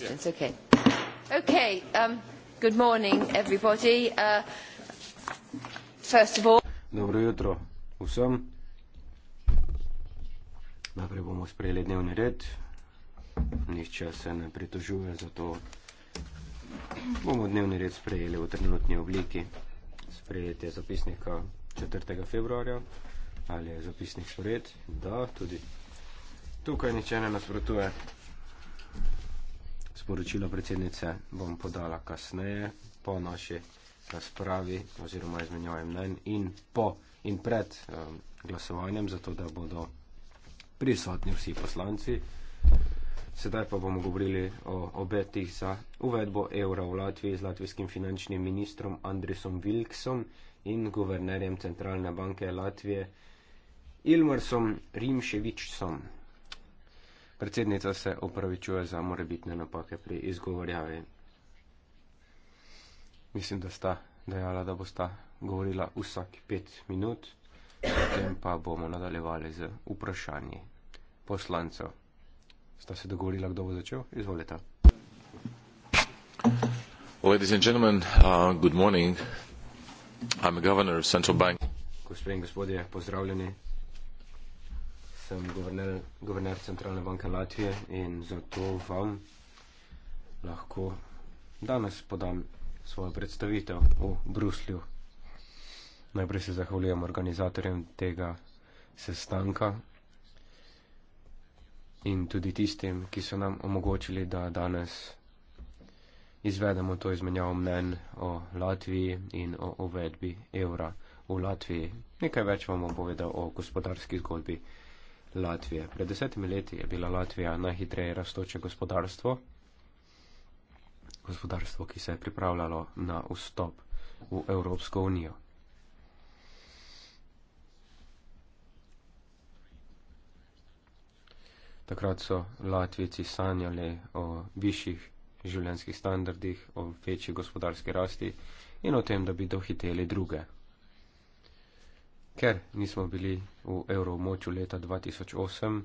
It's okay. Okay, um, good morning, everybody. Uh, first of all... Dobro jutro vsem. Najprej bomo sprejeli dnevni red. Nihče se ne pritožuje, zato bomo dnevni red sprejeli v trenutni obliki. Sprejeti je zapisnika 4. februarja. Ali je zapisnik sprejet? Da, tudi tukaj niče ne nasprotuje sporočilo predsednice bom podala kasneje, po naši razpravi oziroma izmenjavi mnen in po in pred um, glasovanjem, zato da bodo prisotni vsi poslanci. Sedaj pa bomo govorili o obetih za uvedbo evra v Latviji z latvijskim finančnim ministrom Andrisom Vilksom in guvernerjem Centralne banke Latvije Ilmarsom Rimševičsom. Predsednica se opravičuje za morebitne napake pri izgovorjavi. Mislim, da sta dejala, da bosta govorila vsak pet minut, potem pa bomo nadaljevali z vprašanji poslancev. Sta se dogovorila, kdo bo začel? Izvolite. Ladies and gentlemen, uh, good morning. I'm a governor of Central Bank. Gospodje, pozdravljeni sem guverner, guverner Centralne banke Latvije in zato vam lahko danes podam svojo predstavitev v Bruslju. Najprej se zahvaljujem organizatorjem tega sestanka in tudi tistim, ki so nam omogočili, da danes izvedemo to izmenjavo mnen o Latviji in o uvedbi evra v Latviji. Nekaj več vam bom povedal o gospodarski zgodbi. Latvije. Pred desetimi leti je bila Latvija najhitreje raztoče gospodarstvo, gospodarstvo, ki se je pripravljalo na vstop v Evropsko unijo. Takrat so Latvici sanjali o višjih življenjskih standardih, o večji gospodarski rasti in o tem, da bi dohiteli druge ker nismo bili v evroomočju leta 2008,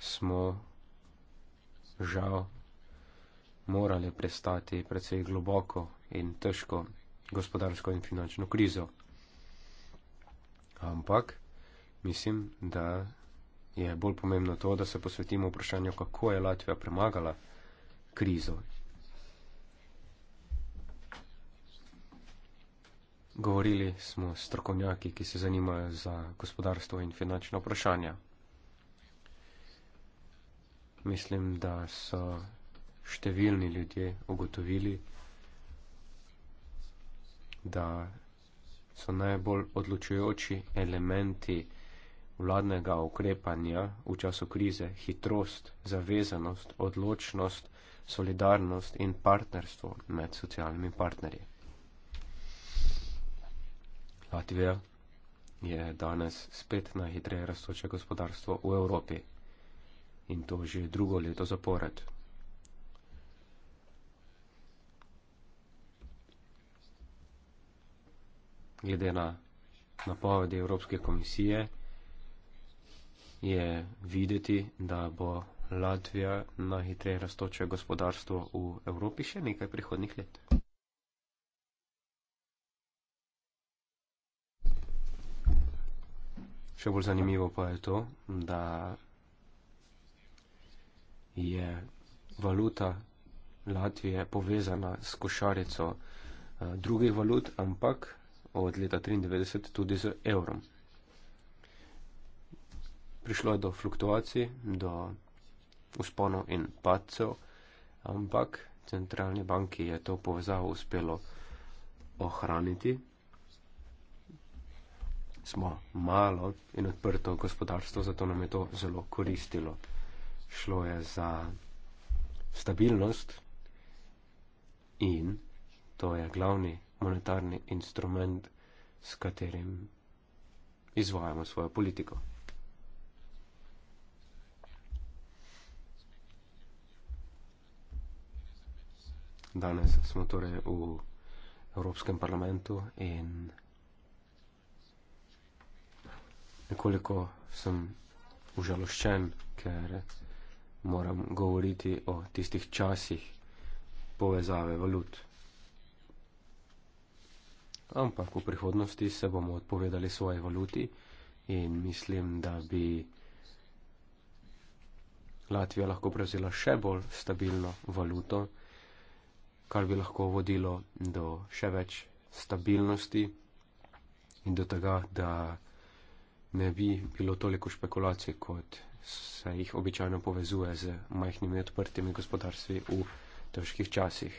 smo žal morali prestati precej globoko in težko gospodarsko in finančno krizo. Ampak mislim, da je bolj pomembno to, da se posvetimo vprašanju, kako je Latvija premagala krizo Govorili smo s strokovnjaki, ki se zanimajo za gospodarstvo in finančno vprašanje. Mislim, da so številni ljudje ugotovili, da so najbolj odločujoči elementi vladnega ukrepanja v času krize hitrost, zavezanost, odločnost, solidarnost in partnerstvo med socialnimi partnerji. Latvija je danes spet najhitreje raztoče gospodarstvo v Evropi in to že drugo leto zapored. Glede na napovedi Evropske komisije je videti, da bo Latvija najhitreje raztoče gospodarstvo v Evropi še nekaj prihodnih let. Še bolj zanimivo pa je to, da je valuta Latvije povezana s košarico eh, drugih valut, ampak od leta 1993 tudi z evrom. Prišlo je do fluktuacij, do usponov in padcev, ampak centralni banki je to povezavo uspelo ohraniti smo malo in odprto gospodarstvo, zato nam je to zelo koristilo. Šlo je za stabilnost in to je glavni monetarni instrument, s katerim izvajamo svojo politiko. Danes smo torej v Evropskem parlamentu in nekoliko sem užaloščen, ker moram govoriti o tistih časih povezave valut. Ampak v prihodnosti se bomo odpovedali svoje valuti in mislim, da bi Latvija lahko prevzela še bolj stabilno valuto, kar bi lahko vodilo do še več stabilnosti in do tega, da ne bi bilo toliko špekulacij, kot se jih običajno povezuje z majhnimi odprtimi gospodarstvi v težkih časih.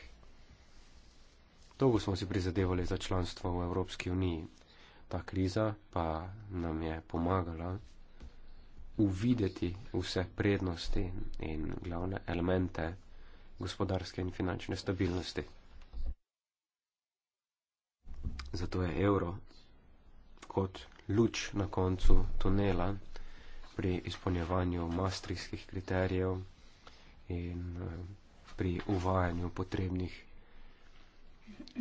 Dolgo smo si prizadevali za članstvo v Evropski uniji, ta kriza pa nam je pomagala uvideti vse prednosti in glavne elemente gospodarske in finančne stabilnosti. Zato je evro kot luč na koncu tunela pri izpolnjevanju mastrijskih kriterijev in eh, pri uvajanju potrebnih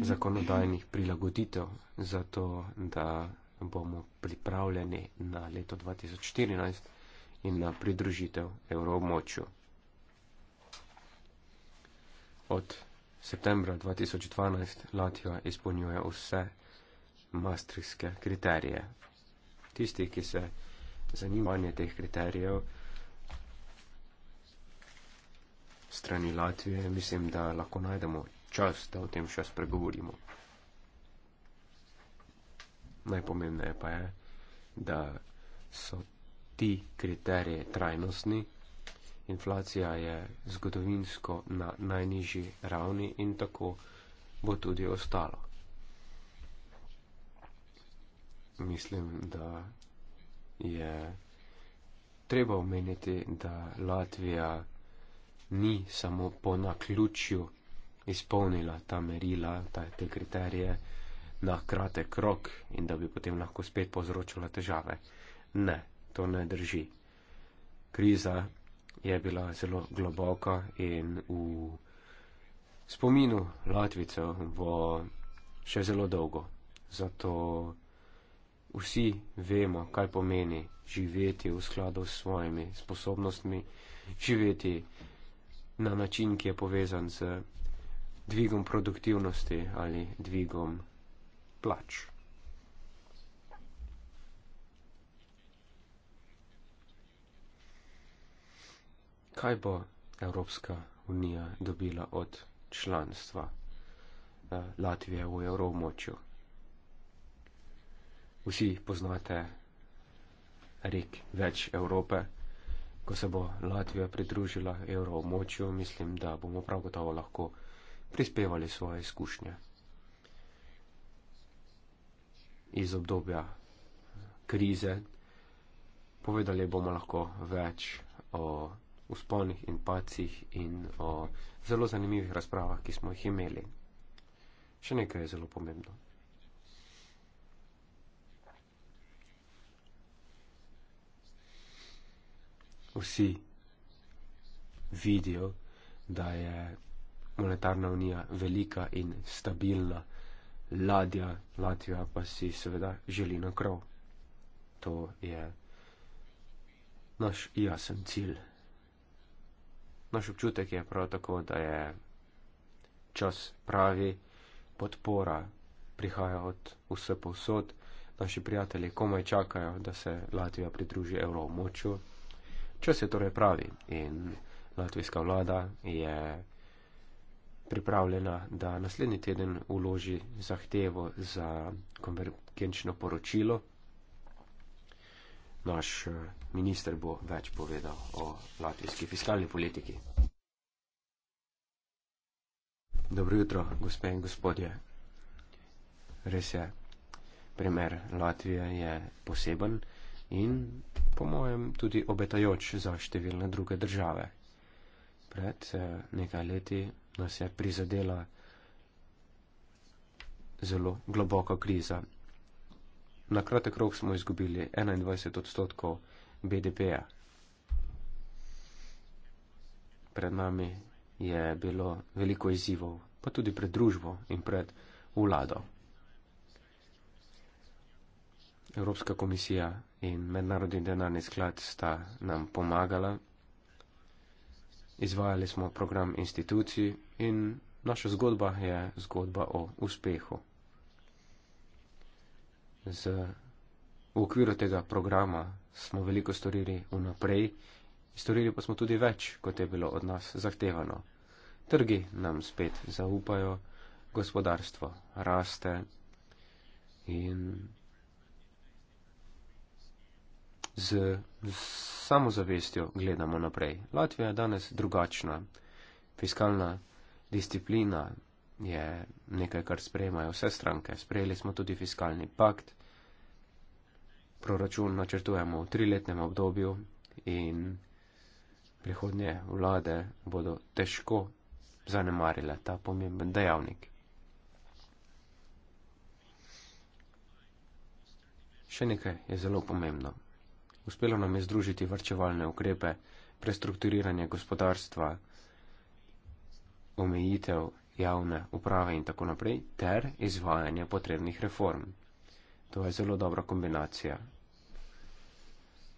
zakonodajnih prilagoditev za to, da bomo pripravljeni na leto 2014 in na pridružitev evromočju. Od septembra 2012 Latvija izpolnjuje vse mastrijske kriterije tisti, ki se zanimanje teh kriterijev strani Latvije, mislim, da lahko najdemo čas, da o tem še spregovorimo. Najpomembneje pa je, da so ti kriterije trajnostni. Inflacija je zgodovinsko na najnižji ravni in tako bo tudi ostalo. mislim, da je treba omeniti, da Latvija ni samo po naključju izpolnila ta merila, ta, te kriterije na kratek rok in da bi potem lahko spet povzročila težave. Ne, to ne drži. Kriza je bila zelo globoka in v spominu Latvicev bo še zelo dolgo. Zato vsi vemo, kaj pomeni živeti v skladu s svojimi sposobnostmi, živeti na način, ki je povezan z dvigom produktivnosti ali dvigom plač. Kaj bo Evropska unija dobila od članstva eh, Latvije v evrov močju? Vsi poznate rek več Evrope. Ko se bo Latvija pridružila evroomočju, mislim, da bomo prav gotovo lahko prispevali svoje izkušnje iz obdobja krize. Povedali bomo lahko več o usponih in pacih in o zelo zanimivih razpravah, ki smo jih imeli. Še nekaj je zelo pomembno. vsi vidijo, da je monetarna unija velika in stabilna ladja, Latvija pa si seveda želi na krov. To je naš jasen cilj. Naš občutek je prav tako, da je čas pravi, podpora prihaja od vse povsod, naši prijatelji komaj čakajo, da se Latvija pridruži evro v moču, Čas je torej pravi in latvijska vlada je pripravljena, da naslednji teden uloži zahtevo za konvergenčno poročilo. Naš eh, minister bo več povedal o latvijski fiskalni politiki. Dobro jutro, gospe in gospodje. Res je, primer Latvije je poseben in, po mojem, tudi obetajoč za številne druge države. Pred eh, nekaj leti nas je prizadela zelo globoka kriza. Na kratek rok smo izgubili 21 odstotkov BDP-ja. Pred nami je bilo veliko izzivov, pa tudi pred družbo in pred vlado. Evropska komisija in Mednarodni denarni sklad sta nam pomagala. Izvajali smo program institucij in naša zgodba je zgodba o uspehu. Z, v okviru tega programa smo veliko storili vnaprej, storili pa smo tudi več, kot je bilo od nas zahtevano. Trgi nam spet zaupajo, gospodarstvo raste in z, z samozavestjo gledamo naprej. Latvija je danes drugačna. Fiskalna disciplina je nekaj, kar sprejemajo vse stranke. Sprejeli smo tudi fiskalni pakt. Proračun načrtujemo v triletnem obdobju in prihodnje vlade bodo težko zanemarile ta pomemben dejavnik. Še nekaj je zelo pomembno. Uspelo nam je združiti vrčevalne ukrepe, prestrukturiranje gospodarstva, omejitev javne uprave in tako naprej, ter izvajanje potrebnih reform. To je zelo dobra kombinacija.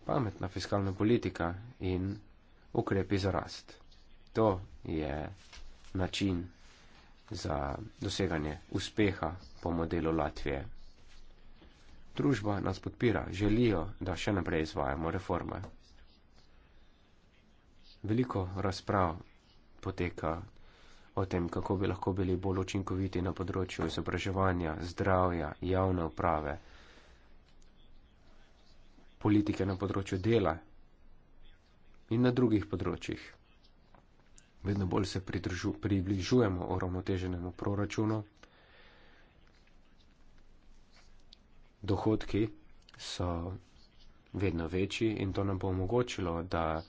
Pametna fiskalna politika in ukrepi za rast. To je način za doseganje uspeha po modelu Latvije družba nas podpira, želijo, da še naprej izvajamo reforme. Veliko razprav poteka o tem, kako bi lahko bili bolj učinkoviti na področju izobraževanja, zdravja, javne uprave, politike na področju dela in na drugih področjih. Vedno bolj se približujemo uravnoteženemu proračunu. dohodki so vedno večji in to nam bo omogočilo, da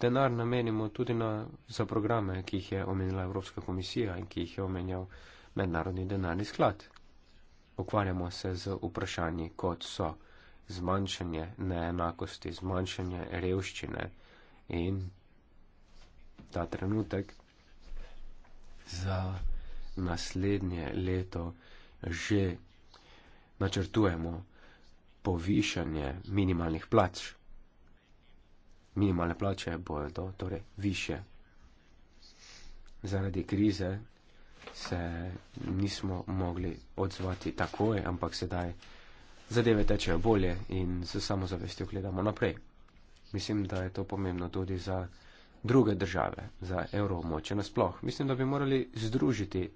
denar namenimo tudi na, za programe, ki jih je omenila Evropska komisija in ki jih je omenjal Mednarodni denarni sklad. Okvarjamo se z vprašanji, kot so zmanjšanje neenakosti, zmanjšanje revščine in ta trenutek za naslednje leto že načrtujemo povišanje minimalnih plač. Minimalne plače bodo torej više. Zaradi krize se nismo mogli odzvati takoj, ampak sedaj zadeve tečejo bolje in se samo zavestjo gledamo naprej. Mislim, da je to pomembno tudi za druge države, za evroomoče nasploh. Mislim, da bi morali združiti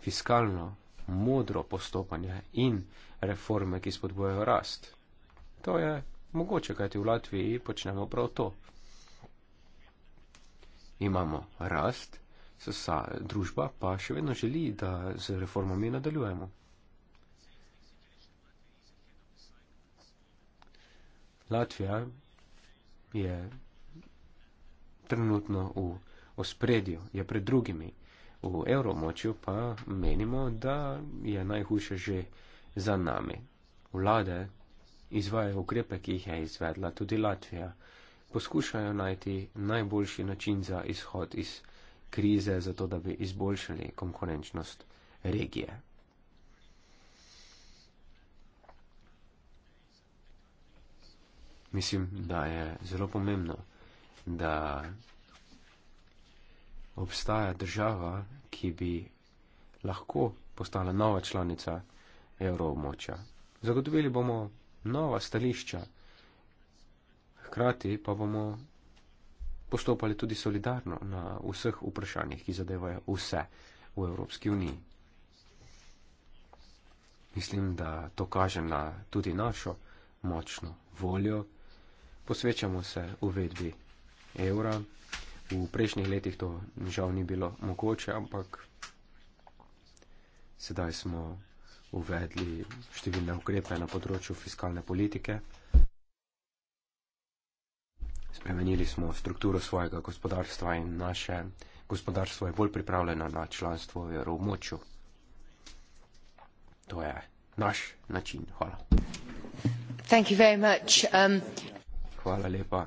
fiskalno modro postopanje in reforme, ki spodbujajo rast. To je mogoče, kajti v Latviji počnemo prav to. Imamo rast, sa, družba pa še vedno želi, da z reformami nadaljujemo. Latvija je trenutno v ospredju, je pred drugimi V evromočju pa menimo, da je najhujše že za nami. Vlade izvajajo ukrepe, ki jih je izvedla tudi Latvija. Poskušajo najti najboljši način za izhod iz krize, zato da bi izboljšali konkurenčnost regije. Mislim, da je zelo pomembno, da obstaja država, ki bi lahko postala nova članica evroobmočja. Zagotovili bomo nova stališča, hkrati pa bomo postopali tudi solidarno na vseh vprašanjih, ki zadevajo vse v Evropski uniji. Mislim, da to kaže na tudi našo močno voljo. Posvečamo se uvedbi evra. V prejšnjih letih to žal ni bilo mogoče, ampak sedaj smo uvedli številne ukrepe na področju fiskalne politike. Spremenili smo strukturo svojega gospodarstva in naše gospodarstvo je bolj pripravljeno na članstvo v evromočju. To je naš način. Hvala. Thank you very much. Um... Hvala lepa.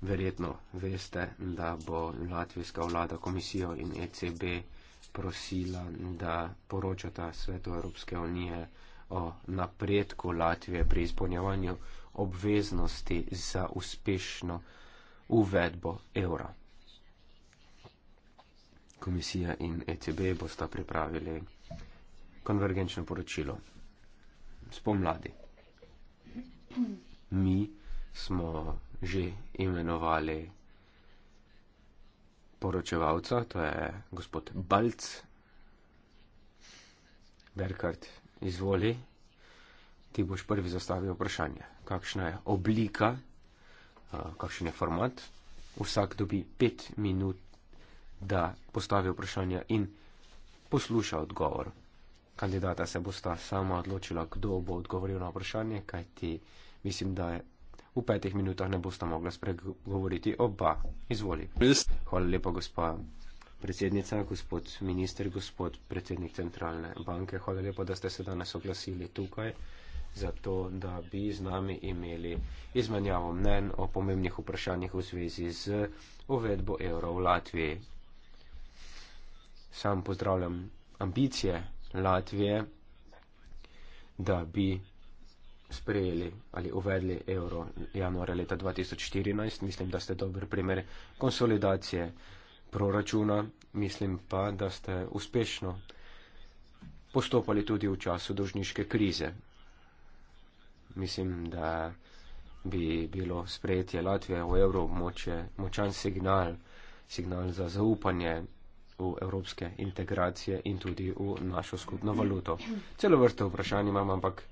Verjetno veste, da bo latvijska vlada komisijo in ECB prosila, da poročata svetu Evropske unije o napredku Latvije pri izpolnjevanju obveznosti za uspešno uvedbo evra. Komisija in ECB bosta pripravili konvergenčno poročilo spomladi. Mi smo že imenovali poročevalca, to je gospod Balc. Berkart, izvoli, ti boš prvi zastavil vprašanje, kakšna je oblika, eh, kakšen je format. Vsak dobi pet minut, da postavi vprašanje in posluša odgovor. Kandidata se bosta sama odločila, kdo bo odgovoril na vprašanje, kajti mislim, da V petih minutah ne bosta mogla spregovoriti oba. Izvoli. Hvala lepa, gospa predsednica, gospod minister, gospod predsednik centralne banke. Hvala lepa, da ste se danes oglasili tukaj, zato da bi z nami imeli izmenjavo mnen o pomembnih vprašanjih v zvezi z uvedbo evra v Latviji. Sam pozdravljam ambicije Latvije, da bi sprejeli ali uvedli evro januarja leta 2014. Mislim, da ste dober primer konsolidacije proračuna, mislim pa, da ste uspešno postopali tudi v času dožniške krize. Mislim, da bi bilo sprejetje Latvije v evro moče, močan signal, signal za zaupanje v evropske integracije in tudi v našo skupno valuto. Celo vrsto vprašanj imam, ampak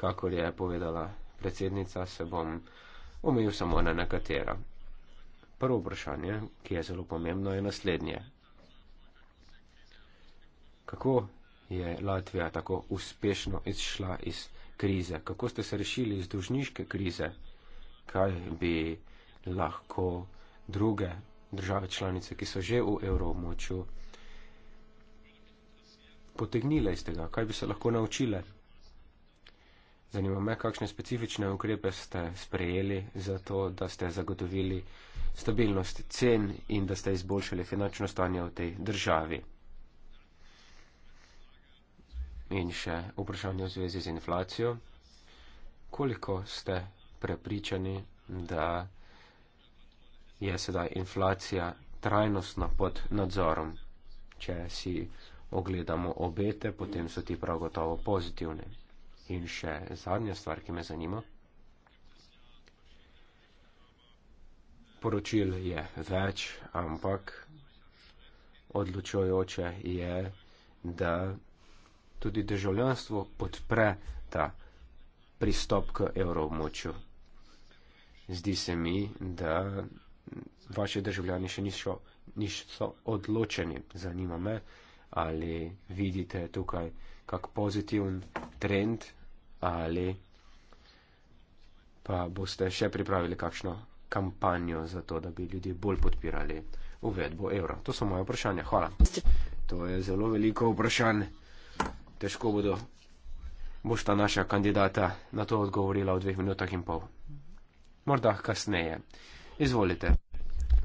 kakor je povedala predsednica, se bom omejil samo na nekatera. Prvo vprašanje, ki je zelo pomembno, je naslednje. Kako je Latvija tako uspešno izšla iz krize? Kako ste se rešili iz dužniške krize? Kaj bi lahko druge države članice, ki so že v evromoču, potegnile iz tega? Kaj bi se lahko naučile? Zanima me, kakšne specifične ukrepe ste sprejeli za to, da ste zagotovili stabilnost cen in da ste izboljšali finančno stanje v tej državi. In še vprašanje v zvezi z inflacijo. Koliko ste prepričani, da je sedaj inflacija trajnostna pod nadzorom? Če si ogledamo obete, potem so ti prav gotovo pozitivni. In še zadnja stvar, ki me zanima. Poročil je več, ampak odločujoče je, da tudi državljanstvo podpre ta pristop k evromoču. Zdi se mi, da vaše državljani še niso, niso odločeni. Zanima me, ali vidite tukaj kak pozitiven trend ali pa boste še pripravili kakšno kampanjo za to, da bi ljudje bolj podpirali uvedbo evra. To so moje vprašanja. Hvala. To je zelo veliko vprašanj. Težko bodo. Boš ta naša kandidata na to odgovorila v dveh minutah in pol. Morda kasneje. Izvolite.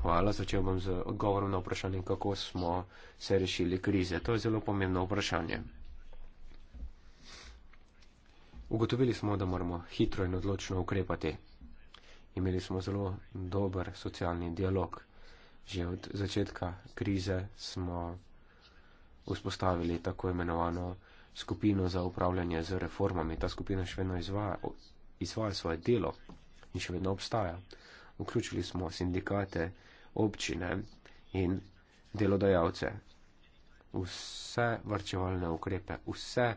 Hvala, začel bom z odgovorom na vprašanje, kako smo se rešili krize. To je zelo pomembno vprašanje. Ugotovili smo, da moramo hitro in odločno ukrepati. Imeli smo zelo dober socialni dialog. Že od začetka krize smo vzpostavili tako imenovano skupino za upravljanje z reformami. Ta skupina še vedno izvaja, izvaja svoje delo in še vedno obstaja. Vključili smo sindikate, občine in delodajalce. Vse varčevalne ukrepe, vse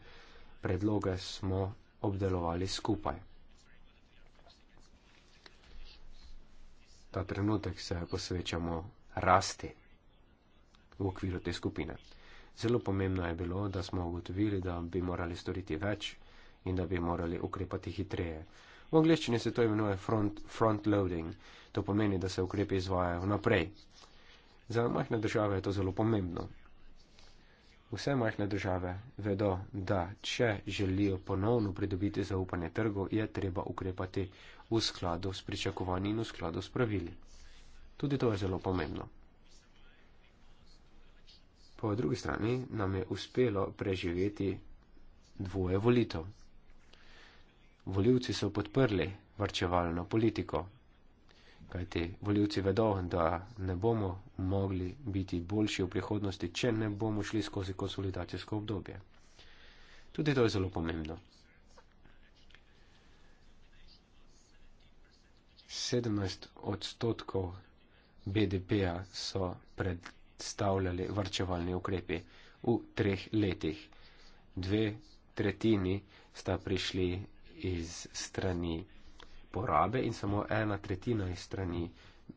predloge smo obdelovali skupaj. Ta trenutek se posvečamo rasti v okviru te skupine. Zelo pomembno je bilo, da smo ugotovili, da bi morali storiti več in da bi morali ukrepati hitreje. V angleščini se to imenuje front, front loading, to pomeni, da se ukrepi izvajajo naprej. Za majhne države je to zelo pomembno. Vse majhne države vedo, da če želijo ponovno pridobiti zaupanje trgov, je treba ukrepati v skladu s pričakovanji in v skladu s pravili. Tudi to je zelo pomembno. Po drugi strani nam je uspelo preživeti dvoje volitev. Voljivci so podprli varčevalno politiko, kajti voljivci vedo, da ne bomo mogli biti boljši v prihodnosti, če ne bomo šli skozi konsolidacijsko obdobje. Tudi to je zelo pomembno. 17 odstotkov BDP-ja so predstavljali varčevalni ukrepi v treh letih. Dve tretjini sta prišli iz strani porabe in samo ena tretjina iz strani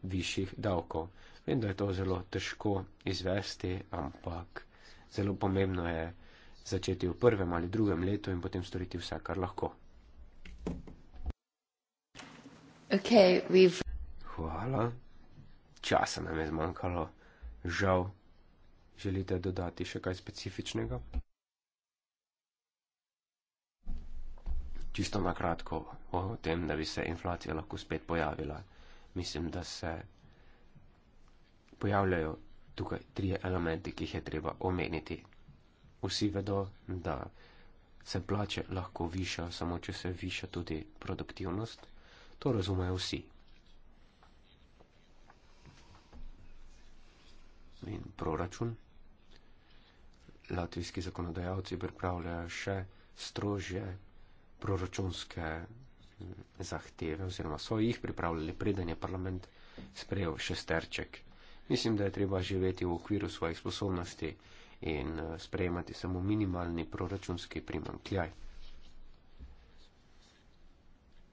višjih davkov. Vem, da je to zelo težko izvesti, ampak zelo pomembno je začeti v prvem ali drugem letu in potem storiti vse, kar lahko. Okay, Hvala. Časa nam je zmanjkalo. Žal. Želite dodati še kaj specifičnega? čisto na kratko o tem, da bi se inflacija lahko spet pojavila. Mislim, da se pojavljajo tukaj tri elementi, ki jih je treba omeniti. Vsi vedo, da se plače lahko viša, samo če se viša tudi produktivnost. To razumejo vsi. In proračun. Latvijski zakonodajalci pripravljajo še strožje proračunske eh, zahteve oziroma so jih pripravljali, preden je parlament sprejel šesterček. Mislim, da je treba živeti v okviru svojih sposobnosti in eh, sprejemati samo minimalni proračunski primankljaj.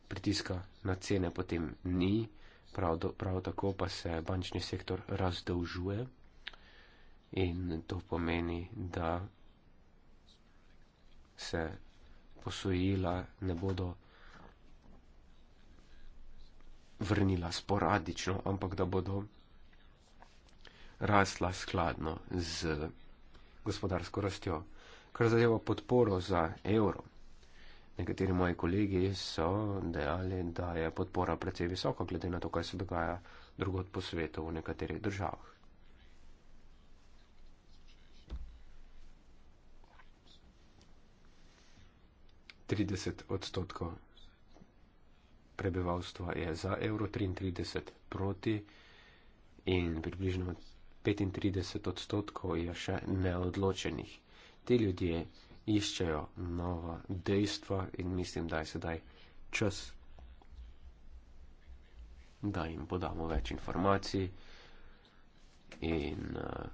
Pritiska na cene potem ni, prav, do, prav tako pa se bančni sektor razdolžuje in to pomeni, da se posojila ne bodo vrnila sporadično, ampak da bodo rasla skladno z gospodarsko rastjo. Kar zadeva podporo za evro. Nekateri moji kolegi so dejali, da je podpora precej visoka, glede na to, kaj se dogaja drugot po svetu v nekaterih državah. 30 odstotkov prebivalstva je za evro, 33 proti in približno 35 odstotkov je še neodločenih. Ti ljudje iščejo nova dejstva in mislim, da je sedaj čas, da jim podamo več informacij in uh,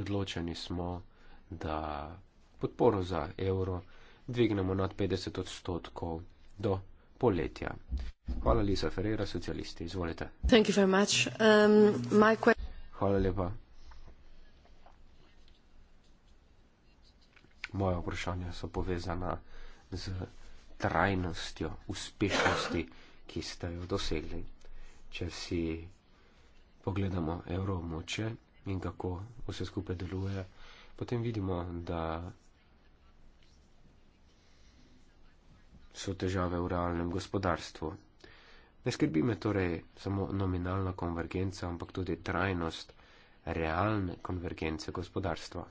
odločeni smo, da podporo za evro dvignemo nad 50 odstotkov do poletja. Hvala, Lisa Ferreira, socialisti. Izvolite. Um, que- Hvala lepa. Moje vprašanje so povezana z trajnostjo uspešnosti, ki ste jo dosegli. Če si pogledamo evromoče in kako vse skupaj deluje, potem vidimo, da so težave v realnem gospodarstvu. Ne skrbi me torej samo nominalna konvergenca, ampak tudi trajnost realne konvergence gospodarstva.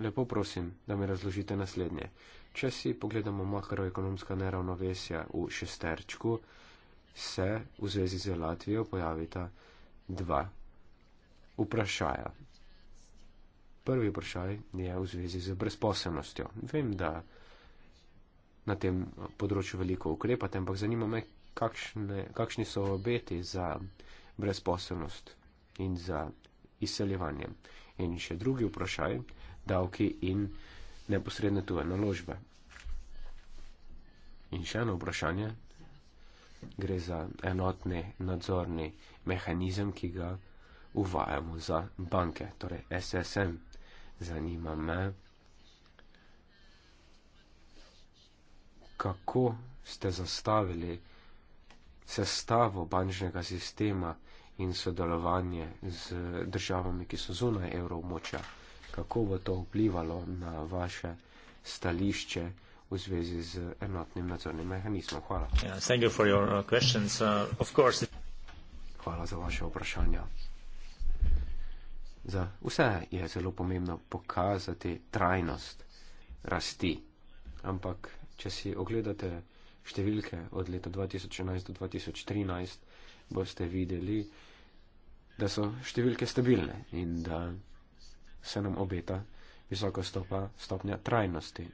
Lepo prosim, da mi razložite naslednje. Če si pogledamo makroekonomska neravnovesja v šesterčku, se v zvezi z Latvijo pojavita dva vprašanja. Prvi vprašaj je v zvezi z brezposelnostjo. Vem, da na tem področju veliko ukrepate, ampak zanima me, kakšne, kakšni so obeti za brezposelnost in za izseljevanje. In še drugi vprašaj, davki in neposredne tuje naložbe. In še eno vprašanje. Gre za enotni nadzorni mehanizem, ki ga uvajamo za banke, torej SSM. Zanima me, kako ste zastavili sestavo bančnega sistema in sodelovanje z državami, ki so zunaj evromoča. Kako bo to vplivalo na vaše stališče v zvezi z enotnim nadzornim mehanizmom? Hvala. Yeah, uh, uh, Hvala za vaše vprašanje. Za vse je zelo pomembno pokazati trajnost rasti. Ampak, če si ogledate številke od leta 2011 do 2013, boste videli, da so številke stabilne in da se nam obeta visoka stopa, stopnja trajnosti.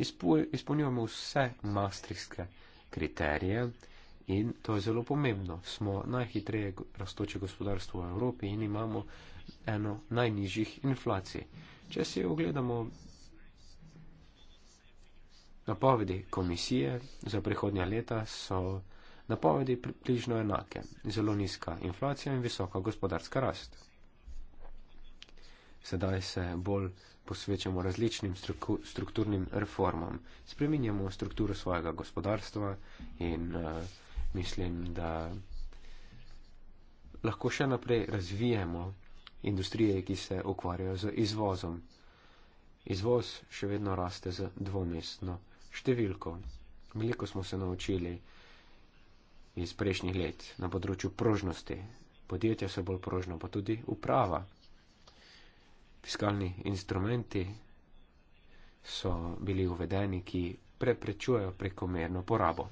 Izpolnjujemo vse mastrijske kriterije in to je zelo pomembno. Smo najhitreje rastoče gospodarstvo v Evropi in imamo eno najnižjih inflacij. Če si ogledamo napovedi komisije za prihodnja leta, so napovedi približno enake. Zelo nizka inflacija in visoka gospodarska rast. Sedaj se bolj posvečamo različnim strukturnim reformam. Spreminjamo strukturo svojega gospodarstva in uh, mislim, da lahko še naprej razvijemo industrije, ki se ukvarjajo z izvozom. Izvoz še vedno raste z dvomestno številko. Veliko smo se naučili iz prejšnjih let na področju prožnosti. Podjetja so bolj prožna, pa tudi uprava. Fiskalni instrumenti so bili uvedeni, ki preprečujejo prekomerno porabo,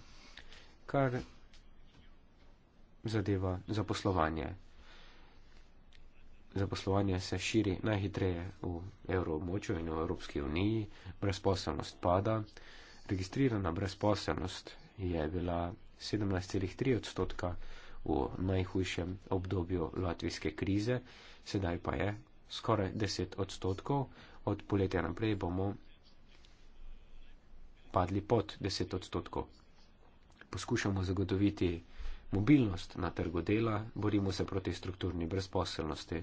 kar zadeva zaposlovanje zaposlovanje se širi najhitreje v evroobmočju in v Evropski uniji, brezposelnost pada, registrirana brezposelnost je bila 17,3 odstotka v najhujšem obdobju latvijske krize, sedaj pa je skoraj 10 odstotkov, od poletja naprej bomo padli pod 10 odstotkov. Poskušamo zagotoviti mobilnost na trgu dela, borimo se proti strukturni brezposelnosti.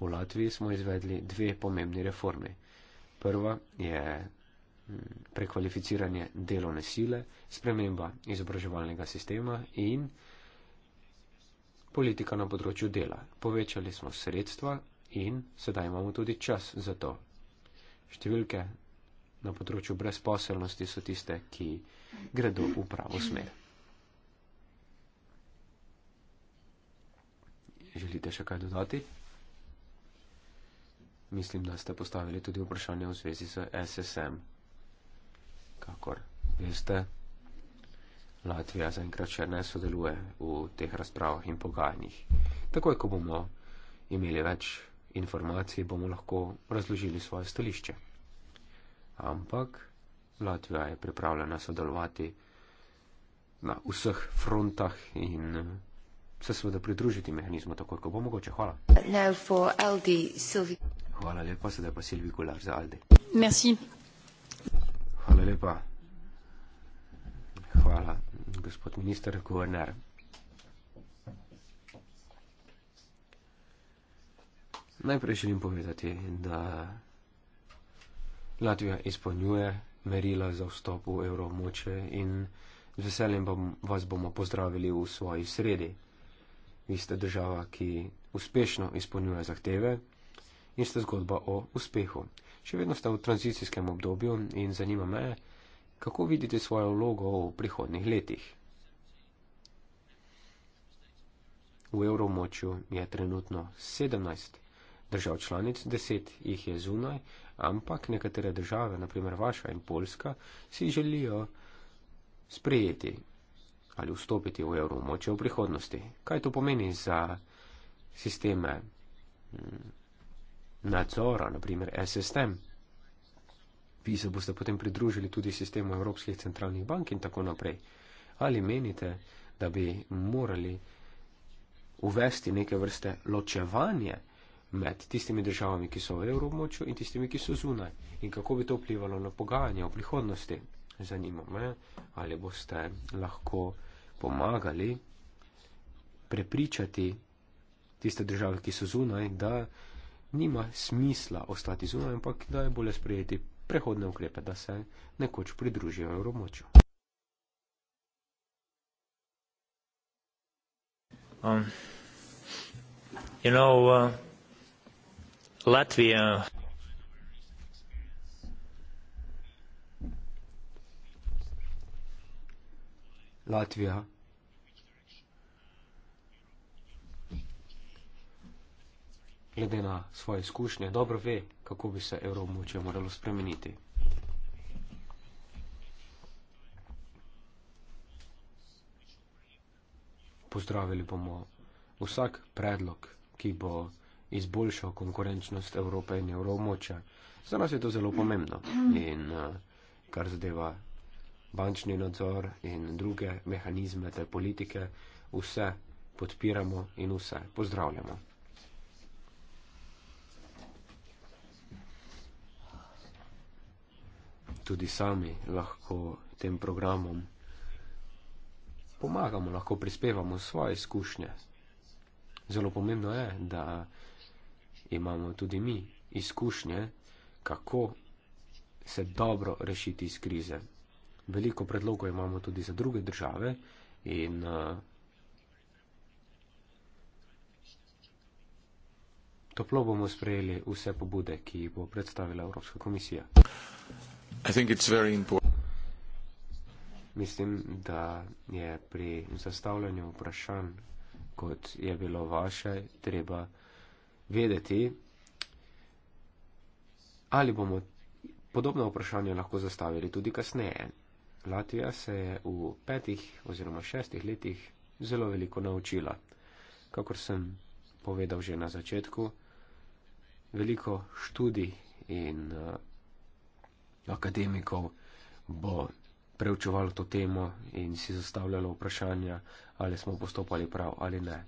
V Latviji smo izvedli dve pomembni reformi. Prva je hm, prekvalificiranje delovne sile, sprememba izobraževalnega sistema in politika na področju dela. Povečali smo sredstva in sedaj imamo tudi čas za to. Številke na področju brezposelnosti so tiste, ki gredo v pravo smer. Želite še kaj dodati? Mislim, da ste postavili tudi vprašanje v zvezi s SSM. Kakor veste, Latvija zaenkrat še ne sodeluje v teh razpravah in pogajanjih. Takoj, ko bomo imeli več informacij, bomo lahko razložili svoje stališče. Ampak Latvija je pripravljena sodelovati na vseh frontah in se seveda pridružiti mehanizmu, tako kot bo mogoče. Hvala. Hvala lepa, sedaj pa Silvi Kolar za Alde. Merci. Hvala lepa. Hvala, gospod minister, guverner. Najprej želim povedati, da Latvija izpolnjuje merila za vstop v evromoče in z veseljem bom, vas bomo pozdravili v svoji sredi. Vi ste država, ki uspešno izpolnjuje zahteve, in sta zgodba o uspehu. Še vedno sta v tranzicijskem obdobju in zanima me, kako vidite svojo vlogo v prihodnih letih. V evromočju je trenutno 17 držav članic, 10 jih je zunaj, ampak nekatere države, naprimer vaša in Poljska, si želijo sprejeti ali vstopiti v evromočje v prihodnosti. Kaj to pomeni za sisteme? nadzora, naprimer SSM. Vi se boste potem pridružili tudi sistemu Evropskih centralnih bank in tako naprej. Ali menite, da bi morali uvesti neke vrste ločevanje med tistimi državami, ki so v evromočju in tistimi, ki so zunaj? In kako bi to vplivalo na pogajanje v prihodnosti? Zanima me, ali boste lahko pomagali prepričati tiste države, ki so zunaj, da nima smisla ostati zunaj, ampak da je bolje sprejeti prehodne ukrepe, da se nekoč pridružijo evromočju. Um, you know, uh, Latvia. Latvia glede na svoje izkušnje, dobro ve, kako bi se evromočje moralo spremeniti. Pozdravili bomo vsak predlog, ki bo izboljšal konkurenčnost Evrope in evromočja. Za nas je to zelo pomembno in eh, kar zadeva bančni nadzor in druge mehanizme te politike, vse podpiramo in vse pozdravljamo. tudi sami lahko tem programom pomagamo, lahko prispevamo svoje izkušnje. Zelo pomembno je, da imamo tudi mi izkušnje, kako se dobro rešiti iz krize. Veliko predlogov imamo tudi za druge države in uh, toplo bomo sprejeli vse pobude, ki jih bo predstavila Evropska komisija. Mislim, da je pri zastavljanju vprašanj, kot je bilo vaše, treba vedeti, ali bomo podobno vprašanje lahko zastavili tudi kasneje. Latvija se je v petih oziroma šestih letih zelo veliko naučila. Kakor sem povedal že na začetku, veliko študij in. Uh, akademikov bo preučevalo to temo in si zastavljalo vprašanja, ali smo postopali prav ali ne.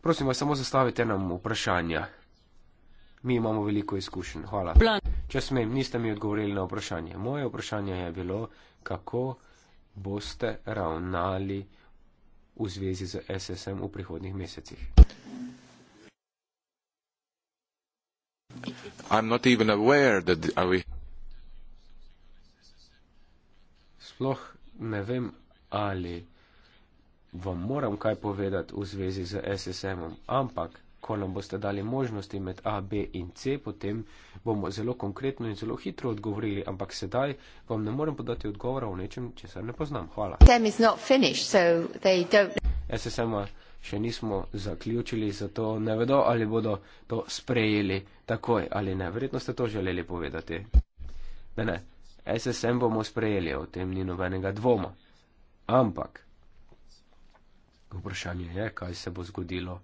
Prosim vas, samo zastavite nam vprašanja. Mi imamo veliko izkušenj. Hvala. Plan. Če smem, niste mi odgovorili na vprašanje. Moje vprašanje je bilo, kako boste ravnali v zvezi z SSM v prihodnih mesecih. I'm not even aware that the, are uh, we Sploh ne vem, ali vam moram kaj povedati v zvezi z SSM-om, ampak ko nam boste dali možnosti med A, B in C, potem bomo zelo konkretno in zelo hitro odgovorili, ampak sedaj vam ne morem podati odgovora o nečem, česar ne poznam. Hvala. SSM-a so še nismo zaključili, zato ne vedo, ali bodo to sprejeli takoj ali ne. Verjetno ste to želeli povedati. Ne, ne, SSM bomo sprejeli, o tem ni nobenega dvoma. Ampak, vprašanje je, kaj se bo zgodilo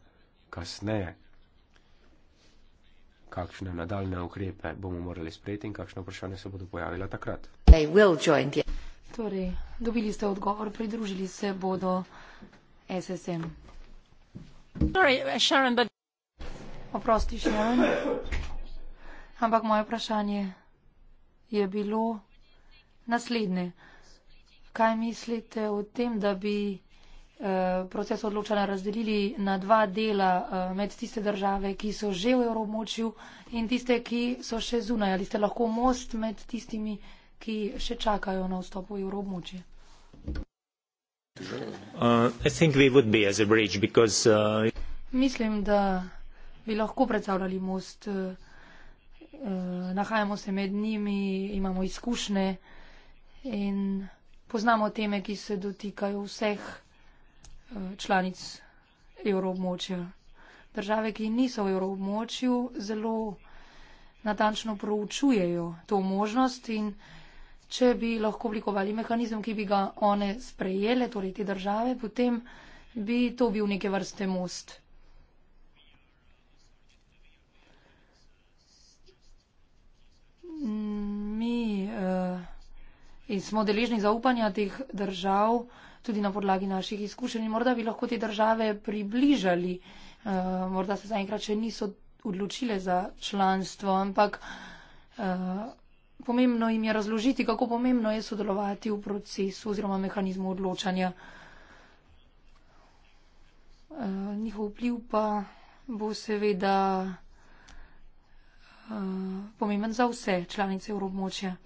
kasneje. Kakšne nadaljne ukrepe bomo morali sprejeti in kakšne vprašanje se bodo pojavila takrat. Torej, dobili ste odgovor, pridružili se bodo SSM. Sharon, but... Oprosti, Sharon. Ampak moje vprašanje je bilo naslednje. Kaj mislite o tem, da bi eh, proces odločanja razdelili na dva dela eh, med tiste države, ki so že v evromočju in tiste, ki so še zunaj. Ali ste lahko most med tistimi, ki še čakajo na vstop v evromočje? Uh, I think we would be as a bridge because uh... Mislim, da bi lahko predstavljali most. Eh, eh, nahajamo se med njimi, imamo izkušnje in poznamo teme, ki se dotikajo vseh eh, članic evroobmočja. Države, ki niso v evroobmočju, zelo natančno proučujejo to možnost in če bi lahko oblikovali mehanizem, ki bi ga one sprejele, torej te države, potem bi to bil neke vrste most. Mi uh, smo deležni zaupanja teh držav tudi na podlagi naših izkušenj. Morda bi lahko te države približali, uh, morda se zaenkrat še niso odločile za članstvo, ampak uh, pomembno jim je razložiti, kako pomembno je sodelovati v procesu oziroma mehanizmu odločanja. Uh, njihov vpliv pa bo seveda. Eh, pomemben za vse članice evromočja.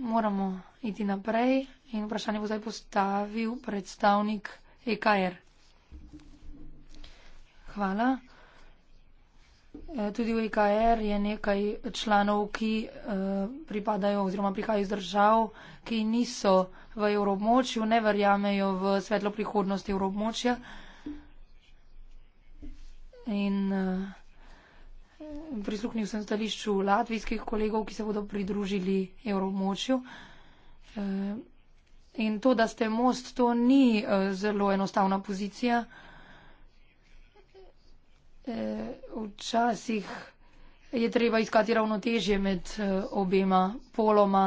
Moramo iti naprej in vprašanje bo zdaj postavil predstavnik EKR. Hvala. Eh, tudi v EKR je nekaj članov, ki eh, pripadajo oziroma prihajajo iz držav, ki niso v evromočju, ne verjamejo v svetlo prihodnost evromočja. In uh, prisluhnil sem stališču latvijskih kolegov, ki se bodo pridružili evromočju. Eh, in to, da ste most, to ni eh, zelo enostavna pozicija. Eh, včasih je treba iskati ravnotežje med obema poloma.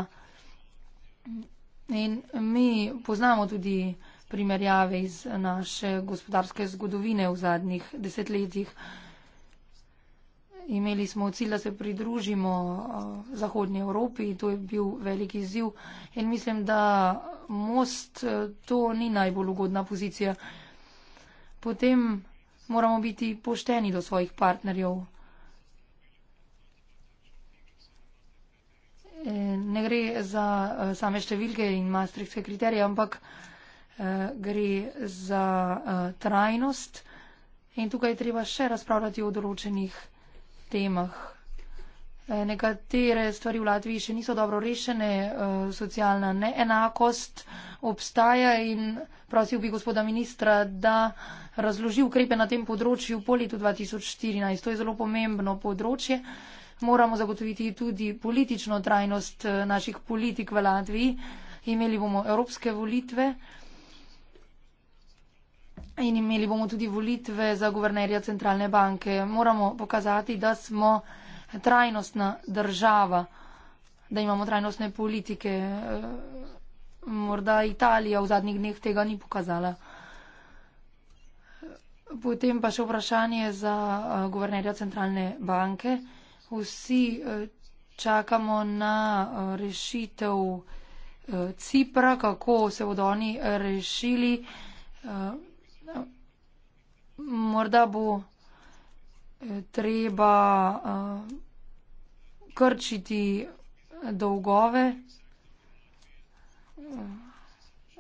In mi poznamo tudi primerjave iz naše gospodarske zgodovine v zadnjih desetletjih imeli smo cilj, da se pridružimo eh, Zahodnji Evropi, to je bil veliki izziv in mislim, da most eh, to ni najbolj ugodna pozicija. Potem moramo biti pošteni do svojih partnerjev. Eh, ne gre za same številke in maastrichtske kriterije, ampak gre za trajnost. In tukaj je treba še razpravljati o določenih sistemah. Eh, nekatere stvari v Latviji še niso dobro rešene, eh, socialna neenakost obstaja in prosil bi gospoda ministra, da razloži ukrepe na tem področju po letu 2014. To je zelo pomembno področje. Moramo zagotoviti tudi politično trajnost eh, naših politik v Latviji. Imeli bomo evropske volitve in imeli bomo tudi volitve za guvernerja centralne banke. Moramo pokazati, da smo trajnostna država, da imamo trajnostne politike. Morda Italija v zadnjih dneh tega ni pokazala. Potem pa še vprašanje za eh, guvernerja centralne banke. Vsi eh, čakamo na eh, rešitev Cipra, kako se bodo oni rešili morda bo eh, treba, eh, krčiti dolgove, eh,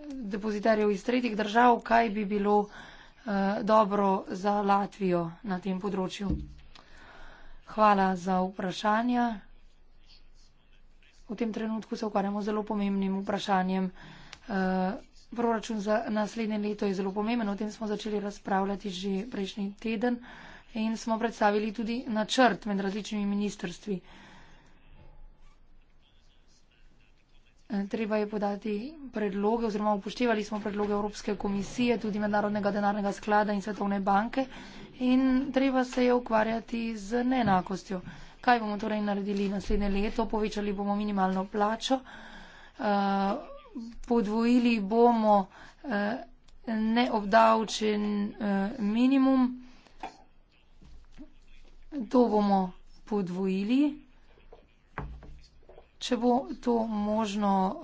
depozitarjev iz tretjih držav, kaj bi bilo, dobro za Latvijo na tem področju. Hvala za vprašanja. V tem trenutku se ukvarjamo z zelo pomembnim vprašanjem, proračun za naslednje leto je zelo pomemben, o tem smo začeli razpravljati že prejšnji teden in smo predstavili tudi načrt med različnimi ministrstvi. Eh, treba je podati predloge oziroma upoštevali smo predloge Evropske komisije, tudi Mednarodnega denarnega sklada in Svetovne banke in treba se je ukvarjati z neenakostjo. Kaj bomo torej naredili naslednje leto? Povečali bomo minimalno plačo. Uh, podvojili bomo eh, neobdavčen eh, minimum. To bomo podvojili, če bo to možno eh,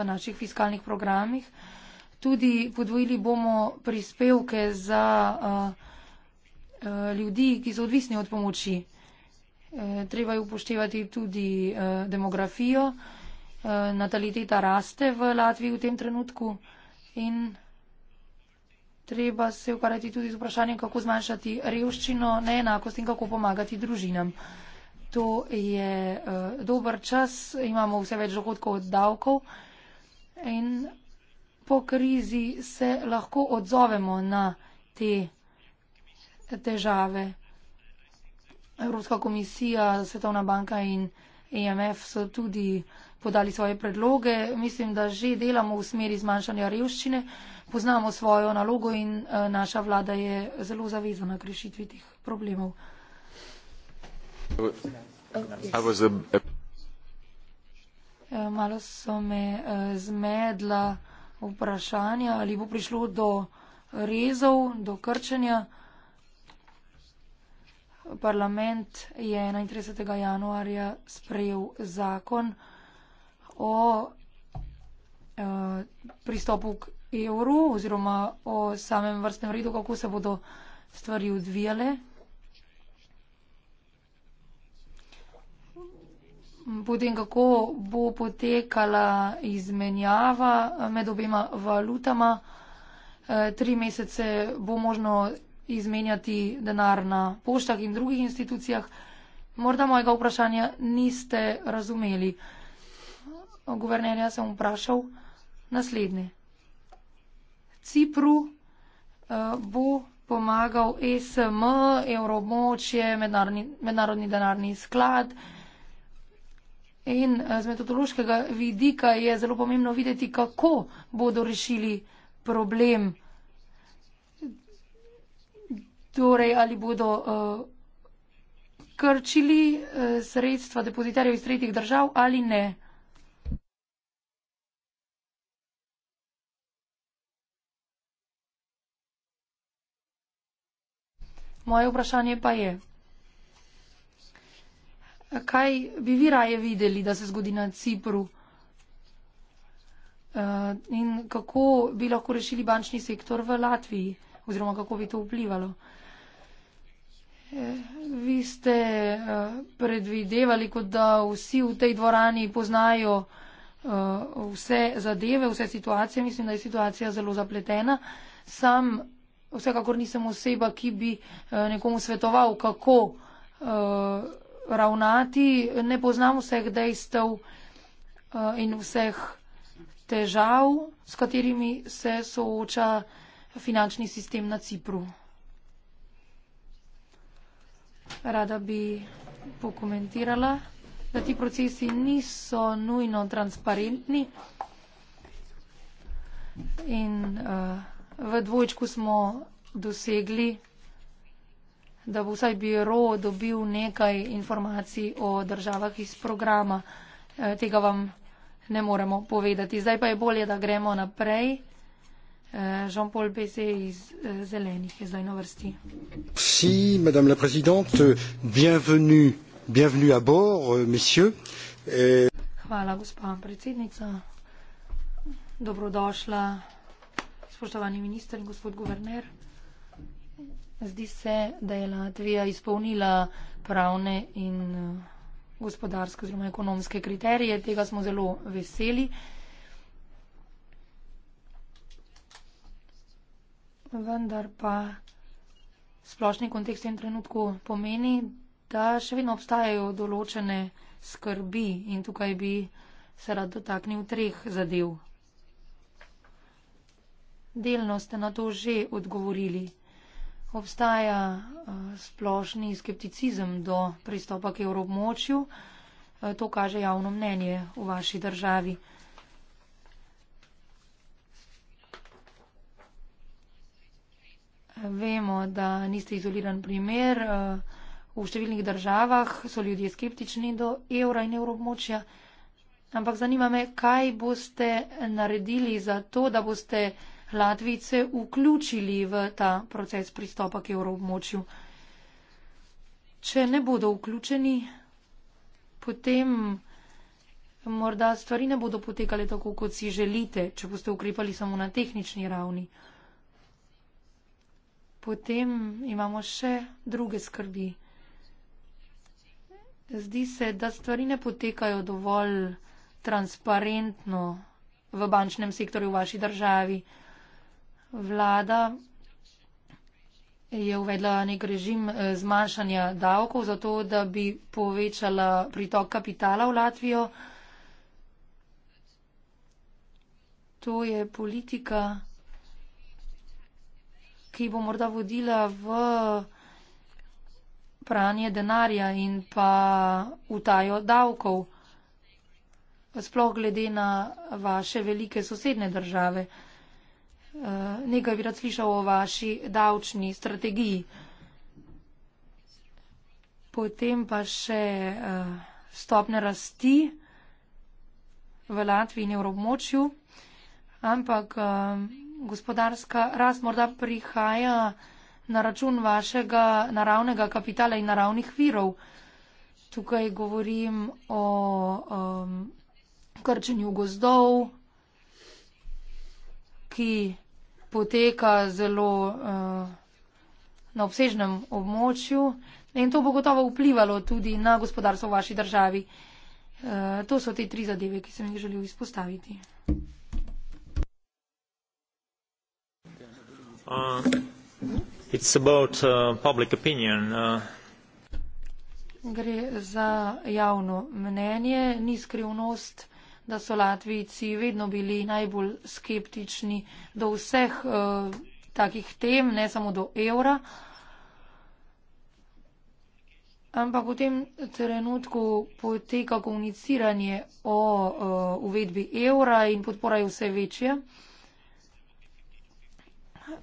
v naših fiskalnih programih. Tudi podvojili bomo prispevke za ljudi, ki so odvisni od pomoči. Treba je upoštevati tudi demografijo. Eh, nataliteta raste v Latviji v tem trenutku in treba se ukvarjati tudi z vprašanjem, kako zmanjšati revščino, neenakost in kako pomagati družinam. To je eh, dober čas, imamo vse več dohodkov od davkov in po krizi se lahko odzovemo na te težave. Evropska komisija, Svetovna banka in EMF so tudi uh, podali svoje predloge. Mislim, da že delamo v smeri zmanjšanja revščine, poznamo svojo nalogo in eh, naša vlada je zelo zavezana k rešitvi teh problemov. Eh, malo so me eh, zmedla vprašanja, ali bo prišlo do rezov, do krčenja. Parlament je 31. januarja sprejel zakon o uh, pristopu k evru oziroma o samem vrstnem redu, kako se bodo stvari odvijale. Potem, kako bo potekala izmenjava med obema valutama. Eh, tri mesece bo možno izmenjati denar na poštah in drugih institucijah. Morda mojega vprašanja niste razumeli guvernerja sem vprašal naslednje. Cipru eh, bo pomagal ESM, Evromočje, mednarodni, mednarodni denarni sklad. In eh, z metodološkega vidika je zelo pomembno videti, kako bodo rešili problem. Torej, ali bodo uh, krčili uh, sredstva depozitarjev iz tretjih držav ali ne. Moje vprašanje pa je, kaj bi vi raje videli, da se zgodi na Cipru eh, in kako bi lahko rešili bančni sektor v Latviji oziroma kako bi to vplivalo. Eh, vi ste eh, predvidevali, kot da vsi v tej dvorani poznajo vse zadeve, vse situacije. Mislim, da je situacija zelo zapletena. Sam vsekakor nisem oseba, ki bi eh, nekomu svetoval, kako eh, ravnati. Ne poznam vseh dejstev eh, in vseh težav, s katerimi se sooča finančni sistem na Cipru. Rada bi pokomentirala, da ti procesi niso nujno transparentni in uh, V dvojčku smo dosegli, da bo vsaj biro dobil nekaj informacij o državah iz programa. E, tega vam ne moremo povedati. Zdaj pa je bolje, da gremo naprej. E, Jean-Paul Besset iz e, Zelenih je zdaj na vrsti. Si, madame la présidente, bienvenue, bienvenue à bord, euh, messieurs. Hvala, gospa predsednica. Dobrodošla. Spoštovani minister in gospod guverner, zdi se, da je Latvija izpolnila pravne in eh, gospodarske oziroma ekonomske kriterije. Tega smo zelo veseli. Vendar pa splošni kontekst v tem trenutku pomeni, da še vedno obstajajo določene skrbi in tukaj bi se rad dotaknil treh zadev delno ste na to že odgovorili. Obstaja eh, splošni skepticizem do pristopa k evroobmočju, eh, to kaže javno mnenje v vaši državi. Vemo, da niste izoliran primer. Eh, v številnih državah so ljudje skeptični do evra in evroobmočja. Ampak zanima me, kaj boste naredili za to, da boste Latvice vključili v ta proces pristopa k evroobmočju. Če ne bodo vključeni, potem morda stvari ne bodo potekale tako, kot si želite, če boste ukrepali samo na tehnični ravni. Potem imamo še druge skrbi. Zdi se, da stvari ne potekajo dovolj transparentno v bančnem sektorju v vaši državi vlada je uvedla nek režim eh, zmanjšanja davkov, zato da bi povečala pritok kapitala v Latvijo. To je politika, ki bo morda vodila v pranje denarja in pa utajo davkov, sploh glede na vaše velike sosedne države. Eh, nekaj bi rad slišal o vaši davčni strategiji. Potem pa še uh, eh, stopne rasti v Latviji in Evropmočju, ampak uh, gospodarska rast morda prihaja na račun vašega naravnega kapitala in naravnih virov. Tukaj govorim o um, krčenju gozdov, ki poteka zelo eh, na obsežnem območju in to bo gotovo vplivalo tudi na gospodarstvo v vaši državi. Eh, to so te tri zadeve, ki sem jih želel izpostaviti. Uh, uh, uh. Gre za javno mnenje, ni skrivnost da so Latvijci vedno bili najbolj skeptični do vseh uh, takih tem, ne samo do evra. Ampak v tem trenutku poteka komuniciranje o uh, uvedbi evra in podpora je vse večja.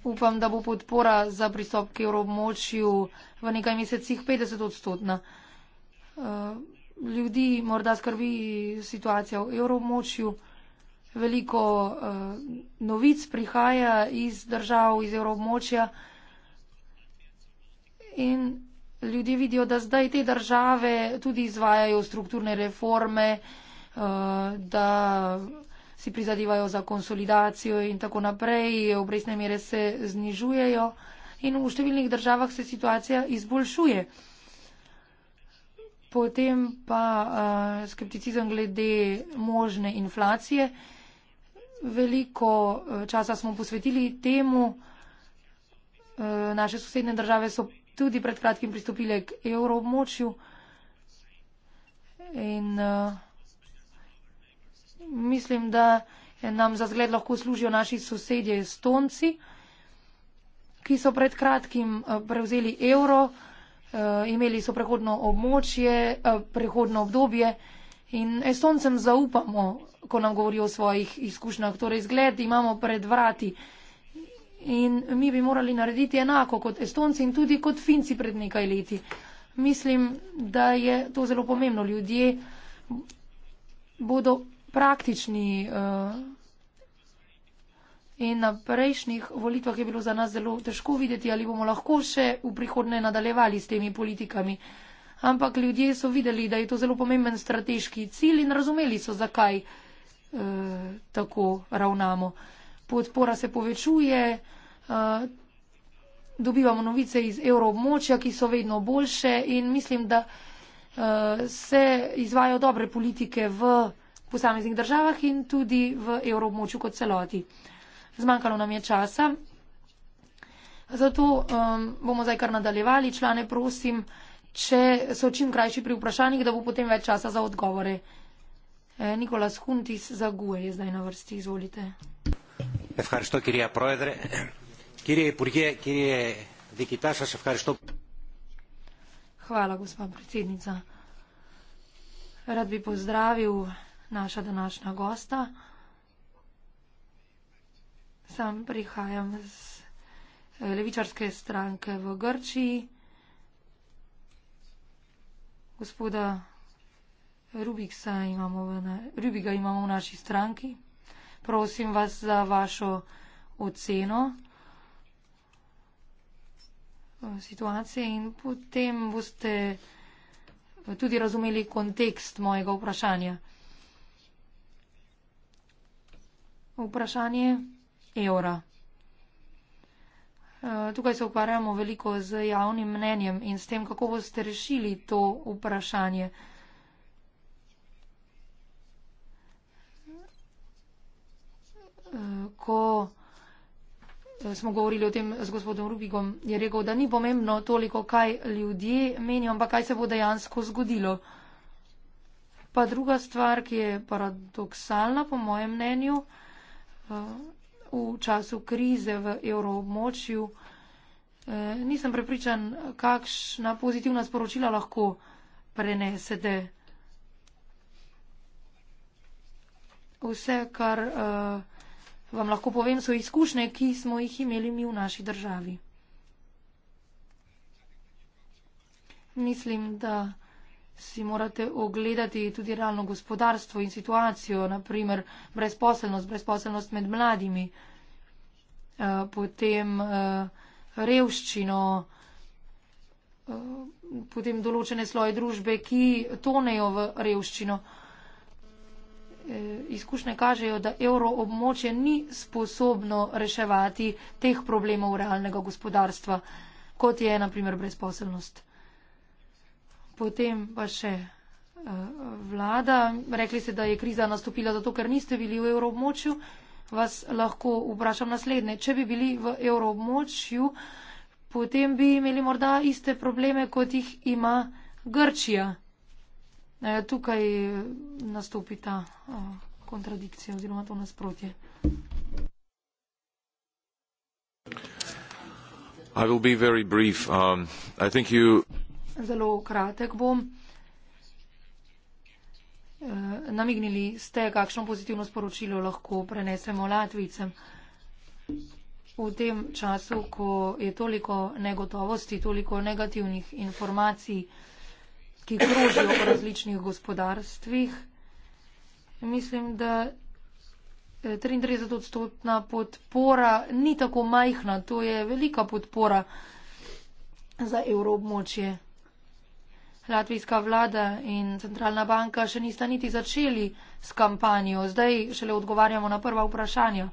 Upam, da bo podpora za pristop k evrobmočju v nekaj mesecih 50 odstotna. Uh, eh, ljudi morda skrbi situacija v evromočju. Veliko uh, novic prihaja iz držav, iz evromočja in ljudje vidijo, da zdaj te države tudi izvajajo strukturne reforme, uh, da si prizadivajo za konsolidacijo in tako naprej, obresne mere se znižujejo in v številnih državah se situacija izboljšuje. Potem pa uh, skepticizem glede možne inflacije. Veliko eh, časa smo posvetili temu. Eh, naše sosedne države so tudi pred kratkim pristopile k evroobmočju in mislim, da nam za zgled lahko služijo naši sosedje Estonci, ki so pred kratkim prevzeli evro. Eh, imeli so prehodno območje, eh, prehodno obdobje in Estoncem zaupamo, ko nam govorijo o svojih izkušnjah. Torej, zgled imamo pred vrati in mi bi morali narediti enako kot Estonci in tudi kot Finci pred nekaj leti. Mislim, da je to zelo pomembno. Ljudje bodo praktični. Uh, In na prejšnjih volitvah je bilo za nas zelo težko videti, ali bomo lahko še v prihodne nadaljevali s temi politikami. Ampak ljudje so videli, da je to zelo pomemben strateški cilj in razumeli so, zakaj e, tako ravnamo. Podpora se povečuje, e, dobivamo novice iz evroobmočja, ki so vedno boljše in mislim, da e, se izvajo dobre politike v posameznih državah in tudi v evroobmočju kot celoti zmanjkalo nam je časa. Zato um, bomo zdaj kar nadaljevali. Člane prosim, če so čim krajši pri vprašanjih, da bo potem več časa za odgovore. E, Nikolas Huntis za GUE je zdaj na vrsti. Izvolite. Evharišto, kirija proedre. Kirije purje, kirije dikitaša, evharišto. Hvala, gospod predsednica. Rad bi pozdravil naša današnja gosta. Sam prihajam z eh, levičarske stranke v Grčiji. Gospoda Rubiksa imamo v, Rubiga imamo v naši stranki. Prosim vas za vašo oceno eh, situacije in potem boste eh, tudi razumeli kontekst mojega vprašanja. Vprašanje evra. Eh, tukaj se ukvarjamo veliko z javnim mnenjem in s tem, kako boste rešili to vprašanje. Eh, ko eh, smo govorili o tem z gospodom Rubigom, je rekel, da ni pomembno toliko, kaj ljudje menijo, ampak kaj se bo dejansko zgodilo. Pa druga stvar, ki je paradoksalna po mojem mnenju, v času krize v evroobmočju. E, nisem prepričan, kakšna pozitivna sporočila lahko prenesete. Vse, kar uh, vam lahko povem, so izkušnje, ki smo jih imeli mi v naši državi. Mislim, da si morate ogledati tudi realno gospodarstvo in situacijo, naprimer brezposelnost, brezposelnost med mladimi, eh, potem eh, revščino, eh, potem določene sloje družbe, ki tonejo v revščino. Izkušnje kažejo, da evroobmočje ni sposobno reševati teh problemov realnega gospodarstva, kot je naprimer brezposelnost. Potem pa še eh, vlada. Rekli ste, da je kriza nastopila zato, ker niste bili v evroobmočju. Vas lahko vprašam naslednje. Če bi bili v evroobmočju, potem bi imeli morda iste probleme, kot jih ima Grčija. Eh, tukaj eh, nastopi ta kontradikcija oziroma to nasprotje. I will be very brief. Um, I think you. Zelo kratek bom. Eh, namignili ste, kakšno pozitivno sporočilo lahko prenesemo Latvicem. V tem času, ko je toliko negotovosti, toliko negativnih informacij, ki krožijo po različnih gospodarstvih, mislim, da 33 eh, odstotna podpora ni tako majhna. To je velika podpora za evrobmočje latvijska vlada in centralna banka še nista niti začeli s kampanjo. Zdaj šele odgovarjamo na prva vprašanja.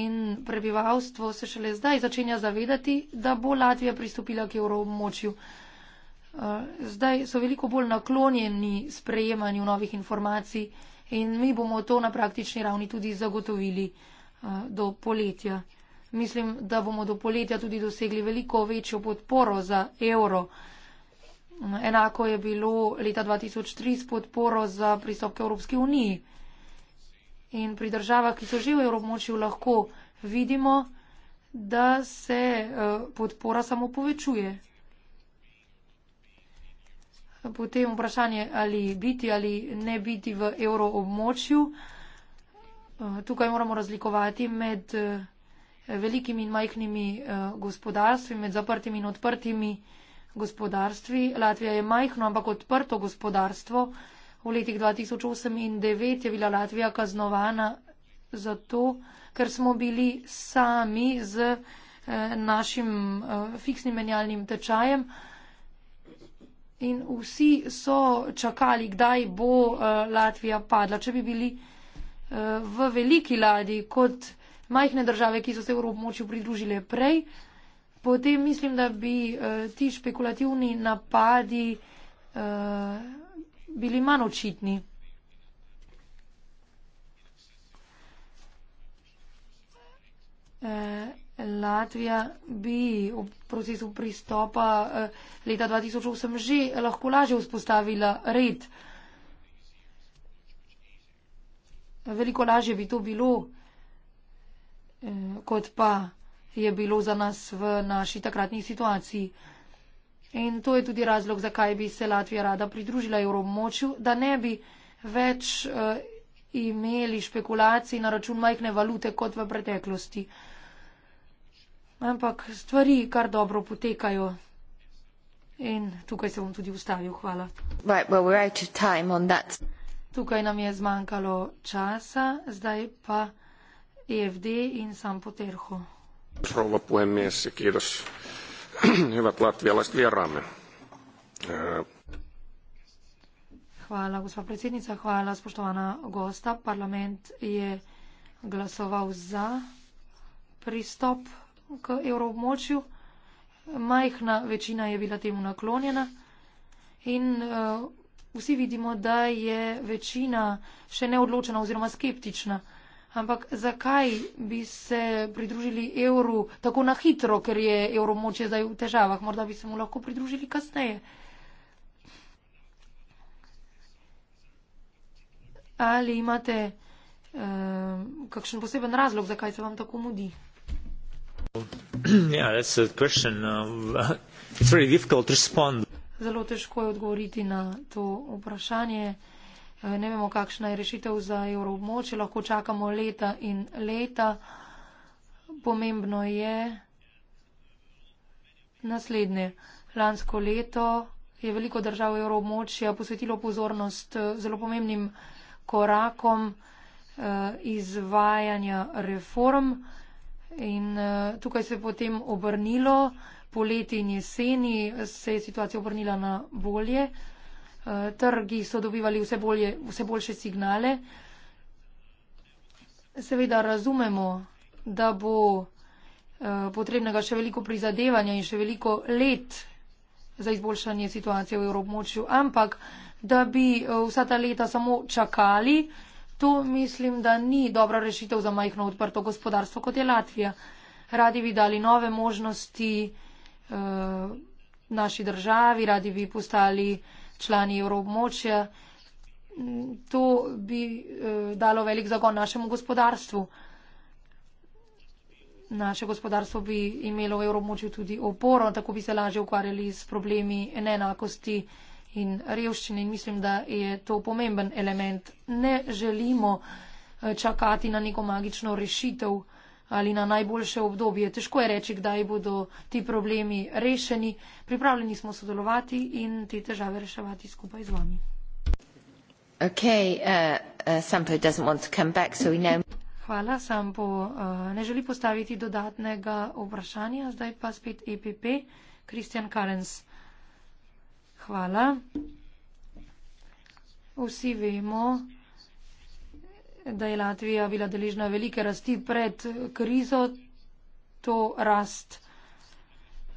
In prebivalstvo se šele zdaj začenja zavedati, da bo Latvija pristopila k evroobmočju. Eh, zdaj so veliko bolj naklonjeni sprejemanju novih informacij in mi bomo to na praktični ravni tudi zagotovili eh, do poletja. Mislim, da bomo do poletja tudi dosegli veliko večjo podporo za evro. Enako je bilo leta 2003 s podporo za pristop k Evropski uniji. In pri državah, ki so že v Evropmočju, lahko vidimo, da se eh, podpora samo povečuje. Potem vprašanje, ali biti ali ne biti v evroobmočju. Eh, tukaj moramo razlikovati med eh, velikimi in majhnimi gospodarstvi, med zaprtimi in odprtimi gospodarstvi. Latvija je majhno, ampak odprto gospodarstvo. V letih 2008 in 2009 je bila Latvija kaznovana zato, ker smo bili sami z eh, našim eh, fiksnim menjalnim tečajem in vsi so čakali, kdaj bo eh, Latvija padla. Če bi bili v veliki ladji kot majhne države, ki so se v območju pridružile prej, Potem mislim, da bi uh, ti špekulativni napadi uh, bili manj očitni. Eh, Latvija bi v procesu pristopa leta 2008 že lahko lažje vzpostavila red. Veliko lažje bi to bilo kot pa je bilo za nas v naši takratni situaciji. In to je tudi razlog, zakaj bi se Latvija rada pridružila evromočju, da ne bi več uh, imeli špekulacij na račun majhne valute kot v preteklosti. Ampak stvari kar dobro potekajo. In tukaj se bom tudi ustavil. Hvala. Right, well, right tukaj nam je zmanjkalo časa, zdaj pa EFD in sam poterho rouva puhemies ja kiitos hyvät latvialaiset vieraamme. Hvala, gospod predsednica, hvala, spoštovana gosta. Parlament je glasoval za pristop k evroobmočju. Majhna večina je bila temu naklonjena in uh, vsi vidimo, da je večina še neodločena oziroma skeptična. Uh, Ampak zakaj bi se pridružili evru tako na hitro, ker je evromočje zdaj v težavah? Morda bi se mu lahko pridružili kasneje. Ali imate uh, kakšen poseben razlog, zakaj se vam tako mudi? Yeah, uh, really Zelo težko je odgovoriti na to vprašanje. Uh, Eh, ne vemo, kakšna je rešitev za evroobmoče, lahko čakamo leta in leta. Pomembno je naslednje. Lansko leto je veliko držav evroobmočja posvetilo pozornost eh, zelo pomembnim korakom eh, izvajanja reform in tukaj se je potem obrnilo, poleti in jeseni se je situacija obrnila na bolje. Eh, trgi so dobivali vse, bolje, vse boljše signale. Seveda razumemo, da bo eh, potrebnega še veliko prizadevanja in še veliko let za izboljšanje situacije v evromočju, ampak da bi eh, vsa ta leta samo čakali, to mislim, da ni dobra rešitev za majhno odprto gospodarstvo, kot je Latvija. Radi bi dali nove možnosti naši državi, radi bi postali uh, člani evroobmočja. To bi eh, dalo velik zagon našemu gospodarstvu. Naše gospodarstvo bi imelo v evroobmočju tudi oporo, tako bi se lažje ukvarjali s problemi neenakosti in revščine. In mislim, da je to pomemben element. Ne želimo eh, čakati na neko magično rešitev ali na najboljše obdobje. Težko je reči, kdaj bodo ti problemi rešeni. Pripravljeni smo sodelovati in te težave reševati skupaj z vami. Uh, uh, Hvala, Sampo uh, ne želi postaviti dodatnega vprašanja. Zdaj pa spet EPP, Kristjan Karens. Hvala. Vsi vemo, da je Latvija bila deležna velike rasti pred krizo. To rast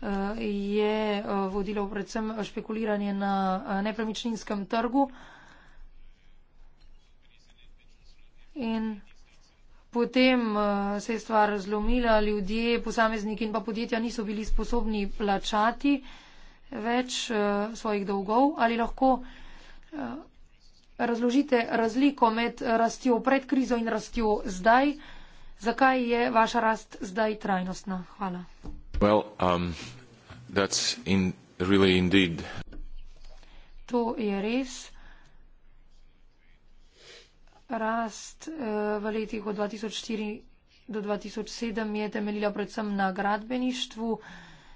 eh, je eh, vodilo predvsem špekuliranje na eh, nepremičninskem trgu. In potem se je stvar razlomila, ljudje, posamezniki in pa podjetja niso bili sposobni plačati več svojih dolgov ali lahko razložite razliko med rastjo pred krizo in rastjo zdaj. Zakaj je vaša rast zdaj trajnostna? Hvala. Well, um, that's in really to je res. Rast uh, v letih od 2004 do 2007 je temeljila predvsem na gradbeništvu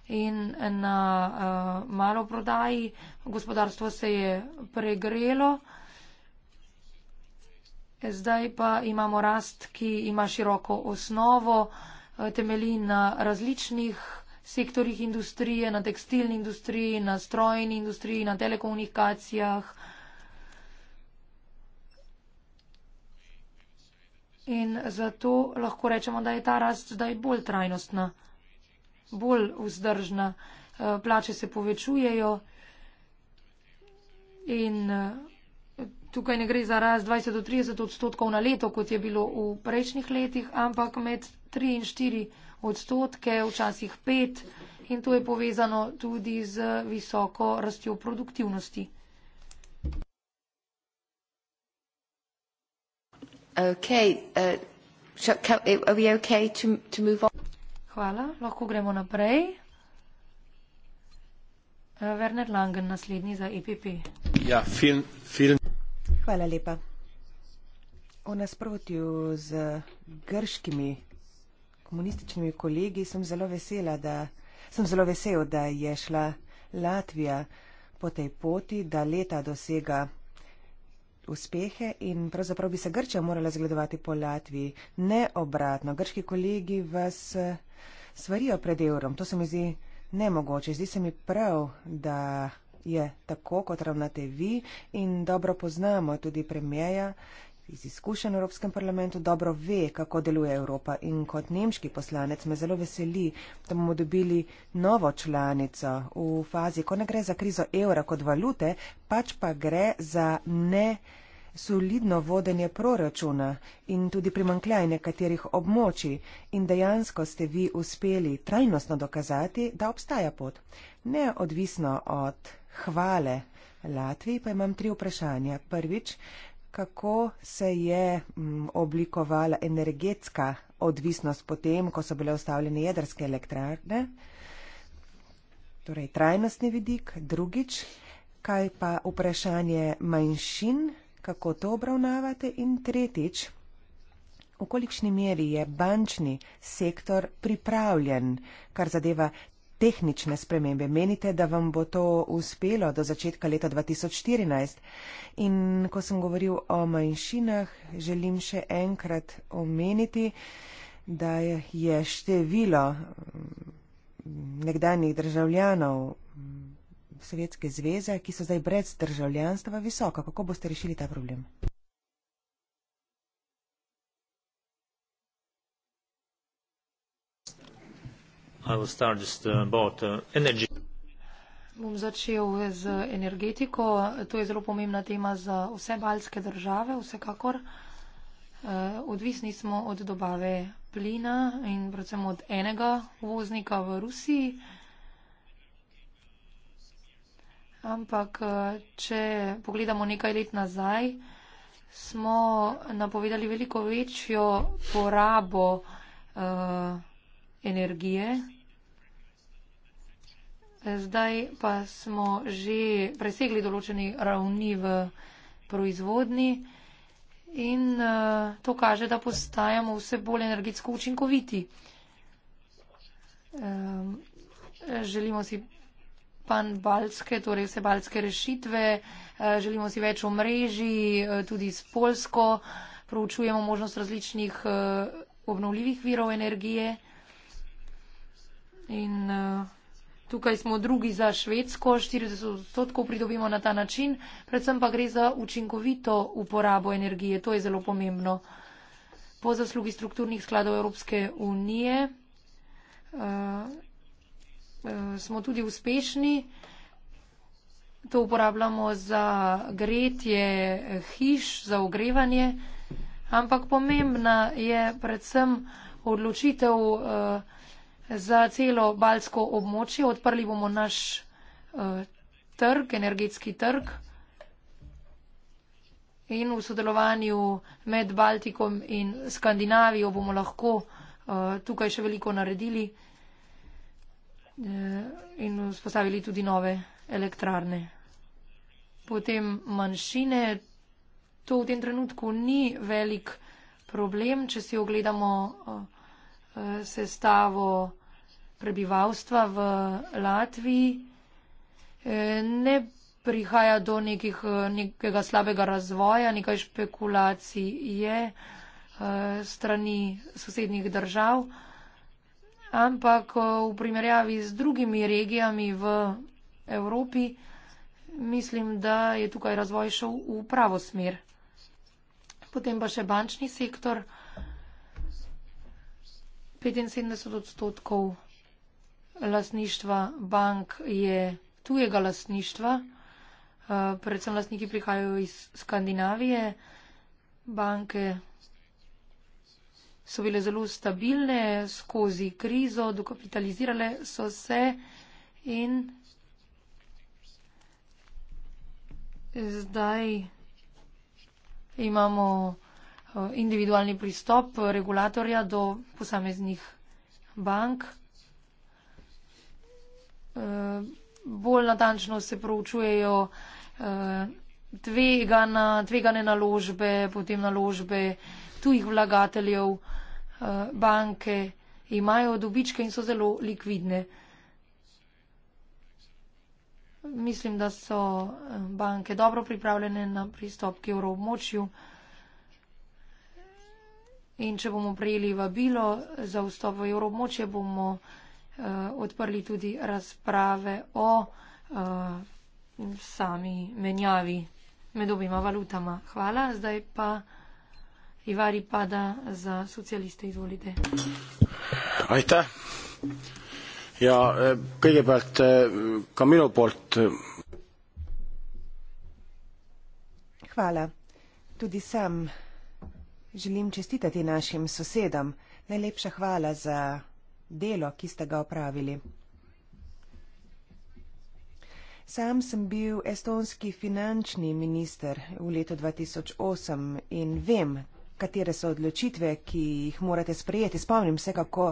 in na uh, maloprodaji. Gospodarstvo se je pregrelo. Zdaj pa imamo rast, ki ima široko osnovo, eh, temelji na različnih sektorjih industrije, na tekstilni industriji, na strojni industriji, na telekomunikacijah. In zato lahko rečemo, da je ta rast zdaj bolj trajnostna, bolj vzdržna. Eh, plače se povečujejo in eh, tukaj ne gre za rast 20 do 30 odstotkov na leto, kot je bilo v prejšnjih letih, ampak med 3 in 4 odstotke, včasih 5 in to je povezano tudi z visoko rastjo produktivnosti. Okay, uh, shall, are we okay to, to move on? Hvala, lahko gremo naprej. Uh, Werner Langen, naslednji za EPP. Ja, film. film. Hvala lepa. V nasprotju z grškimi komunističnimi kolegi sem zelo vesela, da sem zelo vesel, da je šla Latvija po tej poti, da leta dosega uspehe in pravzaprav bi se Grčija morala zgledovati po Latviji. Ne obratno. Grški kolegi vas svarijo pred evrom. To se mi zdi nemogoče. Zdi se mi prav, da je tako, kot ravnate vi in dobro poznamo tudi premijeja iz izkušenj v Evropskem parlamentu, dobro ve, kako deluje Evropa in kot nemški poslanec me zelo veseli, da bomo dobili novo članico v fazi, ko ne gre za krizo evra kot valute, pač pa gre za ne solidno vodenje proračuna in tudi primankljaj nekaterih območij in dejansko ste vi uspeli trajnostno dokazati, da obstaja pot. Neodvisno od hvale Latviji pa imam tri vprašanja. Prvič, kako se je mm, oblikovala energetska odvisnost potem, ko so bile ustavljene jedrske elektrarne? Torej, trajnostni vidik. Drugič, kaj pa vprašanje manjšin? kako to obravnavate in tretjič, v kolikšni meri je bančni sektor pripravljen, kar zadeva tehnične spremembe. Menite, da vam bo to uspelo do začetka leta 2014? In ko sem govoril o manjšinah, želim še enkrat omeniti, da je število mm, nekdanjih državljanov Sovjetske zveze, ki so zdaj brez državljanstva visoka. Kako boste rešili ta problem? Uh, uh, Bom začel z energetiko. To je zelo pomembna tema za vse balske države. Vsekakor uh, odvisni smo od dobave plina in predvsem od enega voznika v Rusiji. Ampak, eh, če pogledamo nekaj let nazaj, smo napovedali veliko večjo porabo uh, energije. Zdaj pa smo že presegli določeni ravni v proizvodni in uh, to kaže, da postajamo vse bolj energetsko učinkoviti. Um, želimo si pan Balske, torej vse Balske rešitve. Eh, želimo si več omrežij, eh, tudi s Polsko. Proučujemo možnost različnih eh, obnovljivih virov energije. In tukaj smo drugi za Švedsko, 40 odstotkov pridobimo na ta način, predvsem pa gre za učinkovito uporabo energije, to je zelo pomembno. Po zaslugi strukturnih skladov Evropske unije Eh, smo tudi uspešni. To uporabljamo za gretje hiš, za ogrevanje, ampak pomembna je predvsem odločitev eh, za celo balsko območje. Odprli bomo naš eh, trg, energetski trg in v sodelovanju med Baltikom in Skandinavijo bomo lahko tukaj še veliko naredili eh, in vzpostavili tudi nove elektrarne. Potem manjšine, to v tem trenutku ni velik problem, če si ogledamo eh, eh sestavo prebivalstva v Latviji. Eh, ne prihaja do nekih, eh, nekega slabega razvoja, nekaj špekulacij je eh, strani sosednjih držav ampak eh, v primerjavi z drugimi regijami v Evropi mislim, da je tukaj razvoj šel v pravo smer. Potem pa še bančni sektor. 75 odstotkov lasništva bank je tujega lasništva. Eh, predvsem lasniki prihajajo iz Skandinavije. Banke so bile zelo stabilne skozi krizo, dokapitalizirale so se in zdaj imamo eh, individualni pristop regulatorja do posameznih bank. Eh, bolj natančno se proučujejo eh, tvegana, tvegane naložbe, potem naložbe, tujih vlagateljev, eh, banke imajo dobičke in so zelo likvidne. Mislim, da so eh, banke dobro pripravljene na pristop k evroobmočju. In če bomo prejeli vabilo za vstop v evroobmočje, bomo uh, odprli tudi razprave o uh, sami menjavi med obima valutama. Hvala, zdaj pa. Ivari Pada za socialiste, izvolite. Aitäh. Ja eh, kõigepealt eh, ka minu poolt. Eh, hvala. Tudi sam želim čestitati našim sosedom. Najlepša hvala za delo, ki ste ga opravili. Sam sem bil estonski finančni minister v letu 2008 in vem, katere so odločitve, ki jih morate sprejeti. Spomnim se, kako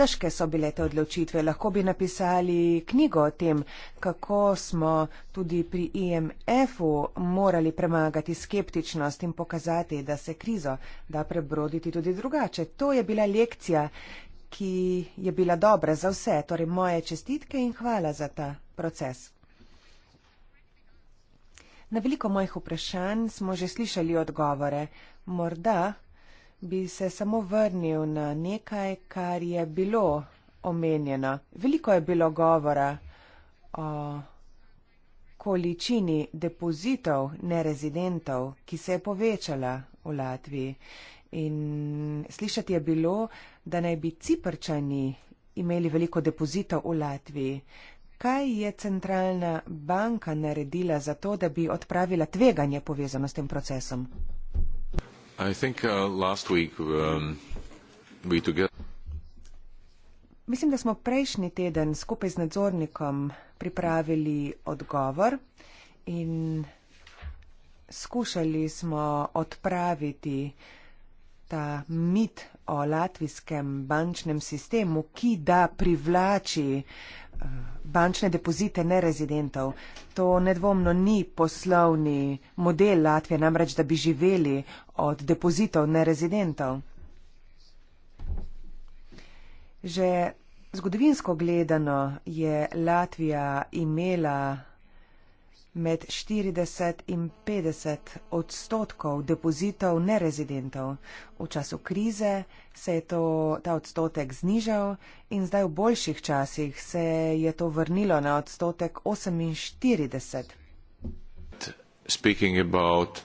težke so bile te odločitve. Lahko bi napisali knjigo o tem, kako smo tudi pri IMF-u e morali premagati skeptičnost in pokazati, da se krizo da prebroditi tudi drugače. To je bila lekcija, ki je bila dobra za vse. Torej moje čestitke in hvala za ta proces. Na veliko mojih vprašanj smo že slišali odgovore. Morda bi se samo vrnil na nekaj, kar je bilo omenjeno. Veliko je bilo govora o količini depozitov nerezidentov, ki se je povečala v Latviji. In slišati je bilo, da naj bi ciprčani imeli veliko depozitov v Latviji kaj je centralna banka naredila za to, da bi odpravila tveganje povezano s tem procesom? Think, uh, week, um, together... Mislim, da smo prejšnji teden skupaj z nadzornikom pripravili odgovor in skušali smo odpraviti ta mit o latvijskem bančnem sistemu, ki da privlači uh, bančne depozite nerezidentov. To nedvomno ni poslovni model Latvije, namreč da bi živeli od depozitov nerezidentov. Že zgodovinsko gledano je Latvija imela med 40 in 50 odstotkov depozitov nerezidentov. V času krize se je to, ta odstotek znižal in zdaj v boljših časih se je to vrnilo na odstotek 48. Speaking about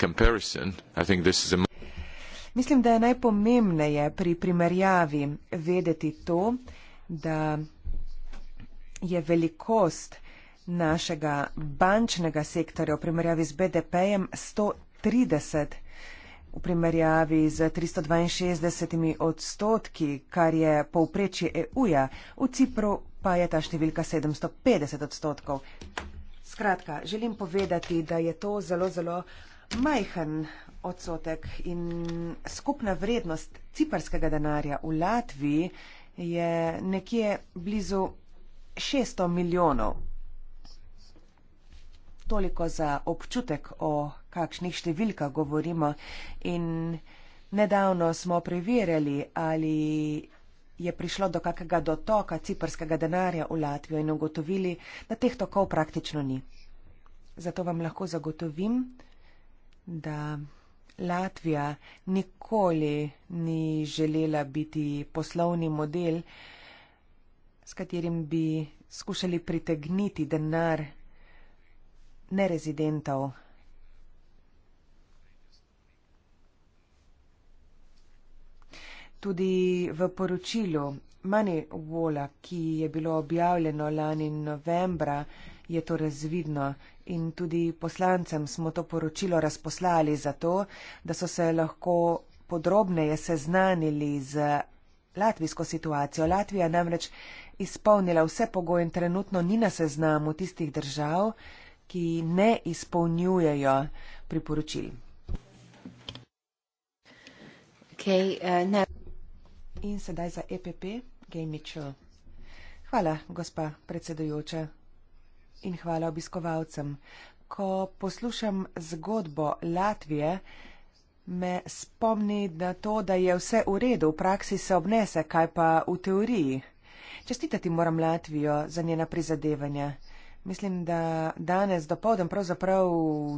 comparison, I think this is a. Mislim, da je najpomembneje pri primerjavi vedeti to, da je velikost našega bančnega sektorja v primerjavi z BDP-jem 130, v primerjavi z 362 odstotki, kar je povprečje EU-ja, v Cipru pa je ta številka 750 odstotkov. Skratka, želim povedati, da je to zelo, zelo majhen odstotek in skupna vrednost ciparskega denarja v Latviji je nekje blizu 600 milijonov toliko za občutek, o kakšnih številkah govorimo. In nedavno smo preverjali, ali je prišlo do kakega dotoka ciprskega denarja v Latvijo in ugotovili, da teh tokov praktično ni. Zato vam lahko zagotovim, da Latvija nikoli ni želela biti poslovni model, s katerim bi skušali pritegniti denar nerezidentov. Tudi v poročilu Mani Vola, ki je bilo objavljeno lani novembra, je to razvidno in tudi poslancem smo to poročilo razposlali zato, da so se lahko podrobneje seznanili z latvijsko situacijo. Latvija namreč izpolnila vse pogoje in trenutno ni na seznamu tistih držav, ki ne izpolnjujejo priporočil. Okay, uh, In sedaj za EPP, Gay Mitchell. Hvala, gospa predsedujoča. In hvala obiskovalcem. Ko poslušam zgodbo Latvije, me spomni na to, da je vse v redu, v praksi se obnese, kaj pa v teoriji. Čestitati moram Latvijo za njena prizadevanja. Mislim, da danes do povdem pravzaprav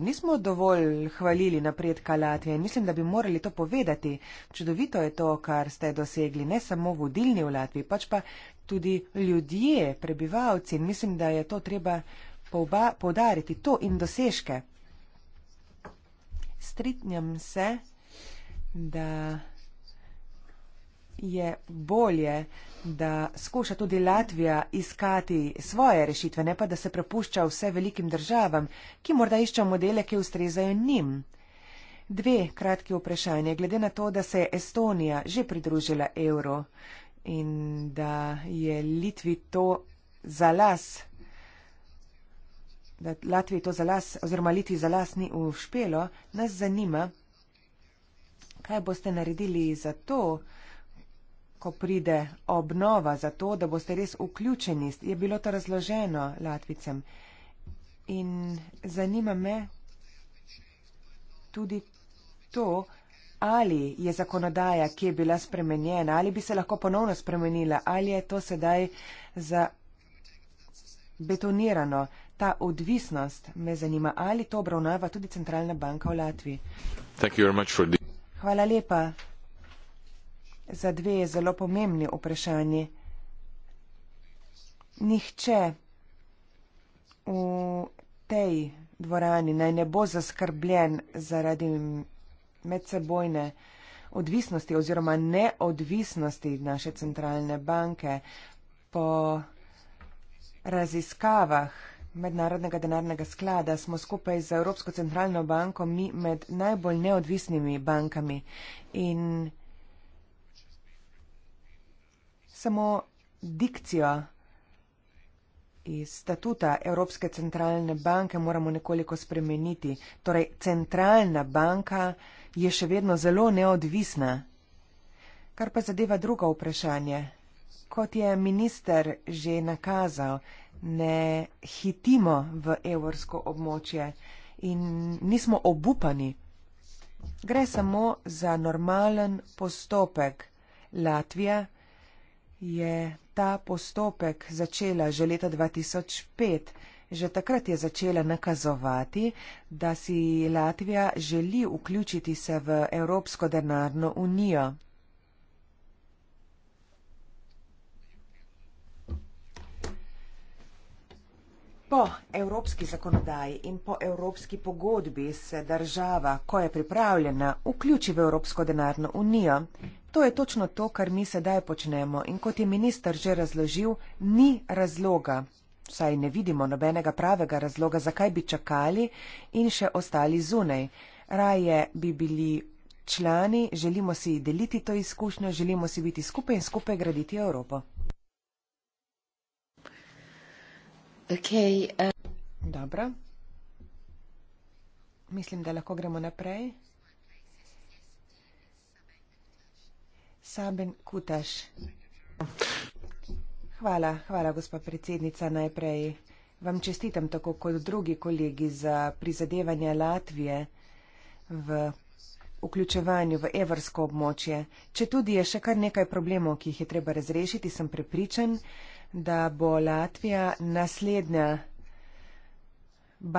nismo dovolj hvalili napredka Latvije in mislim, da bi morali to povedati. Čudovito je to, kar ste dosegli, ne samo vodilni v Latviji, pač pa tudi ljudje, prebivalci in mislim, da je to treba povdariti, to in dosežke. Stritnjam se, da je bolje, da skuša tudi Latvija iskati svoje rešitve, ne pa da se prepušča vse velikim državam, ki morda iščejo modele, ki ustrezajo njim. Dve kratki vprašanje, glede na to, da se je Estonija že pridružila evro in da je Litvi to za las, da Latvi to za las oziroma Litvi za las ni uspelo, nas zanima, kaj boste naredili za to, ko pride obnova za to, da boste res vključeni, je bilo to razloženo Latvicem. In zanima me tudi to, ali je zakonodaja, ki je bila spremenjena, ali bi se lahko ponovno spremenila, ali je to sedaj za betonirano. Ta odvisnost me zanima, ali to obravnava tudi Centralna banka v Latviji. Hvala lepa za dve zelo pomembni vprašanji. Nihče v tej dvorani naj ne bo zaskrbljen zaradi medsebojne odvisnosti oziroma neodvisnosti naše centralne banke. Po raziskavah Mednarodnega denarnega sklada smo skupaj z Evropsko centralno banko mi med najbolj neodvisnimi bankami in samo dikcijo iz statuta Evropske centralne banke moramo nekoliko spremeniti. Torej, centralna banka je še vedno zelo neodvisna. Kar pa zadeva drugo vprašanje. Kot je minister že nakazal, ne hitimo v evrsko območje in nismo obupani. Gre samo za normalen postopek. Latvija je ta postopek začela že leta 2005. Že takrat je začela nakazovati, da si Latvija želi vključiti se v Evropsko denarno unijo. Po evropski zakonodaji in po evropski pogodbi se država, ko je pripravljena, vključi v Evropsko denarno unijo. To je točno to, kar mi sedaj počnemo in kot je minister že razložil, ni razloga, saj ne vidimo nobenega pravega razloga, zakaj bi čakali in še ostali zunaj. Raje bi bili člani, želimo si deliti to izkušnjo, želimo si biti skupaj in skupaj graditi Evropo. Okay, uh... Dobro. Mislim, da lahko gremo naprej. Saben Kutaš. Hvala, hvala, gospa predsednica. Najprej vam čestitam, tako kot drugi kolegi, za prizadevanje Latvije v vključevanju v evrsko območje. Če tudi je še kar nekaj problemov, ki jih je treba razrešiti, sem prepričan, da bo Latvija naslednja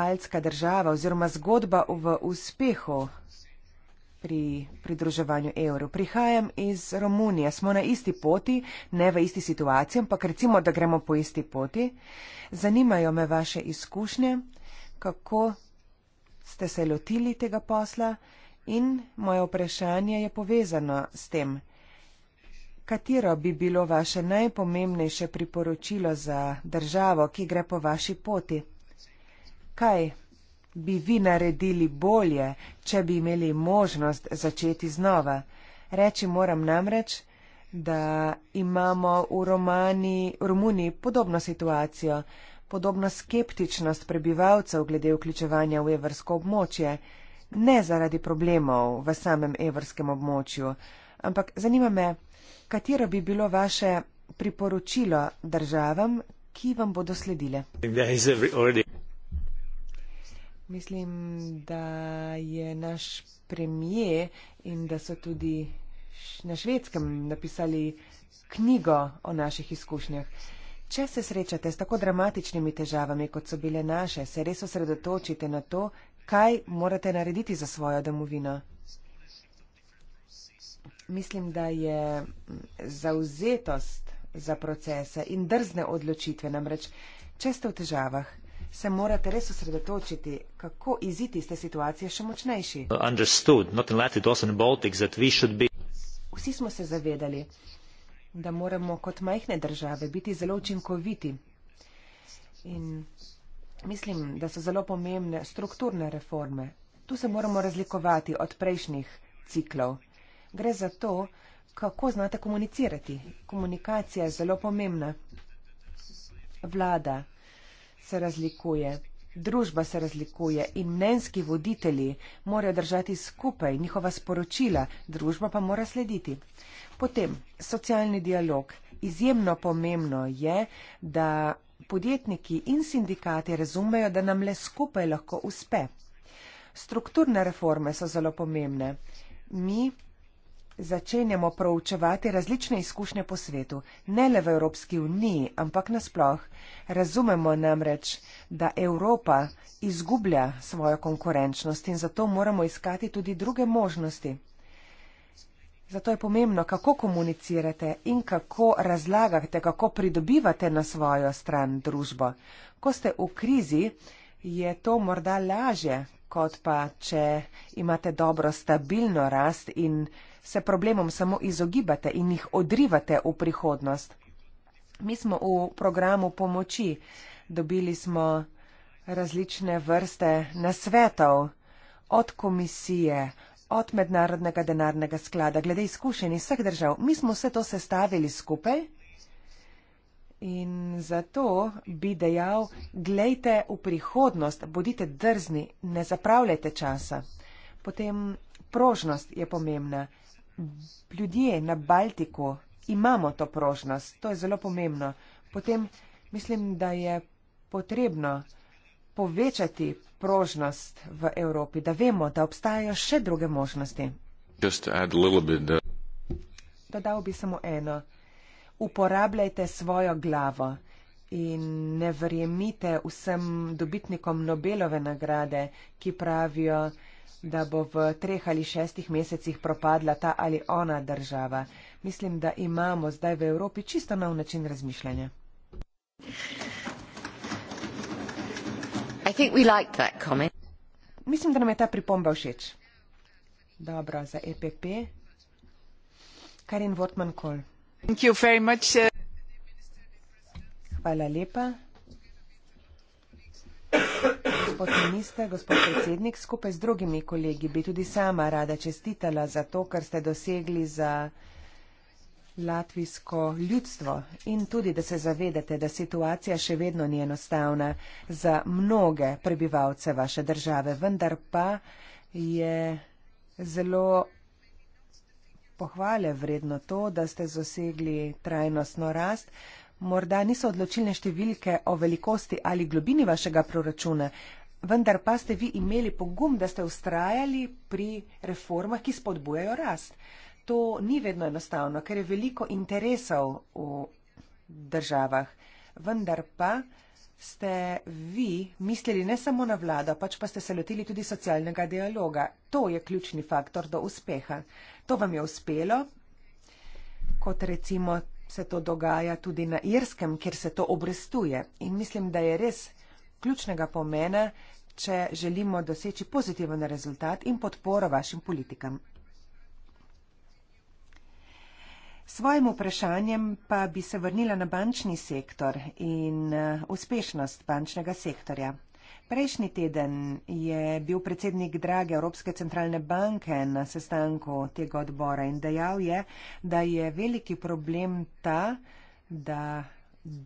baltska država oziroma zgodba v uspehu pri pridruževanju evru. Prihajam iz Romunije, smo na isti poti, ne v isti situaciji, ampak recimo, da gremo po isti poti. Zanimajo me vaše izkušnje, kako ste se lotili tega posla in moje vprašanje je povezano s tem. Katero bi bilo vaše najpomembnejše priporočilo za državo, ki gre po vaši poti? Kaj bi vi naredili bolje, če bi imeli možnost začeti znova. Reči moram namreč, da imamo v, Romani, v Romuniji podobno situacijo, podobno skeptičnost prebivalcev glede vključevanja v evrsko območje, ne zaradi problemov v samem evrskem območju, ampak zanima me, katero bi bilo vaše priporočilo državam, ki vam bodo sledile. Mislim, da je naš premije in da so tudi na švedskem napisali knjigo o naših izkušnjah. Če se srečate s tako dramatičnimi težavami, kot so bile naše, se res osredotočite na to, kaj morate narediti za svojo domovino. Mislim, da je zauzetost za procese in drzne odločitve namreč često v težavah, se morate res osredotočiti, kako iziti iz te situacije še močnejši. Vsi smo se zavedali, da moramo kot majhne države biti zelo učinkoviti. In mislim, da so zelo pomembne strukturne reforme. Tu se moramo razlikovati od prejšnjih ciklov. Gre za to, kako znate komunicirati. Komunikacija je zelo pomembna. Vlada, se razlikuje, družba se razlikuje in mnenjski voditelji morajo držati skupaj njihova sporočila, družba pa mora slediti. Potem, socialni dialog. Izjemno pomembno je, da podjetniki in sindikati razumejo, da nam le skupaj lahko uspe. Strukturne reforme so zelo pomembne. Mi začenjamo proučevati različne izkušnje po svetu, ne le v Evropski uniji, ampak nasploh. Razumemo namreč, da Evropa izgublja svojo konkurenčnost in zato moramo iskati tudi druge možnosti. Zato je pomembno, kako komunicirate in kako razlagate, kako pridobivate na svojo stran družbo. Ko ste v krizi, je to morda lažje, kot pa, če imate dobro stabilno rast in se problemom samo izogibate in jih odrivate v prihodnost. Mi smo v programu pomoči, dobili smo različne vrste nasvetov od komisije, od mednarodnega denarnega sklada, glede izkušenj iz vseh držav. Mi smo vse to sestavili skupaj in zato bi dejal, gledajte v prihodnost, bodite drzni, ne zapravljajte časa. Potem prožnost je pomembna ljudje na Baltiku imamo to prožnost, to je zelo pomembno. Potem mislim, da je potrebno povečati prožnost v Evropi, da vemo, da obstajajo še druge možnosti. Uh, Dodal bi samo eno. Uporabljajte svojo glavo in ne verjemite vsem dobitnikom Nobelove nagrade, ki pravijo, da da bo v treh ali šestih mesecih propadla ta ali ona država. Mislim, da imamo zdaj v Evropi čisto nov način razmišljanja. Like Mislim, da nam je ta pripomba všeč. Dobro, za EPP. Karin Wortmann-Kohl. Hvala lepa gospod minister, gospod predsednik, skupaj z drugimi kolegi bi tudi sama rada čestitala za to, kar ste dosegli za latvijsko ljudstvo in tudi, da se zavedate, da situacija še vedno ni enostavna za mnoge prebivalce vaše države, vendar pa je zelo pohvale vredno to, da ste zasegli trajnostno rast. Morda niso odločilne številke o velikosti ali globini vašega proračuna, Vendar pa ste vi imeli pogum, da ste ustrajali pri reformah, ki spodbujajo rast. To ni vedno enostavno, ker je veliko interesov v državah. Vendar pa ste vi mislili ne samo na vlado, pač pa ste se lotili tudi socialnega dialoga. To je ključni faktor do uspeha. To vam je uspelo, kot recimo se to dogaja tudi na Irskem, kjer se to obrestuje. In mislim, da je res ključnega pomena, če želimo doseči pozitiven rezultat in podporo vašim politikam. Svojim vprašanjem pa bi se vrnila na bančni sektor in eh, uspešnost bančnega sektorja. Prejšnji teden je bil predsednik Drage Evropske centralne banke na sestanku tega odbora in dejal je, da je veliki problem ta, da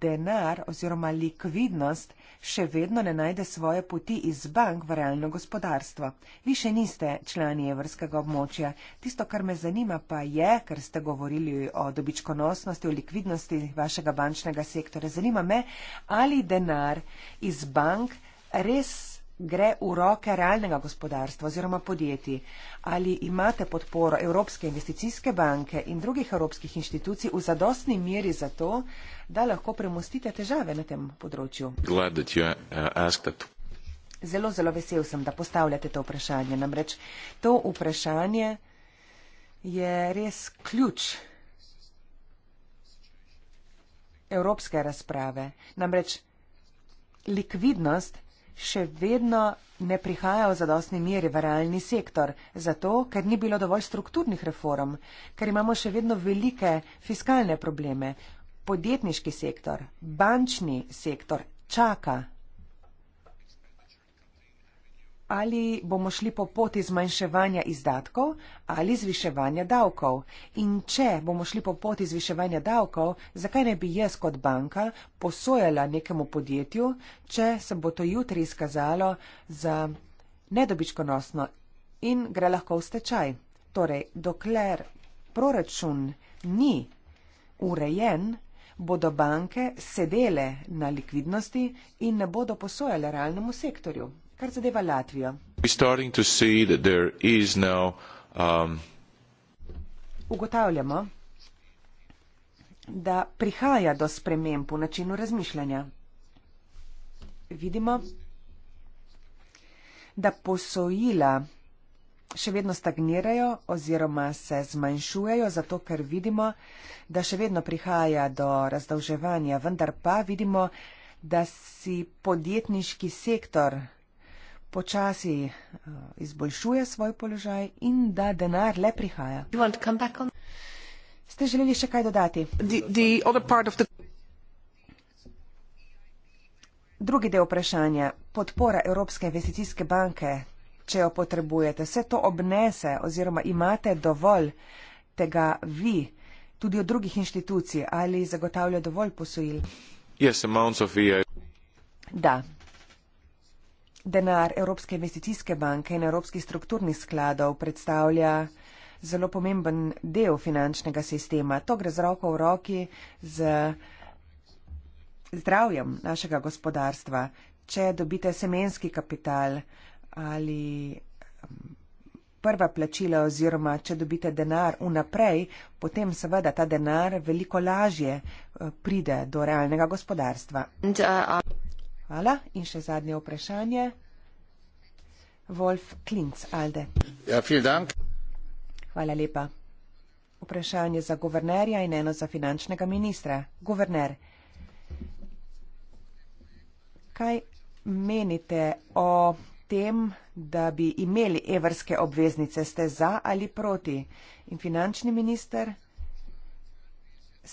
denar oziroma likvidnost še vedno ne najde svoje poti iz bank v realno gospodarstvo. Vi še niste člani evrskega območja. Tisto, kar me zanima, pa je, ker ste govorili o dobičkonosnosti, o likvidnosti vašega bančnega sektora. Zanima me, ali denar iz bank res gre v roke realnega gospodarstva oziroma podjetij? Ali imate podporo Evropske investicijske banke in drugih evropskih inštitucij v zadostni meri za to, da lahko premostite težave na tem področju? Eh, zelo, zelo vesel sem, da postavljate to vprašanje. Namreč to vprašanje je res ključ evropske razprave. Namreč likvidnost še vedno ne prihaja v zadostni meri v realni sektor, zato ker ni bilo dovolj strukturnih reform, ker imamo še vedno velike fiskalne probleme. Podjetniški sektor, bančni sektor čaka ali bomo šli po poti zmanjševanja izdatkov ali zviševanja davkov. In če bomo šli po poti zviševanja davkov, zakaj ne bi jaz kot banka posojala nekemu podjetju, če se bo to jutri izkazalo za nedobičkonosno in gre lahko v stečaj. Torej, dokler proračun ni urejen, bodo banke sedele na likvidnosti in ne bodo posojale realnemu sektorju kar zadeva Latvijo. Now, um, Ugotavljamo, da prihaja do sprememb v načinu razmišljanja. Vidimo, da posojila še vedno stagnirajo oziroma se zmanjšujejo, zato ker vidimo, da še vedno prihaja do razdolževanja, vendar pa vidimo, da si podjetniški sektor počasi eh, izboljšuje svoj položaj in da denar le prihaja. Ste želeli še kaj dodati? The, the the... Drugi del vprašanja. Podpora Evropske investicijske banke, če jo potrebujete, vse to obnese oziroma imate dovolj tega vi, tudi od drugih inštitucij, ali zagotavlja dovolj posojil? Yes, da denar Evropske investicijske banke in Evropskih strukturnih skladov predstavlja zelo pomemben del finančnega sistema. To gre z roko v roki z zdravjem našega gospodarstva. Če dobite semenski kapital ali um, prva plačila oziroma če dobite denar vnaprej, potem seveda ta denar veliko lažje uh, pride do realnega gospodarstva. Uh, Hvala. In še zadnje vprašanje. Wolf Klinc, Alde. Ja, dank. Hvala lepa. Vprašanje za guvernerja in eno za finančnega ministra. Guverner, kaj menite o tem, da bi imeli evrske obveznice, ste za ali proti? In finančni minister,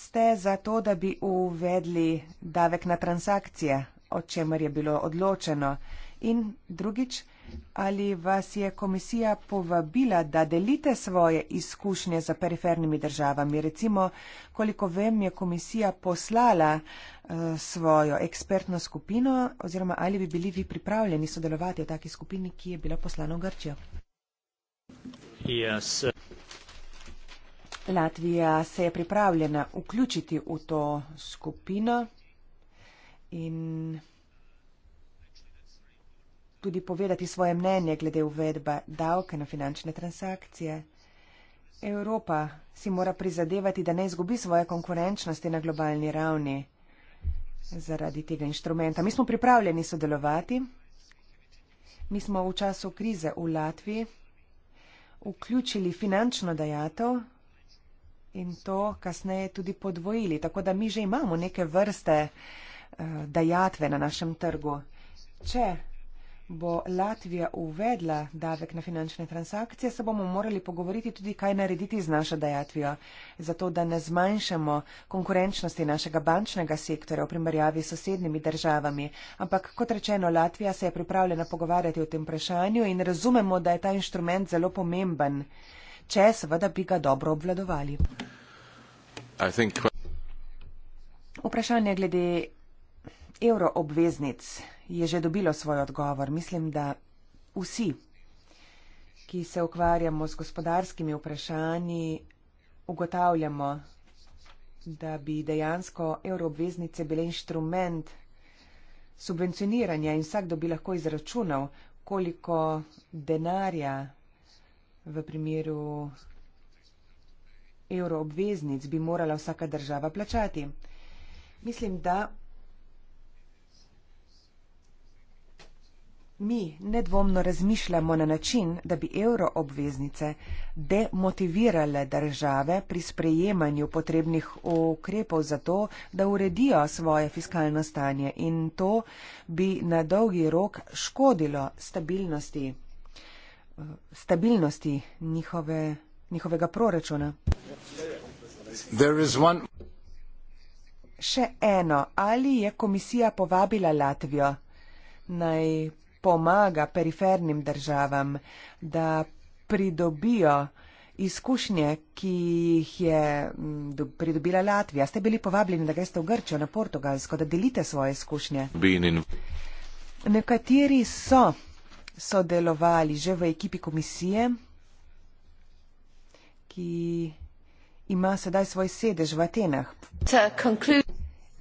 ste za to, da bi uvedli davek na transakcije o čemer je bilo odločeno. In drugič, ali vas je komisija povabila, da delite svoje izkušnje za perifernimi državami? Recimo, koliko vem, je komisija poslala eh, svojo ekspertno skupino oziroma ali bi bili vi pripravljeni sodelovati v taki skupini, ki je bila poslana v Grčijo? Yes. Latvija se je pripravljena vključiti v to skupino in tudi povedati svoje mnenje glede uvedbe davke na finančne transakcije. Evropa si mora prizadevati, da ne izgubi svoje konkurenčnosti na globalni ravni zaradi tega inštrumenta. Mi smo pripravljeni sodelovati. Mi smo v času krize v Latviji vključili finančno dajatev in to kasneje tudi podvojili. Tako da mi že imamo neke vrste uh, dajatve na našem trgu. Če bo Latvija uvedla davek na finančne transakcije, se bomo morali pogovoriti tudi, kaj narediti z našo dajatvijo, zato da ne zmanjšamo konkurenčnosti našega bančnega sektorja v primerjavi s sosednjimi državami. Ampak, kot rečeno, Latvija se je pripravljena pogovarjati o tem vprašanju in razumemo, da je ta inštrument zelo pomemben, če seveda bi ga dobro obvladovali. Vprašanje glede euroobveznic je že dobilo svoj odgovor. Mislim, da vsi, ki se ukvarjamo s gospodarskimi vprašanji, ugotavljamo, da bi dejansko euroobveznice bile inštrument subvencioniranja in vsakdo bi lahko izračunal, koliko denarja v primeru evroobveznic bi morala vsaka država plačati. Mislim, da Mi nedvomno razmišljamo na način, da bi euroobveznice demotivirale države pri sprejemanju potrebnih ukrepov za to, da uredijo svoje fiskalno stanje in to bi na dolgi rok škodilo stabilnosti, stabilnosti njihove, njihovega proračuna. One... Še eno, ali je komisija povabila Latvijo? Naj pomaga perifernim državam, da pridobijo izkušnje, ki jih je do, pridobila Latvija. Ste bili povabljeni, da greste v Grčijo, na Portugalsko, da delite svoje izkušnje. Nekateri so sodelovali že v ekipi komisije, ki ima sedaj svoj sedež v Atenah. To conclude...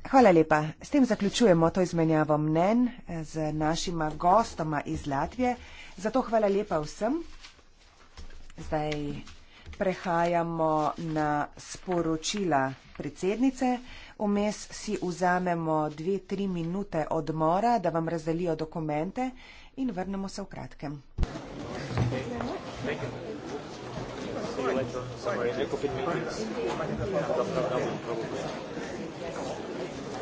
Hvala lepa. S tem zaključujemo to izmenjavo mnen eh, z našima gostoma iz Latvije. Zato hvala lepa vsem. Zdaj prehajamo na sporočila predsednice. Vmes si vzamemo dve, tri minute odmora, da vam razdelijo dokumente in vrnemo se v kratkem. Okay.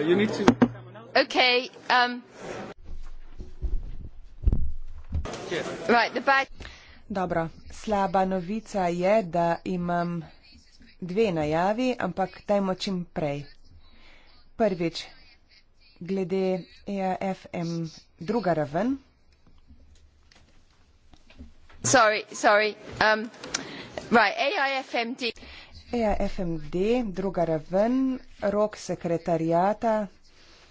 Uh, you need to. Okay. Um. Yeah. Right, the back. Dobro, slaba novica je, da imam dve najavi, ampak dajmo čim prej. Prvič, glede EFM druga raven. Sorry, sorry. Um, right, AIFMD. Ja, e FMD, druga raven, rok sekretarijata,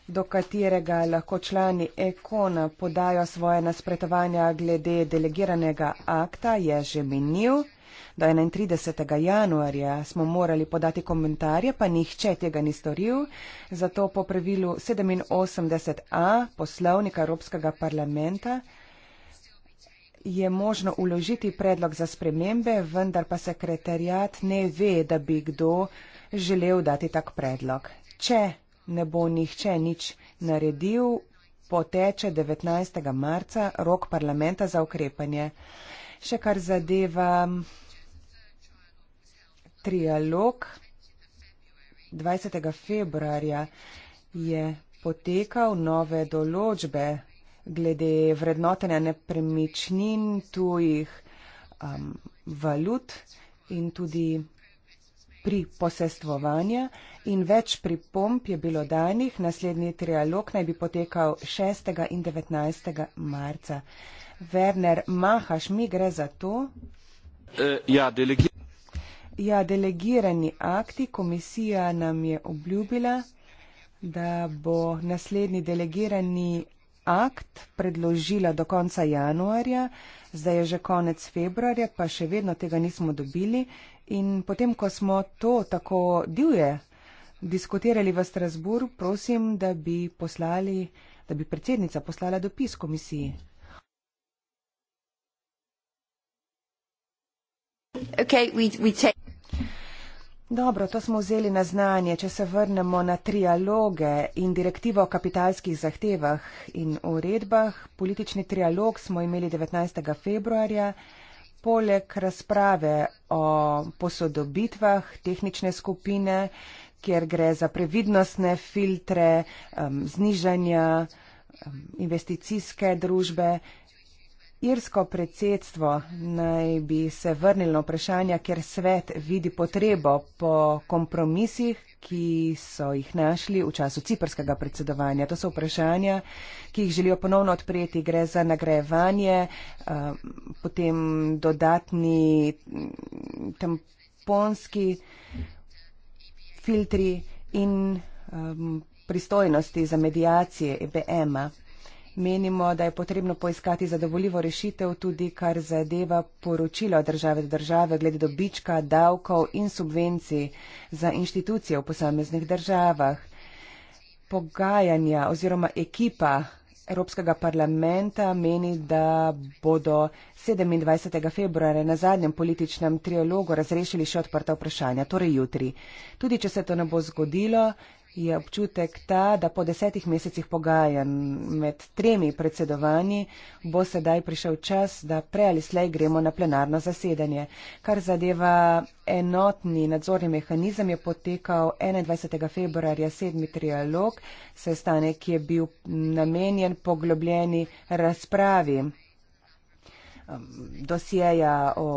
do katerega lahko člani ekona podajo svoje nasprotovanja glede delegiranega akta, je že minil. Do 31. januarja smo morali podati komentarje, pa nihče tega ni storil, zato po pravilu 87a poslovnika Evropskega parlamenta je možno uložiti predlog za spremembe, vendar pa sekretarjat ne ve, da bi kdo želel dati tak predlog. Če ne bo nihče nič naredil, poteče 19. marca rok parlamenta za ukrepanje. Še kar zadeva trialog 20. februarja je potekal nove določbe glede vrednotenja nepremičnin tujih um, valut in tudi pri posestvovanju in več pripomp je bilo danih. Naslednji trialog naj bi potekal 6. in 19. marca. Werner Mahaš, mi gre za to. Eh, ja, delegi ja delegirani akti. Komisija nam je obljubila, da bo naslednji delegirani akt predložila do konca januarja, zdaj je že konec februarja, pa še vedno tega nismo dobili. In potem, ko smo to tako divje diskutirali v Strasburg, prosim, da bi poslali, da bi predsednica poslala dopis komisiji. Okay, we, we take... Dobro, to smo vzeli na znanje. Če se vrnemo na trialoge in direktivo o kapitalskih zahtevah in uredbah, politični trialog smo imeli 19. februarja. Poleg razprave o posodobitvah tehnične skupine, kjer gre za previdnostne filtre, um, znižanja um, investicijske družbe, Irsko predsedstvo naj bi se vrnilo na vprašanja, ker svet vidi potrebo po kompromisih, ki so jih našli v času ciprskega predsedovanja. To so vprašanja, ki jih želijo ponovno odpreti. Gre za nagrajevanje, eh, potem dodatni mm, tamponski filtri in pristojnosti za medijacije EBM-a. Menimo, da je potrebno poiskati zadovoljivo rešitev tudi, kar zadeva poročilo države do države glede dobička, davkov in subvencij za inštitucije v posameznih državah. Pogajanja oziroma ekipa Evropskega parlamenta meni, da bodo 27. februarja na zadnjem političnem trialogu razrešili še odprta vprašanja, torej jutri. Tudi, če se to ne bo zgodilo, je občutek ta, da po desetih mesecih pogajanj med tremi predsedovanji bo sedaj prišel čas, da prej ali slej gremo na plenarno zasedanje. Kar zadeva enotni nadzorni mehanizem, je potekal 21. februarja sedmi trialog, sestanek, ki je bil namenjen poglobljeni razpravi um, dosjeja o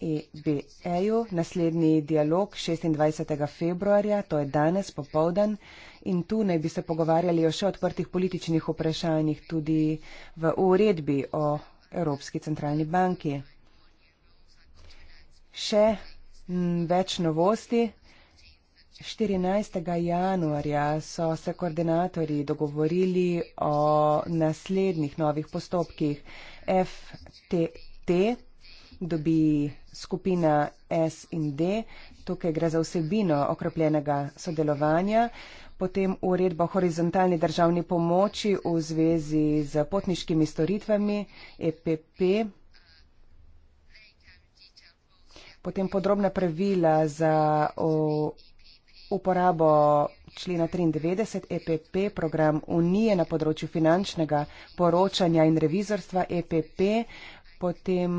EBE-ju, naslednji dialog 26. februarja, to je danes popovdan, in tu naj bi se pogovarjali o še odprtih političnih vprašanjih tudi v uredbi o Evropski centralni banki. Še več novosti. 14. januarja so se koordinatori dogovorili o naslednjih novih postopkih. FTT dobi skupina S in D. Tukaj gre za vsebino okrepljenega sodelovanja. Potem uredba o horizontalni državni pomoči v zvezi z potniškimi storitvami EPP. Potem podrobna pravila za uporabo člena 93 EPP, program Unije na področju finančnega poročanja in revizorstva EPP, potem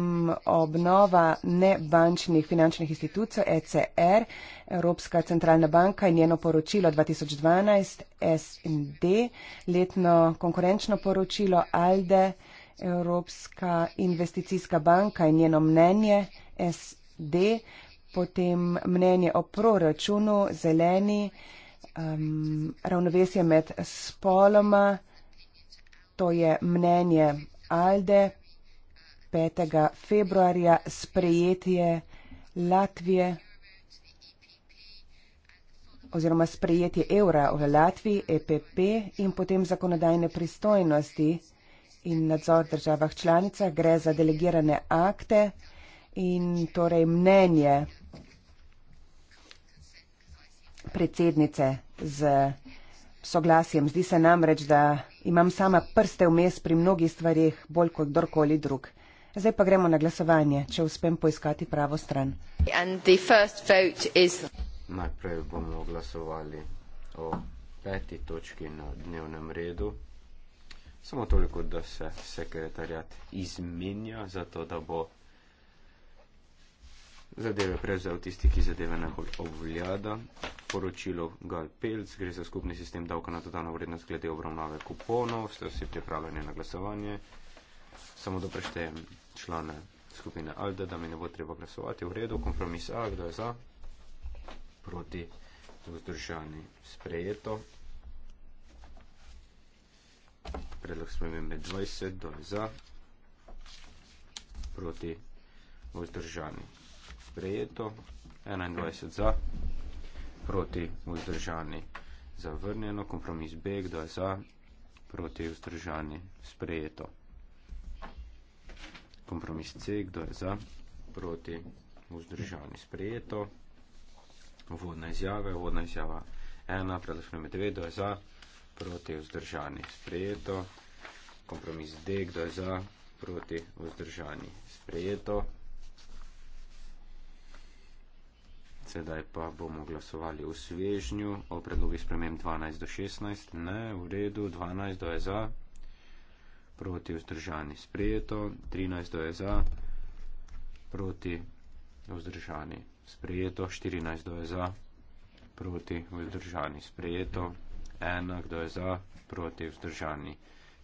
obnova nebančnih finančnih institucij ECR, Evropska centralna banka in njeno poročilo 2012 SND, letno konkurenčno poročilo ALDE, Evropska investicijska banka in njeno mnenje SD, potem mnenje o proračunu zeleni, um, ravnovesje med spoloma, to je mnenje. Alde, 5. februarja sprejetje Latvije oziroma sprejetje evra v Latviji, EPP in potem zakonodajne pristojnosti in nadzor državah članica. Gre za delegirane akte in torej mnenje predsednice z soglasjem. Zdi se namreč, da imam sama prste vmes pri mnogih stvarih bolj kot kdorkoli drug. Zdaj pa gremo na glasovanje, če uspem poiskati pravo stran. Is... Najprej bomo glasovali o peti točki na dnevnem redu. Samo toliko, da se sekretarjat izmenja, zato da bo zadeve prevzel tisti, ki zadeve najbolj obvljada. Poročilo Gal Pelc, gre za skupni sistem davka na dodano vrednost glede obravnave kuponov. Ste vsi pripravljeni na glasovanje? samo da preštejem člane skupine Alde, da mi ne bo treba glasovati. V redu, kompromis A, kdo je za? Proti, vzdržani, sprejeto. Predlog spremembe 20, kdo je za? Proti, vzdržani, sprejeto. 21 za, proti, vzdržani, zavrnjeno. Kompromis B, kdo je za? Proti, vzdržani, sprejeto kompromis C, kdo je za, proti, vzdržani sprejeto. Vodna izjava, vodna izjava 1, predlagam med 2, kdo je za, proti, vzdržani sprejeto. Kompromis D, kdo je za, proti, vzdržani sprejeto. Sedaj pa bomo glasovali v svežnju o predlogih sprememb 12 do 16. Ne, v redu, 12 do je za, proti vzdržani sprejeto, 13 je za, proti vzdržani sprejeto, 14 je za, proti vzdržani sprejeto, 1 je za, proti vzdržani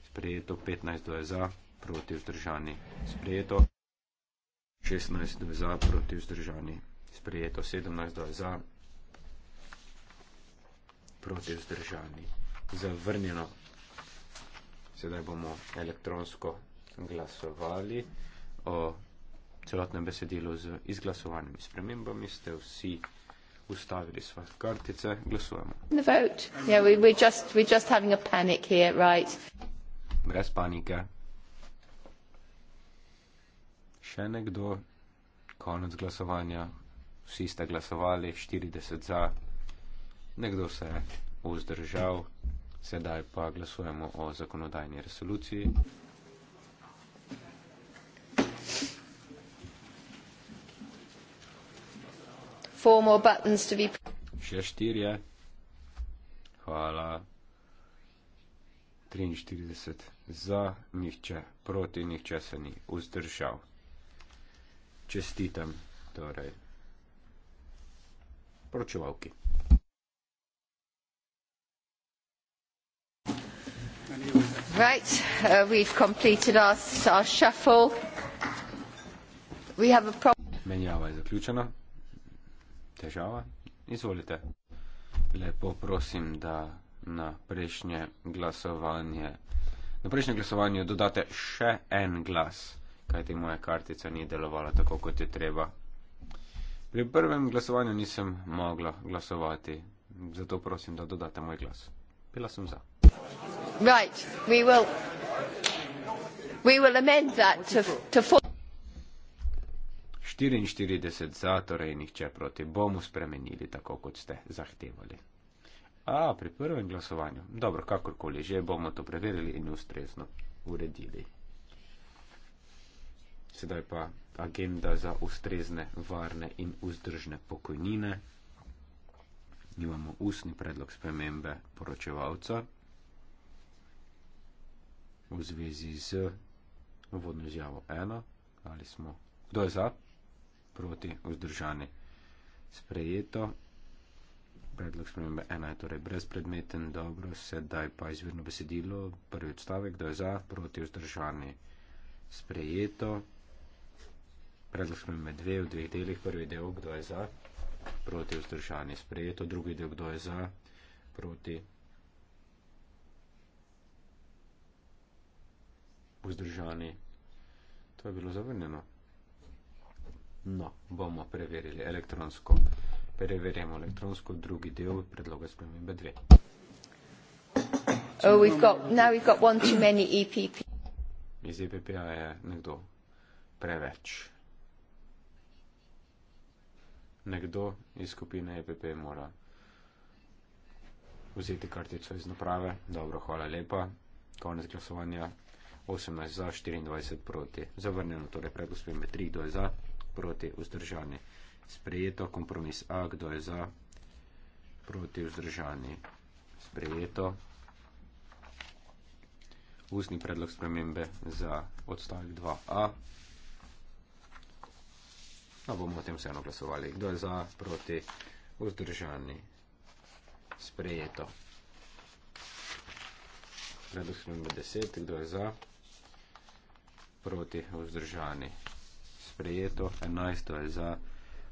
sprejeto, 15 je za, proti vzdržani sprejeto, 16 je za, proti vzdržani sprejeto, 17 je za, proti vzdržani zavrnjeno. Sedaj bomo elektronsko glasovali o celotnem besedilu z izglasovanimi spremembami. Ste vsi ustavili svoje kartice, glasujemo. Yeah, we, we just, we just panic here, right? Brez panike. Še nekdo, konec glasovanja, vsi ste glasovali, 40 za, nekdo se je vzdržal. Mm. Sedaj pa glasujemo o zakonodajni resoluciji. Še štirje. Hvala. 43 za, nihče proti, nihče se ni vzdržal. Čestitam, torej, poročevalki. Right, uh, we've completed our, our shuffle. We have a problem. Menjava je zaključena. Težava? Izvolite. Lepo prosim, da na prejšnje glasovanje Na prejšnjem glasovanju dodate še en glas, kajti moja kartica ni delovala tako, kot je treba. Pri prvem glasovanju nisem mogla glasovati, zato prosim, da dodate moj glas. Bila sem za. Right. We will. We will amend that to, to four. 44 za, torej nihče proti. Bomo spremenili tako, kot ste zahtevali. A, pri prvem glasovanju. Dobro, kakorkoli že, bomo to preverili in ustrezno uredili. Sedaj pa agenda za ustrezne, varne in vzdržne pokojnine. Imamo ustni predlog spremembe poročevalca v zvezi z uvodno izjavo ena, ali smo, kdo je za, proti, vzdržani, sprejeto. Predlog spremembe ena je torej brezpredmeten, dobro, sedaj pa izvirno besedilo, prvi odstavek, kdo je za, proti, vzdržani, sprejeto. Predlog spremembe dve v dveh delih, prvi del, kdo je za, proti, vzdržani, sprejeto, drugi del, kdo je za, proti, vzdržani. To je bilo zavrnjeno. No, bomo preverili elektronsko. Preverjamo elektronsko drugi del predloga spremembe 2. Oh, we've got, now we've got one too many EPP. Iz EPP-a je nekdo preveč. Nekdo iz skupine EPP mora vzeti kartico iz naprave. Dobro, hvala lepa. Konec glasovanja. 18 za, 24 proti. Zavrnjeno torej pred gospodom Metri, kdo je za, proti vzdržani. Sprejeto kompromis A, kdo je za, proti vzdržani. Sprejeto. Ustni predlog spremembe za odstavek 2a. Pa bomo o tem vseeno glasovali. Kdo je za, proti, vzdržani. Sprejeto. Predlog spremembe 10. Kdo je za? proti vzdržani. Sprejeto 11 je za,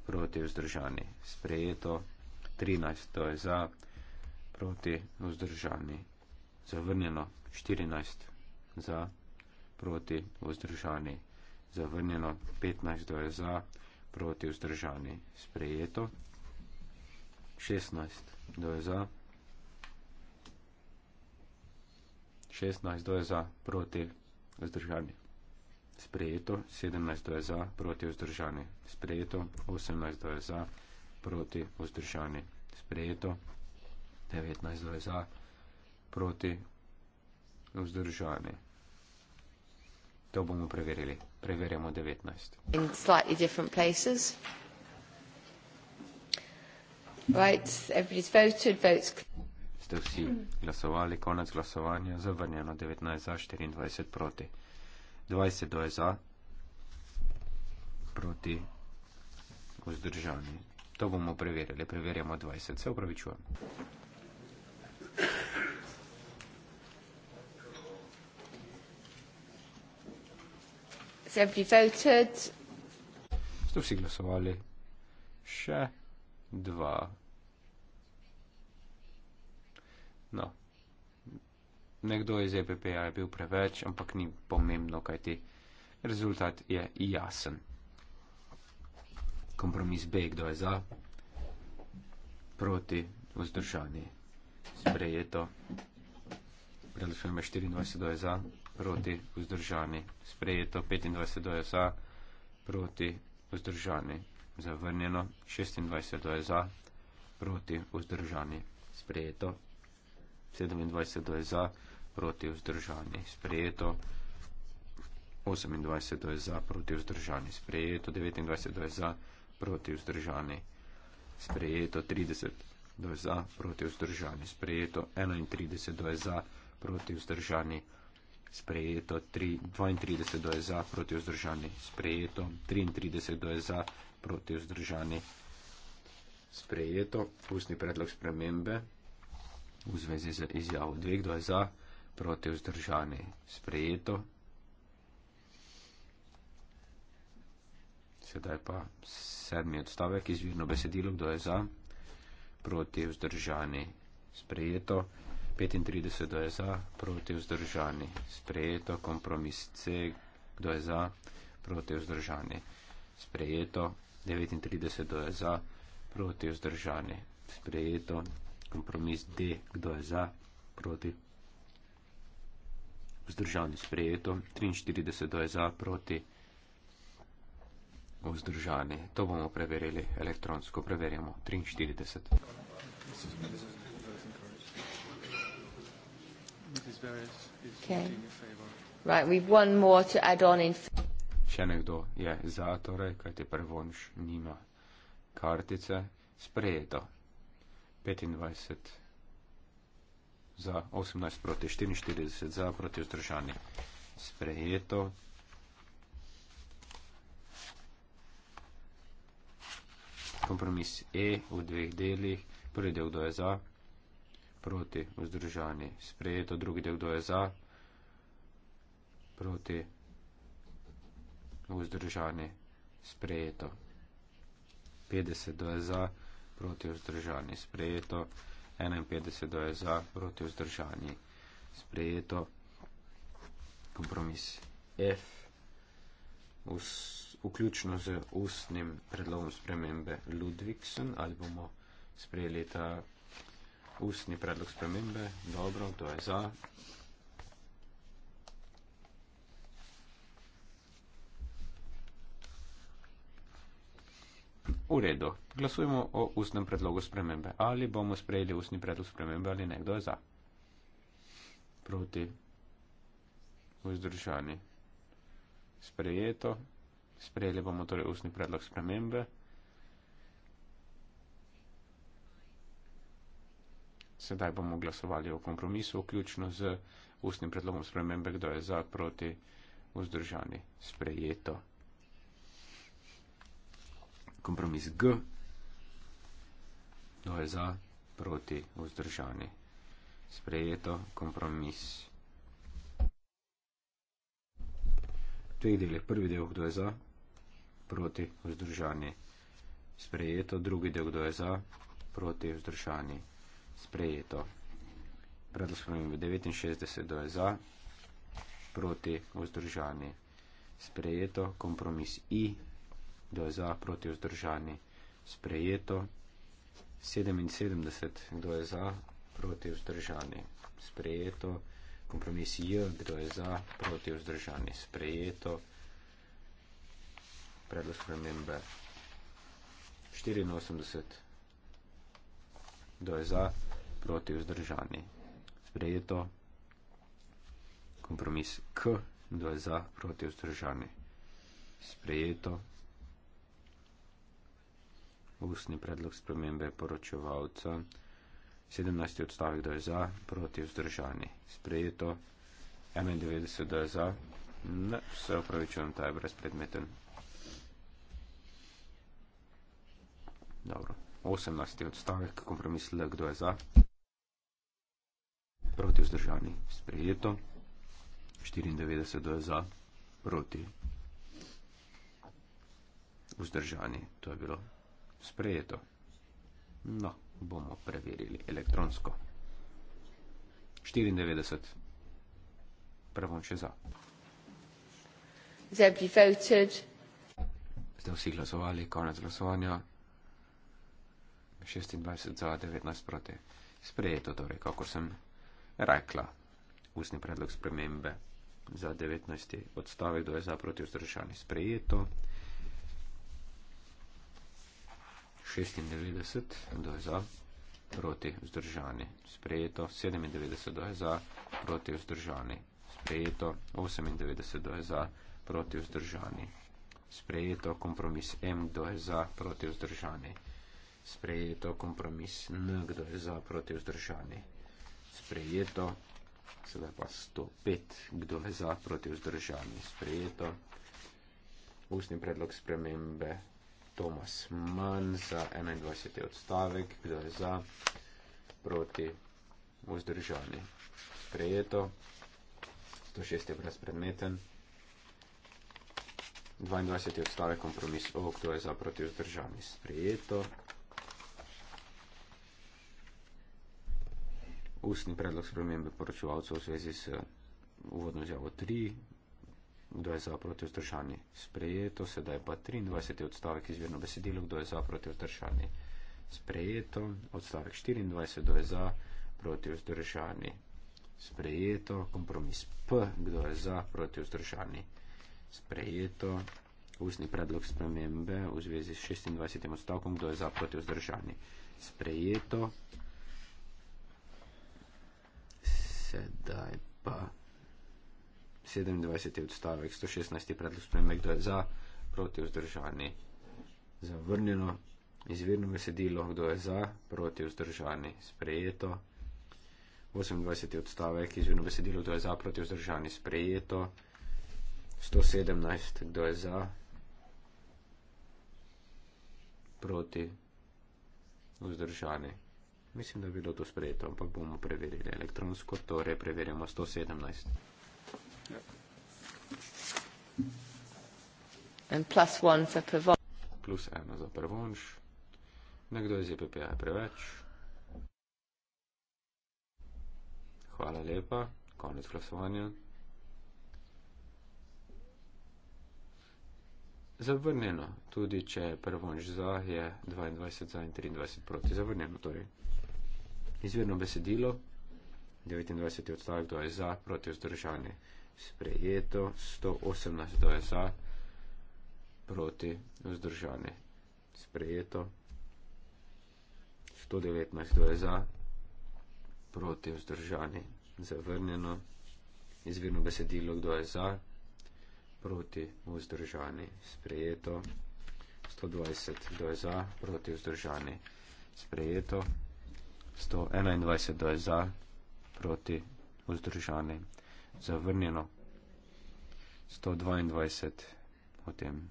proti vzdržani. Sprejeto 13 je za, proti vzdržani. Zavrnjeno 14 za, proti vzdržani. Zavrnjeno 15 je za, proti vzdržani. Sprejeto 16 je za. 16 do je za proti vzdržanje. Sprejeto 17 je za, proti vzdržani. Sprejeto 18 je za, proti vzdržani. Sprejeto 19 je za, proti vzdržani. To bomo preverili. Preverjamo 19. In slightly different places. Right, everybody's voted, votes. Ste vsi glasovali, konec glasovanja, zavrnjeno 19 za, 24 proti. 20 do je za, proti vzdržani. To bomo preverili, preverjamo 20, se upravičujem. Have you voted? Ste vsi glasovali? Še dva. No nekdo iz EPP-ja je bil preveč, ampak ni pomembno, kaj ti rezultat je jasen. Kompromis B, kdo je za, proti, vzdržani, sprejeto. Predlagam 24, kdo je za, proti, vzdržani, sprejeto. 25, kdo je za, proti, vzdržani, zavrnjeno. 26, kdo je za, proti, vzdržani, sprejeto. 27 do je za, proti vzdržani sprejeto. 28 je za proti vzdržani sprejeto, 29 je za proti vzdržani sprejeto, 30 je za proti vzdržani sprejeto, 31 je za proti vzdržani sprejeto, 3, 32 je za proti vzdržani sprejeto, 33 je za proti vzdržani sprejeto, pustni predlog spremembe v zvezi z izjavo 2, kdo je za proti vzdržani sprejeto. Sedaj pa sedmi odstavek izvirno besedilo, kdo je za, proti vzdržani sprejeto. 35 do je za, proti vzdržani sprejeto. Kompromis C, kdo je za, proti vzdržani sprejeto. 39 do je za, proti vzdržani sprejeto. Kompromis D, kdo je za, proti vzdržani sprejeto, 43 je za, proti vzdržani. To bomo preverili elektronsko, preverjamo 43. Okay. Right, Še nekdo je za, torej, kajte prvonš nima kartice, sprejeto. 25 za 18 proti 44 za proti vzdržani. Sprejeto. Kompromis E v dveh delih. Prvi del, kdo je za, proti vzdržani. Sprejeto. Drugi del, kdo je za, proti vzdržani. Sprejeto. 50 do je za, proti vzdržani. Sprejeto. 51 je za, proti vzdržani. Sprejeto kompromis F, us, vključno z ustnim predlogom spremembe Ludvigsen, ali bomo sprejeli ta ustni predlog spremembe. Dobro, kdo je za? V redu, glasujemo o ustnem predlogu spremembe. Ali bomo sprejeli ustni predlog spremembe ali nekdo je za? Proti. Vzdržani. Sprejeto. Sprejeli bomo torej ustni predlog spremembe. Sedaj bomo glasovali o kompromisu, vključno z ustnim predlogom spremembe, kdo je za, proti, vzdržani. Sprejeto kompromis G, kdo je za, proti, vzdržani. Sprejeto kompromis. Dveh delih. Prvi del, kdo je za, proti, vzdržani. Sprejeto. Drugi del, kdo je za, proti, vzdržani. Sprejeto. Predlog spremembe 69, kdo je za, proti, vzdržani. Sprejeto. Kompromis I kdo je za, proti vzdržani, sprejeto. 77, kdo je za, proti vzdržani, sprejeto. Kompromis J, kdo je za, proti vzdržani, sprejeto. Predlog spremembe 84, kdo je za, proti vzdržani, sprejeto. Kompromis K, kdo je za, proti vzdržani, sprejeto ustni predlog spremembe poročevalca. 17. odstavek da je za, proti vzdržani. Sprejeto. 91. da je za. Ne, se opravičujem, ta je brezpredmeten. Dobro. 18. odstavek, kompromis le, kdo je za. Proti vzdržani. Sprejeto. 94. da je za, proti vzdržani. To je bilo Sprejeto. No, bomo preverili elektronsko. 94. Prvom še za. Ste vsi glasovali, konec glasovanja. 26 za, 19 proti. Sprejeto torej, kako sem rekla, ustni predlog spremembe za 19 odstavek, kdo je za proti vzdržani. Sprejeto. 96, kdo je za, proti vzdržani, sprejeto, 97, kdo je za, proti vzdržani, sprejeto, 98, kdo je za, proti vzdržani, sprejeto, kompromis M, kdo je za, proti vzdržani, sprejeto, kompromis N, kdo je za, proti vzdržani, sprejeto, sedaj pa 105, kdo je za, proti vzdržani, sprejeto. Ustni predlog spremembe Tomas Mann za 21. odstavek, kdo je za, proti, vzdržani. Sprejeto, 106 je brezpredmeten. 22. odstavek kompromis O, kdo je za proti vzdržani. Sprejeto. Ustni predlog spremembe poročevalcev v zvezi s uvodno izjavo 3, kdo je za proti vzdržani, sprejeto, sedaj pa 23. odstavek izvirno besedilo, kdo je za proti vzdržani, sprejeto, odstavek 24, kdo je za proti vzdržani, sprejeto, kompromis P, kdo je za proti vzdržani, sprejeto, ustni predlog spremembe v zvezi s 26. odstavkom, kdo je za proti vzdržani, sprejeto, sedaj pa 27. odstavek 116. predlog spremembe, kdo je za, proti vzdržani, zavrnjeno, izvirno besedilo, kdo je za, proti vzdržani, sprejeto. 28. odstavek, izvirno besedilo, kdo je za, proti vzdržani, sprejeto. 117. kdo je za, proti vzdržani. Mislim, da je bilo to sprejeto, ampak bomo preverili elektronsko, torej preverjamo 117. Plus one za prevon. Plus ena za prevonš. Nekdo iz EPPA je preveč. Hvala lepa. Konec glasovanja. Zavrnjeno. Tudi če je prvonš za, je 22 za in 23 proti. Zavrnjeno torej. Izvirno besedilo. 29 odstavek 2 je za, proti vzdržanje sprejeto 118 do SA proti vzdržane. Sprejeto 119 do SA proti vzdržane. Zavrnjeno izvirno besedilo kdo je za proti vzdržane. Sprejeto 120 do SA proti vzdržane. Sprejeto 121 do SA proti vzdržane zavrnjeno. 122 o tem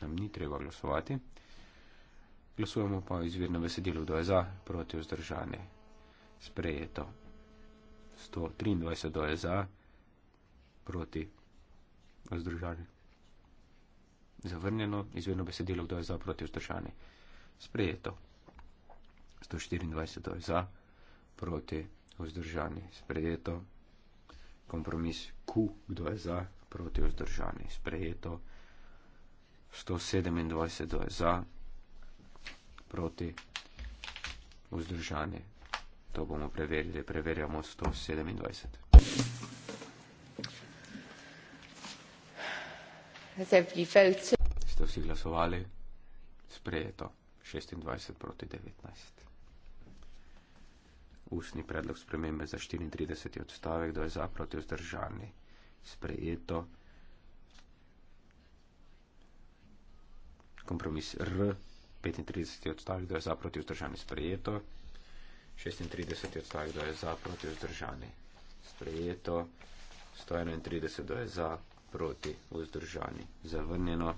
nam ni treba glasovati. Glasujemo pa o izvirnem besedilu, kdo je za, proti vzdržanje. Sprejeto. 123 do je za, proti vzdržanje. Zavrnjeno izvirno besedilo, kdo je za, proti vzdržanje. Sprejeto. 124 do je za, proti vzdržanje. Sprejeto kompromis Q, kdo je za, proti vzdržani, sprejeto. 127 je za, proti vzdržani. To bomo preverili. Preverjamo 127. Ste vsi glasovali? Sprejeto. 26 proti 19 ustni predlog spremembe za 34. odstavek, da je zaproti vzdržani. Sprejeto. Kompromis R. 35. odstavek, da je zaproti vzdržani. Sprejeto. 36. odstavek, da je zaproti vzdržani. Sprejeto. 131. da je za proti vzdržani. Zavrnjeno.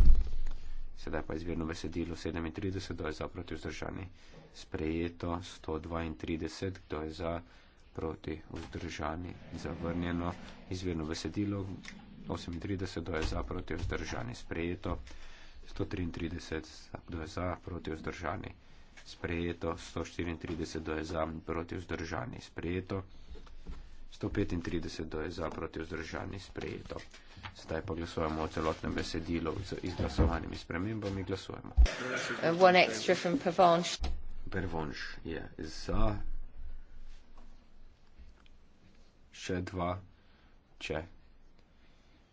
Sedaj pa izvirno besedilo 37, kdo je za proti vzdržani. Sprejeto 132, kdo je za proti vzdržani. Zavrnjeno izvirno besedilo 38, kdo je za proti vzdržani. Sprejeto 133, kdo je za proti vzdržani. Sprejeto 134, kdo je za proti vzdržani. Sprejeto 135, kdo je za proti vzdržani. Sprejeto. Zdaj pa glasujemo o celotnem besedilu z izglasovanimi spremembami. Glasujemo. Uh, Pervonš je za, še dva, če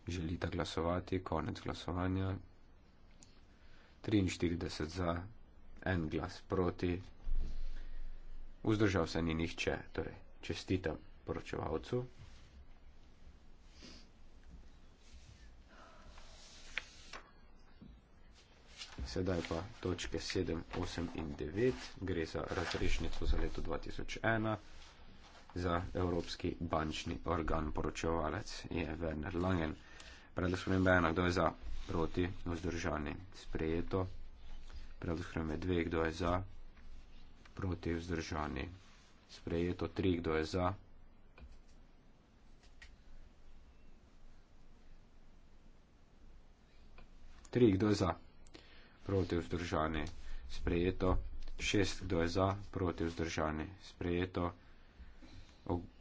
želite glasovati, konec glasovanja. 43 za, en glas proti, vzdržal se ni nihče, torej čestitam poročevalcu. Sedaj pa točke 7, 8 in 9 gre za razrešnico za leto 2001 za Evropski bančni organ. Poročevalec je Werner Langen. Predlog spremembe 1, kdo je za, proti, vzdržani, sprejeto. Predlog spremembe 2, kdo je za, proti, vzdržani, sprejeto. 3, kdo je za. Tri, kdo je za? proti vzdržane, sprejeto, šest, kdo je za, proti vzdržane, sprejeto,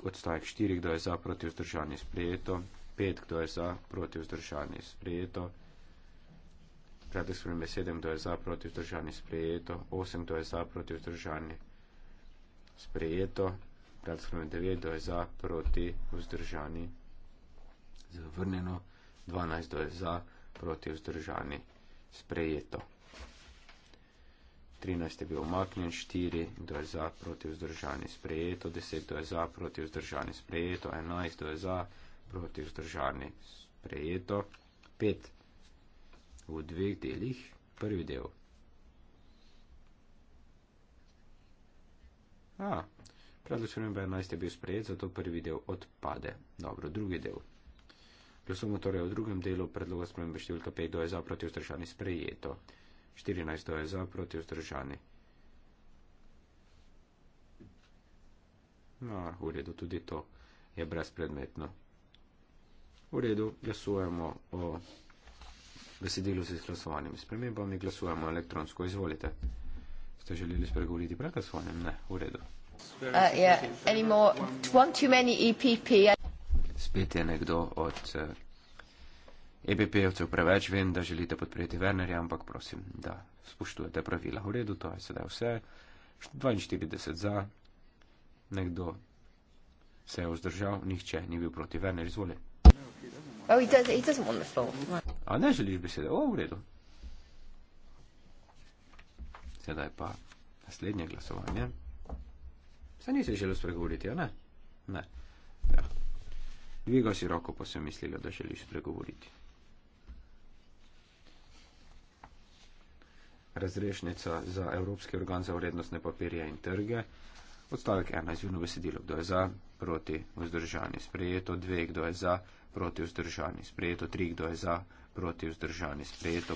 odstavek štiri, kdo je za, proti vzdržane, sprejeto, pet, kdo je za, proti vzdržane, sprejeto, predlog spremembe sedem, kdo je za, proti vzdržane, sprejeto, osem, kdo je za, proti vzdržane, sprejeto, predlog spremembe devet, kdo je za, proti vzdržane, zavrnjeno, dvanajst, kdo je za, proti vzdržane sprejeto. 13 je bil omaknjen, 4, kdo je za, proti vzdržani sprejeto, 10, kdo je za, proti vzdržani sprejeto, 11, kdo je za, proti vzdržani sprejeto, 5 v dveh delih, prvi del. A, predločen je, da 11 je bil sprejet, zato prvi del odpade. Dobro, drugi del. Glasujemo torej o drugem delu predloga spremembe številka 5, kdo je za proti vzdržani sprejeto. 14. je za proti vzdržani. No, v redu, tudi to je brezpredmetno. V redu, glasujemo o besedilu z izglasovanimi spremembami, glasujemo elektronsko, izvolite. Ste želeli spregovoriti pred glasovanjem? Ne, v redu. Uh, yeah spet je nekdo od uh, eh, EBP-jevcev preveč, vem, da želite podpreti Wernerja, ampak prosim, da spoštujete pravila. V redu, to je sedaj vse. 42 za, nekdo se je vzdržal, nihče ni bil proti Werner, izvoli. Oh, a ne želiš besede? O, v redu. Sedaj pa naslednje glasovanje. Se nisi želel spregovoriti, ali ne? Ne. Ja. Dviga si roko, pa sem mislila, da želiš pregovoriti. Razrešnica za Evropski organ za vrednostne papirje in trge. Odstavek 1 izvirno besedilo. Kdo je za? Proti vzdržani. Sprejeto 2. Kdo je za? Proti vzdržani. Sprejeto 3. Kdo je za? Proti vzdržani. Sprejeto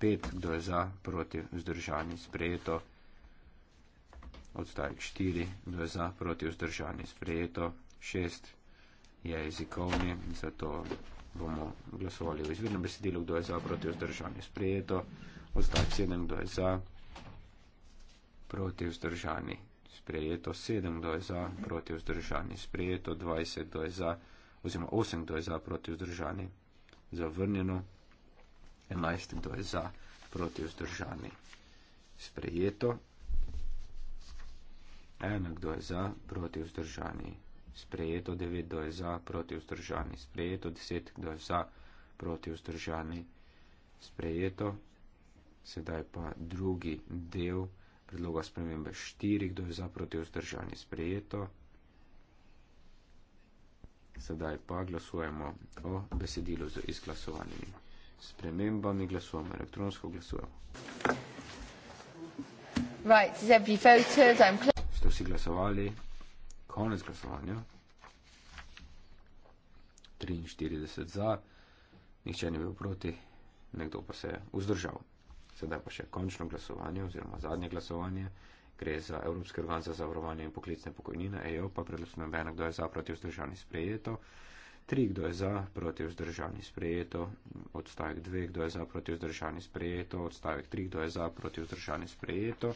5. Kdo je za? Proti vzdržani. Sprejeto. Odstavek 4. Kdo je za? Proti vzdržani. Sprejeto šest je jezikovni, zato bomo glasovali v izvirnem besedilu, kdo je za proti vzdržanje sprejeto, ostaj sedem, kdo je za proti vzdržanje sprejeto, sedem, kdo je za proti vzdržanje sprejeto, dvajset, kdo je za, oziroma osem, kdo je za proti vzdržanje zavrnjeno, enajst, kdo je za proti vzdržanje sprejeto, ena, kdo je za proti vzdržanje sprejeto 9, kdo je za, proti vzdržani, sprejeto 10, kdo je za, proti vzdržani, sprejeto. Sedaj pa drugi del predloga spremembe 4, kdo je za, proti vzdržani, sprejeto. Sedaj pa glasujemo o besedilu z izglasovanimi spremembami, glasujemo elektronsko, glasujemo. Right, Ste vsi glasovali? konec glasovanja. 43 za, nihče ni bil proti, nekdo pa se je vzdržal. Sedaj pa še končno glasovanje oziroma zadnje glasovanje. Gre za Evropski organ za zavarovanje in poklicne pokojnine, EO pa predlosno vedno, kdo je za proti vzdržani sprejeto. 3. Kdo je za proti vzdržani sprejeto? Odstavek 2. Kdo je za proti vzdržani sprejeto? Odstavek 3. Kdo je za proti vzdržani sprejeto?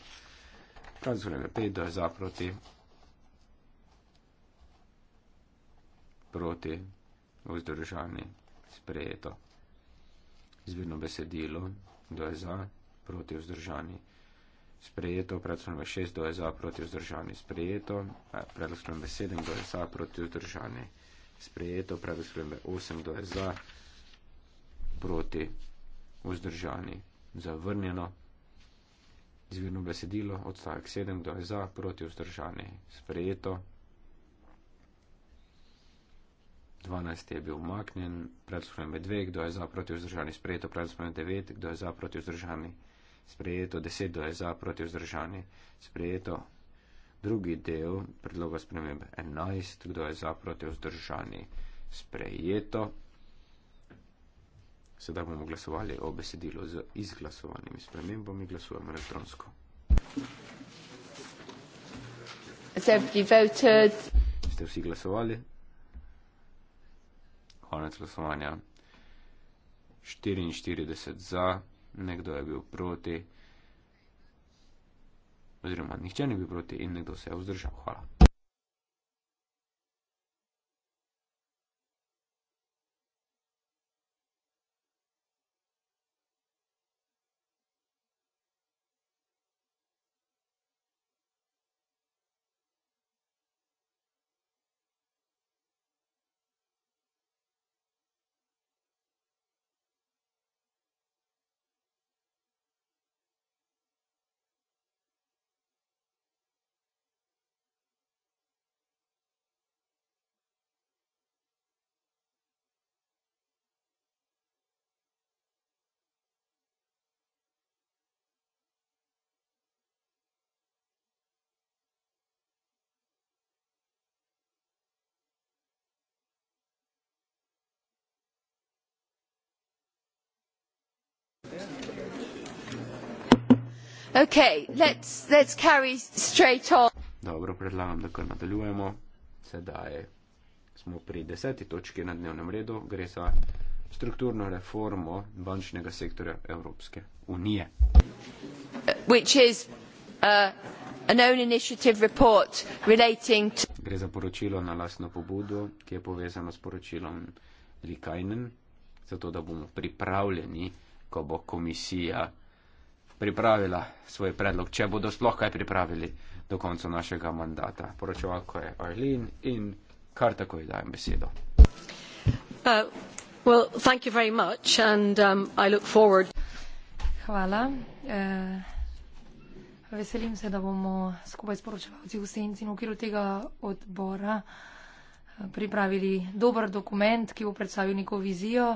Razvoljeno 5. Kdo je za proti proti vzdržani sprejeto. Zbirno besedilo, kdo je za, proti vzdržani sprejeto, predlog slovenbe 6, eh, kdo je za, proti vzdržani sprejeto, predlog slovenbe 7, kdo je za, proti vzdržani sprejeto, predlog slovenbe 8, kdo je za, proti vzdržani zavrnjeno. Zbirno besedilo, odstavek 7, kdo je za, proti vzdržani sprejeto, 12 je bil umaknjen, predsluh je med 2, kdo je za proti vzdržani sprejeto, predsluh je med 9, kdo je za proti vzdržani sprejeto, 10, kdo je za proti vzdržani sprejeto. Drugi del predloga sprememb 11, kdo je za proti vzdržani sprejeto. Sedaj bomo glasovali o besedilu z izglasovanimi spremembami, glasujemo elektronsko. Ste vsi glasovali? konec glasovanja. 44 za, nekdo je bil proti, oziroma nihče ni bil proti in nekdo se je vzdržal. Hvala. Dobro, predlagam, da kar nadaljujemo. Sedaj smo pri deseti točki na dnevnem redu. Gre za strukturno reformo bančnega sektorja Evropske unije. Uh, Gre za poročilo na lastno pobudo, ki je povezano s poročilom Likajnen, zato da bomo pripravljeni ko bo komisija pripravila svoj predlog, če bodo sploh kaj pripravili do konca našega mandata. Poročevalko je Arlin in kar takoj dajem besedo. Uh, well, and, um, Hvala. Uh, veselim se, da bomo skupaj s poročevalci v senci in v okviru tega odbora uh, pripravili dober dokument, ki bo predstavil neko vizijo.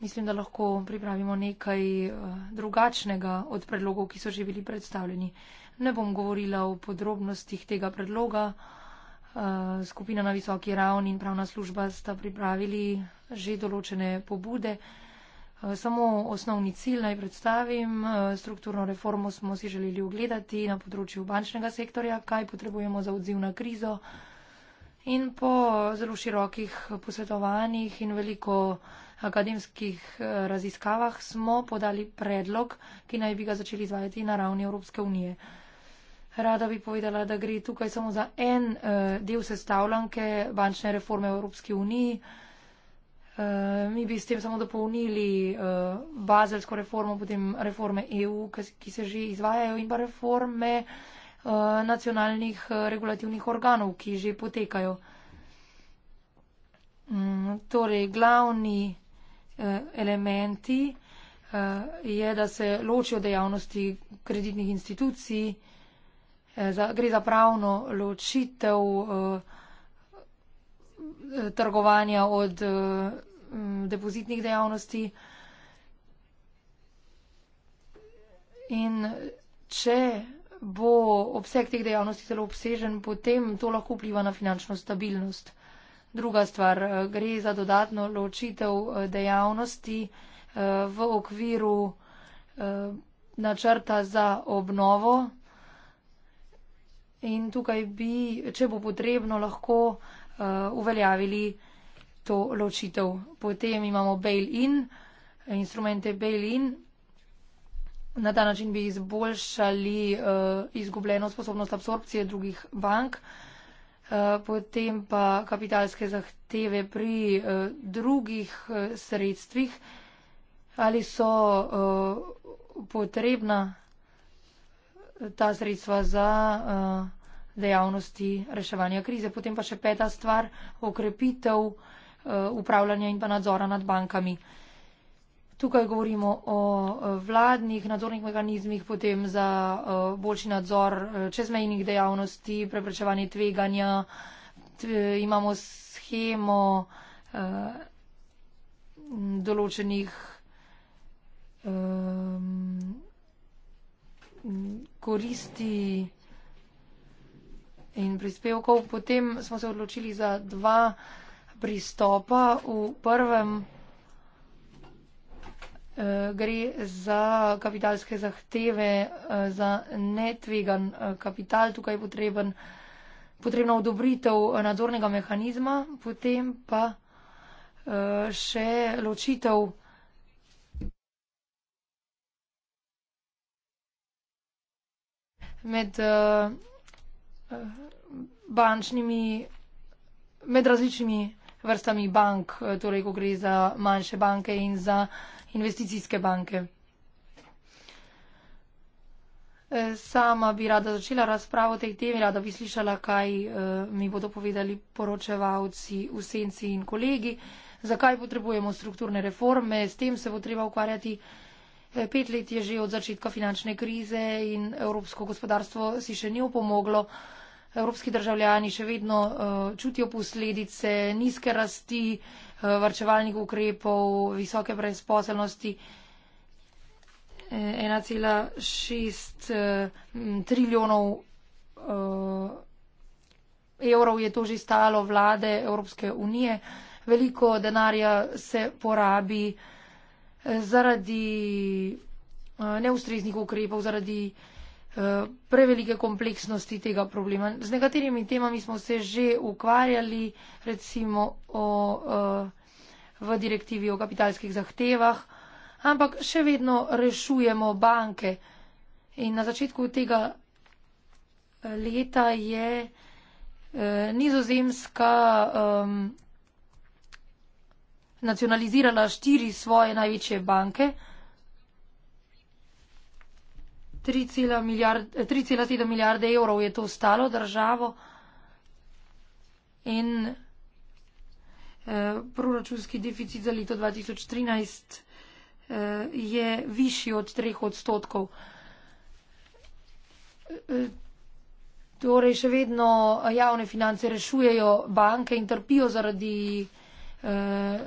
Mislim, da lahko pripravimo nekaj eh, drugačnega od predlogov, ki so že bili predstavljeni. Ne bom govorila o podrobnostih tega predloga. Eh, skupina na visoki ravni in pravna služba sta pripravili že določene pobude. Eh, samo osnovni cilj naj predstavim. Strukturno reformo smo si želeli ogledati na področju bančnega sektorja, kaj potrebujemo za odziv na krizo. In po zelo širokih posvetovanjih in veliko akademskih eh, raziskavah, smo podali predlog, ki naj bi ga začeli izvajati na ravni Evropske unije. Rada bi povedala, da gre tukaj samo za en eh, del sestavljanke bančne reforme v Evropski uniji. Eh, mi bi s tem samo dopolnili bazelsko reformo, potem reforme EU, ki se že izvajajo, in pa reforme nacionalnih regulativnih organov, ki že potekajo. Mm, torej, glavni Eh, elementi eh, je, da se ločijo dejavnosti kreditnih institucij, eh, gre za pravno ločitev trgovanja od depozitnih dejavnosti. In če bo obseg teh dejavnosti zelo obsežen, potem to lahko vpliva na finančno stabilnost. Druga stvar, eh, gre za dodatno ločitev eh, dejavnosti eh, v okviru načrta za obnovo. In tukaj bi, če bo potrebno, lahko uveljavili to ločitev. Potem imamo bail-in, instrumente bail-in. Na ta način bi izboljšali izgubljeno sposobnost absorpcije drugih bank. Eh, potem pa kapitalske zahteve pri eh, drugih eh, sredstvih. Ali so potrebna ta sredstva za dejavnosti reševanja krize. Potem pa še peta stvar, okrepitev upravljanja in pa nadzora nad bankami. Tukaj govorimo o eh, vladnih nadzornih mehanizmih, potem za eh, boljši nadzor eh, čezmejnih dejavnosti, preprečevanje tveganja. Imamo schemo določenih koristi in prispevkov. Potem smo se odločili za dva pristopa. V prvem Eh, gre za kapitalske zahteve, eh, za netvegan eh, kapital. Tukaj je potreben, potrebna odobritev nadzornega mehanizma, potem pa še ločitev. Med, uh, bančnimi, med različnimi vrstami bank, torej ko gre za manjše banke in za uh, investicijske banke. E, sama bi rada začela razpravo o tej temi, rada bi slišala, kaj e, mi bodo povedali poročevalci v senci in kolegi, zakaj potrebujemo strukturne reforme, s tem se bo treba ukvarjati. E, pet let je že od začetka finančne krize in evropsko gospodarstvo si še ni opomoglo. Evropski državljani še vedno čutijo posledice nizke rasti, varčevalnih ukrepov, visoke brezposelnosti. 1,6 eh, eh, trilijonov eh, evrov je to že stalo vlade Evropske unije. Veliko denarja se porabi zaradi neustreznih ukrepov, zaradi uh, Eh, prevelike kompleksnosti tega problema. Z nekaterimi temami smo se že ukvarjali, recimo o, o, eh, v direktivi o kapitalskih zahtevah, ampak še vedno rešujemo banke. In na začetku tega eh, leta je eh, nizozemska eh, nacionalizirala štiri svoje največje banke. 3,7 milijard, eh, milijarde evrov je to stalo državo in eh, proračunski deficit za leto 2013 eh, je višji od 3 odstotkov. Eh, eh, torej, še vedno javne finance rešujejo banke in trpijo zaradi eh,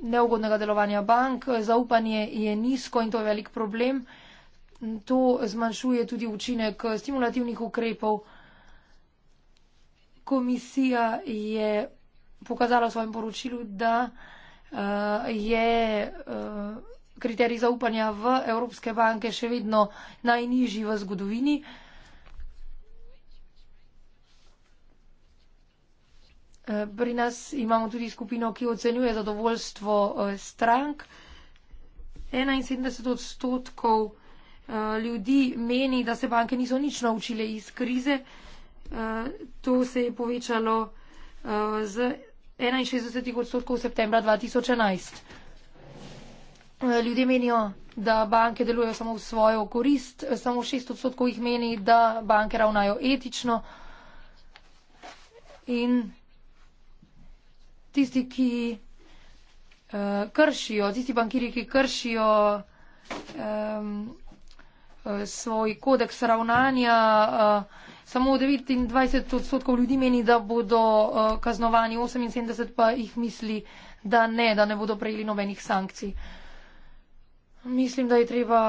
neugodnega delovanja bank. Zaupanje je nizko in to je velik problem. Eh, to zmanjšuje tudi učinek eh, stimulativnih ukrepov. Komisija je pokazala v svojem poročilu, da uh, je uh, kriterij zaupanja v Evropske banke še vedno najnižji v zgodovini. Pri nas imamo tudi skupino, ki ocenjuje zadovoljstvo strank. 71 odstotkov Eh, ljudi meni, da se banke niso nič naučile iz krize. Eh, to se je povečalo eh, z 61 odstotkov v septembra 2011. Ljudje menijo, da banke delujejo samo v svojo korist, samo 6 odstotkov jih meni, da banke ravnajo etično. In tisti, ki kršijo, tisti bankiri, ki kršijo. Um, Eh, svoj kodeks ravnanja. Eh, samo 29 odstotkov ljudi meni, da bodo eh, kaznovani, 78 pa jih misli, da ne, da ne bodo prejeli nobenih sankcij. Mislim, da je treba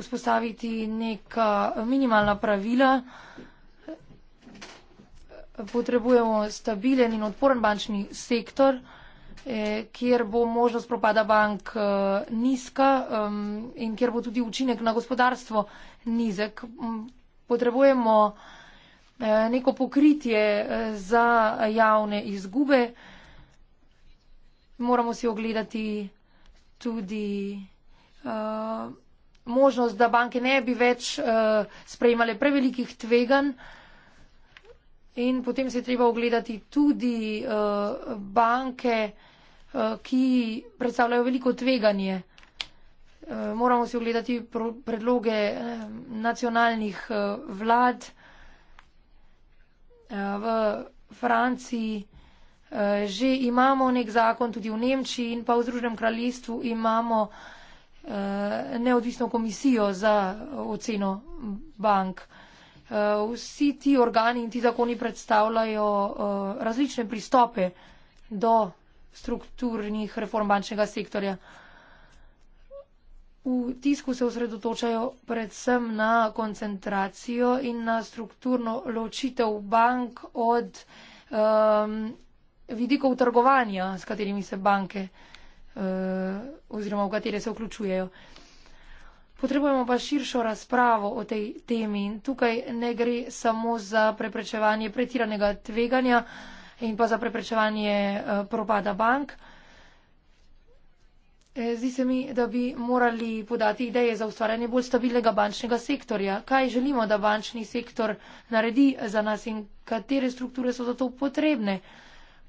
vzpostaviti neka minimalna pravila. Potrebujemo stabilen in odporen bančni sektor. Eh, kjer bo možnost propada bank eh, nizka in kjer bo tudi učinek na gospodarstvo nizek. Potrebujemo eh, neko pokritje za javne izgube. Moramo si ogledati tudi možnost, da banke ne bi več sprejemale prevelikih tveganj. In potem se je treba ogledati tudi uh, banke, uh, Eh, ki predstavljajo veliko tveganje. Eh, moramo si ogledati predloge eh, nacionalnih vlad. V Franciji že imamo nek zakon, tudi v Nemčiji in pa v Združenem kraljestvu imamo neodvisno komisijo za oceno bank. Vsi ti organi in ti zakoni predstavljajo različne pristope do strukturnih reform bančnega sektorja. V tisku se osredotočajo predvsem na koncentracijo in na strukturno ločitev bank od um, vidikov trgovanja, s katerimi se banke uh, oziroma v katere se vključujejo. Potrebujemo pa širšo razpravo o tej temi in tukaj ne gre samo za preprečevanje pretiranega tveganja, in pa za preprečevanje eh, propada bank. Eh, zdi se mi, da bi morali podati ideje za ustvarjanje bolj stabilnega bančnega sektorja. Kaj želimo, da bančni sektor naredi za nas in katere strukture so za to potrebne?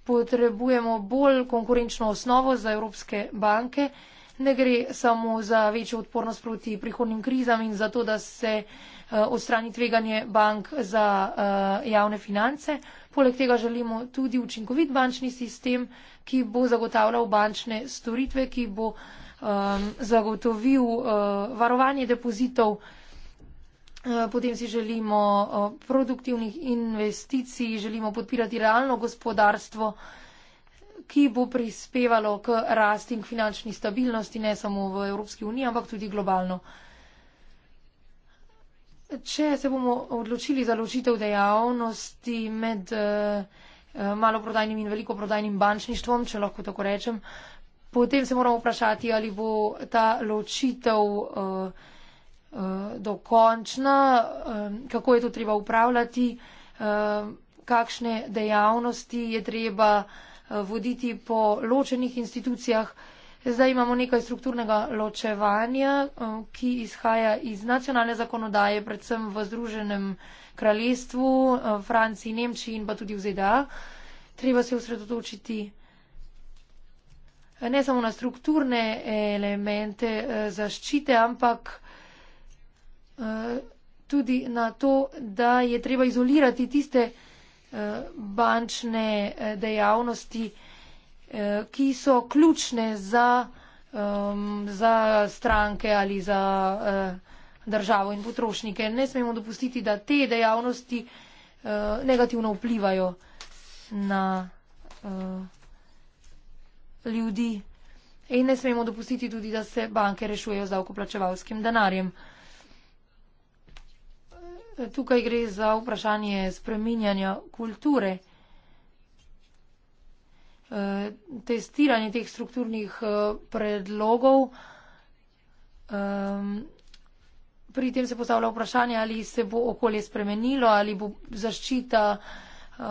Potrebujemo bolj konkurenčno osnovo za evropske banke. Ne gre samo za večjo odpornost proti prihodnim krizam in za to, da se eh, odstrani tveganje bank za javne finance. Poleg tega želimo tudi učinkovit bančni sistem, ki bo zagotavljal bančne storitve, ki bo um, zagotovil uh, varovanje depozitov. Uh, potem si želimo uh, produktivnih investicij, želimo podpirati realno gospodarstvo, ki bo prispevalo k rasti in finančni stabilnosti ne samo v Evropski uniji, ampak tudi globalno. Če se bomo odločili za ločitev dejavnosti med eh, eh, maloprodajnim in velikoprodajnim bančništvom, če lahko tako rečem, potem se moramo vprašati, ali bo ta ločitev eh, dokončna, kako je to treba upravljati, kakšne dejavnosti je treba voditi po ločenih institucijah. Zdaj imamo nekaj strukturnega ločevanja, eh, ki izhaja iz nacionalne zakonodaje, predvsem v Združenem kraljestvu, eh, Franciji, Nemčiji in pa tudi v ZDA. Treba se usredotočiti eh, ne samo na strukturne elemente zaščite, ampak tudi na to, da je treba izolirati tiste bančne dejavnosti, Eh, ki so ključne za, um, za stranke ali za uh, državo in potrošnike. Ne smemo dopustiti, da te dejavnosti uh, negativno vplivajo na uh, ljudi in ne smemo dopustiti tudi, da se banke rešujejo z davkoplačevalskim denarjem. Tukaj gre za vprašanje spreminjanja kulture. Eh, testiranje teh strukturnih eh, predlogov. Pri tem se postavlja vprašanje, ali se bo okolje spremenilo, ali bo zaščita eh,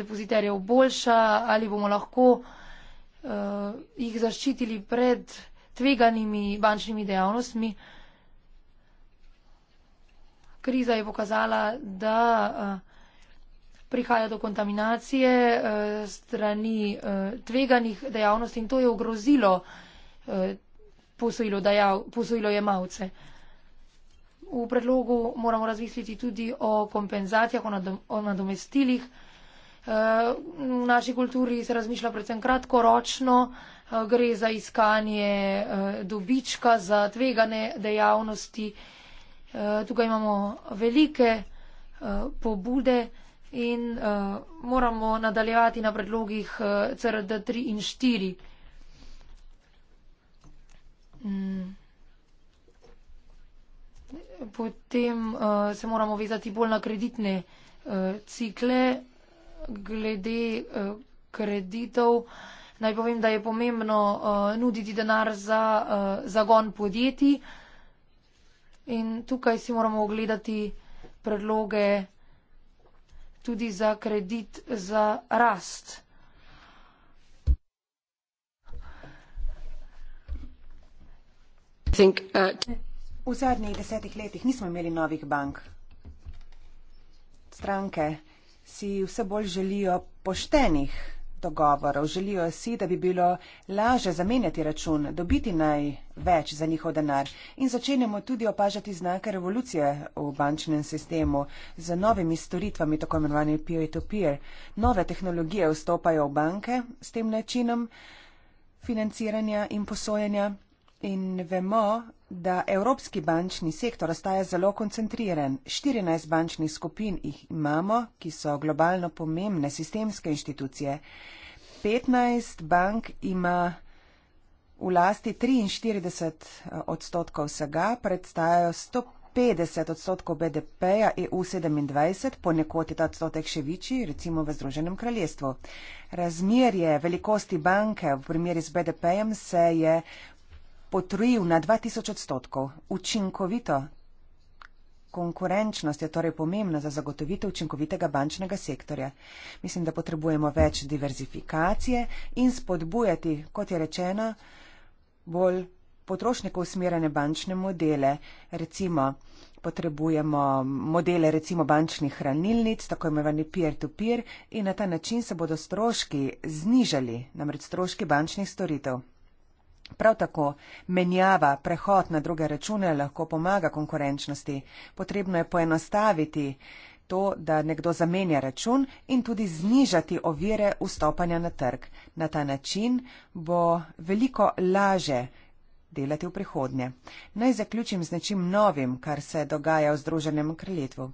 depoziterjev boljša, ali bomo lahko jih zaščitili pred tveganimi bančnimi dejavnostmi. Kriza je pokazala, da uh, prihaja do kontaminacije uh, strani uh, tveganih dejavnosti in to je ogrozilo uh, posojilo, dajav, posojilo jemalce. V predlogu moramo razmisliti tudi o kompenzacijah, o, nadom, o nadomestilih. V naši kulturi se razmišlja predvsem kratkoročno, gre za iskanje dobička, za tvegane dejavnosti. Tukaj imamo velike pobude in uh, moramo nadaljevati na predlogih uh, eh, CRD 3 in 4. Mm. Potem uh, se moramo vezati bolj na kreditne uh, cikle glede uh, kreditov. Naj povem, da je pomembno uh, nuditi denar za uh, zagon podjetij in tukaj si moramo ogledati predloge tudi za kredit za rast. Think, uh, v zadnjih desetih letih nismo imeli novih bank. Stranke si vse bolj želijo poštenih dogovorov. Želijo si, da bi bilo laže zamenjati račun, dobiti naj več za njihov denar. In začenjamo tudi opažati znake revolucije v bančnem sistemu z novimi storitvami, tako imenovanimi peer-to-peer. Nove tehnologije vstopajo v banke s tem načinom financiranja in posojanja. In vemo, da evropski bančni sektor ostaja zelo koncentriran. 14 bančnih skupin jih imamo, ki so globalno pomembne sistemske inštitucije. 15 bank ima v lasti 43 eh, odstotkov vsega, predstavljajo 150 odstotkov BDP-ja EU27, ponekod je ta odstotek še večji, recimo v Združenem kraljestvu. Razmerje velikosti banke v primeri z BDP-jem se je potrojil na 2000 odstotkov. Učinkovito. Konkurenčnost je torej pomembna za zagotovitev učinkovitega bančnega sektorja. Mislim, da potrebujemo več diverzifikacije in spodbujati, kot je rečeno, bolj potrošniko usmerjene bančne modele. Recimo, potrebujemo modele recimo bančnih hranilnic, tako imenovani peer-to-peer in na ta način se bodo stroški znižali, namreč stroški bančnih storitev. Prav tako menjava, prehod na druge račune lahko pomaga konkurenčnosti. Potrebno je poenostaviti to, da nekdo zamenja račun in tudi znižati ovire vstopanja na trg. Na ta način bo veliko laže delati v prihodnje. Naj zaključim z nečim novim, kar se dogaja v Združenem kraljestvu.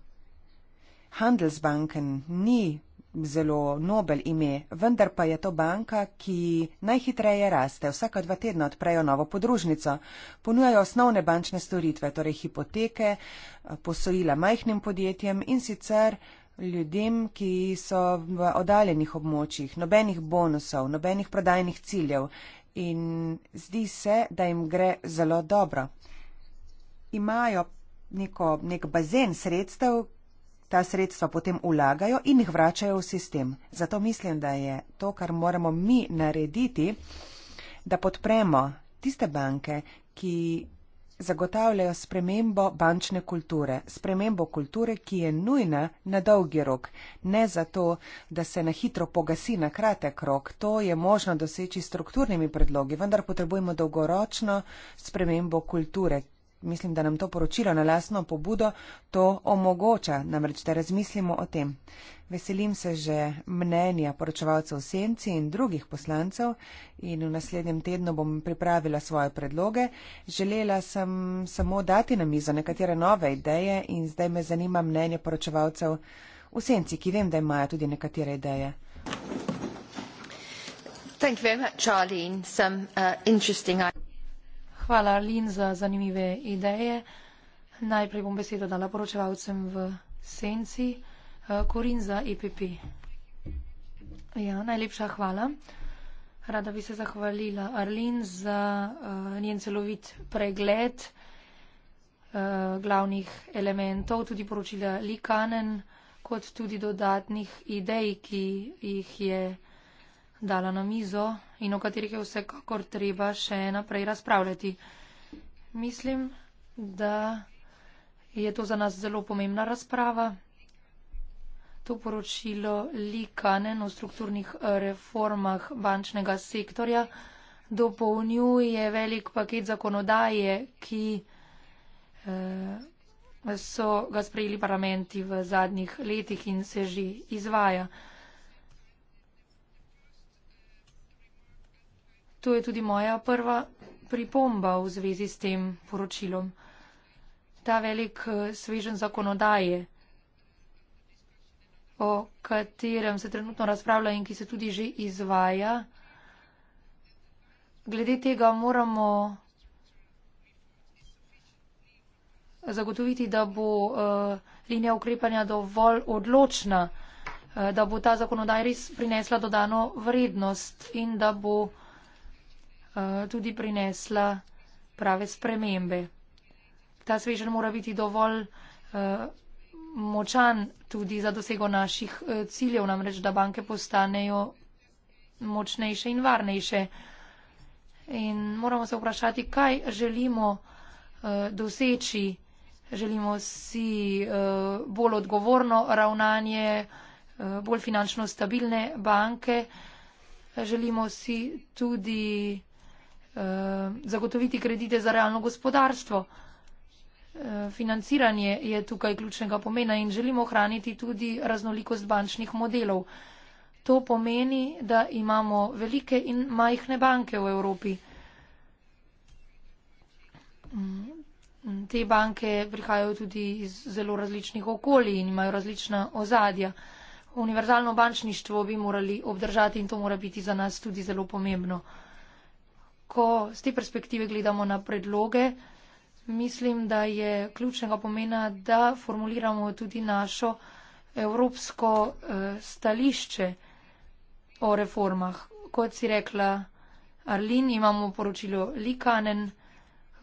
Handelsbanken ni zelo nobel ime, vendar pa je to banka, ki najhitreje raste, vsaka dva tedna odprejo novo podružnico, ponujajo osnovne bančne storitve, torej hipoteke, posojila majhnim podjetjem in sicer ljudem, ki so v odaljenih območjih, nobenih bonusov, nobenih prodajnih ciljev in zdi se, da jim gre zelo dobro. Imajo neko, nek bazen sredstev, ta sredstva potem ulagajo in jih vračajo v sistem. Zato mislim, da je to, kar moramo mi narediti, da podpremo tiste banke, ki zagotavljajo spremembo bančne kulture, spremembo kulture, ki je nujna na dolgi rok, ne zato, da se na hitro pogasi na kratek rok, to je možno doseči strukturnimi predlogi, vendar potrebujemo dolgoročno spremembo kulture, Mislim, da nam to poročilo na lasno pobudo to omogoča, namreč da razmislimo o tem. Veselim se že mnenja poročevalcev Senci in drugih poslancev in v naslednjem tednu bom pripravila svoje predloge. Želela sem samo dati na mizo nekatere nove ideje in zdaj me zanima mnenje poročevalcev v Senci, ki vem, da imajo tudi nekatere ideje. Thank you very much, Charlene. Some uh, interesting ideas. Hvala, Lin, za zanimive ideje. Najprej bom besedo dala poročevalcem v senci. Eh, Korin za EPP. Ja, najlepša hvala. Rada bi se zahvalila Arlin za uh, njen celovit pregled uh, glavnih elementov, tudi poročila Likanen, kot tudi dodatnih idej, ki jih je uh, dala na mizo in o katerih je vsekakor treba še naprej razpravljati. Mislim, da je to za nas zelo pomembna razprava. To poročilo Likanen o strukturnih eh, reformah bančnega sektorja dopolnjuje velik paket zakonodaje, ki eh, so ga sprejeli parlamenti v zadnjih letih in se že izvaja. To je tudi moja prva pripomba v zvezi s tem poročilom. Ta velik eh, svežen zakonodaje, o katerem se trenutno razpravlja in ki se tudi že izvaja, glede tega moramo zagotoviti, da bo uh, linija ukrepanja dovolj odločna, uh, da bo ta zakonodaj res prinesla dodano vrednost in da bo Eh, tudi prinesla prave spremembe. Ta svežen mora biti dovolj eh, močan tudi za dosego naših eh, ciljev, namreč da banke postanejo močnejše in varnejše. In moramo se vprašati, kaj želimo doseči. Želimo si bolj odgovorno ravnanje, bolj finančno stabilne banke. Želimo si tudi Eh, zagotoviti kredite za realno gospodarstvo. Eh, financiranje je tukaj ključnega pomena in želimo ohraniti tudi raznolikost bančnih modelov. To pomeni, da imamo velike in majhne banke v Evropi. Mm, te banke prihajajo tudi iz zelo različnih okolij in imajo različna ozadja. Univerzalno bančništvo bi morali obdržati in to mora biti za nas tudi zelo pomembno ko z te perspektive gledamo na predloge, mislim, da je ključnega pomena, da formuliramo tudi našo evropsko uh, stališče o reformah. Kot si rekla Arlin, imamo poročilo Likanen,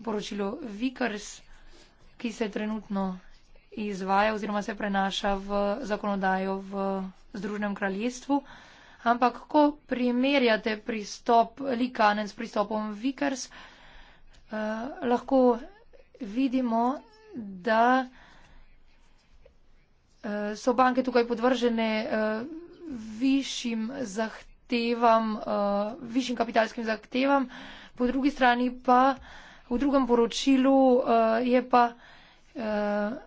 poročilo Vikers, ki se trenutno izvaja oziroma se prenaša v zakonodajo v Združenem kraljestvu. Uh, Ampak ko primerjate pristop Likanen s pristopom Vikers, uh, eh, lahko vidimo, da uh, so banke tukaj podvržene uh, višjim zahtevam, uh, višjim kapitalskim zahtevam, po drugi strani pa v drugem poročilu uh, je pa uh,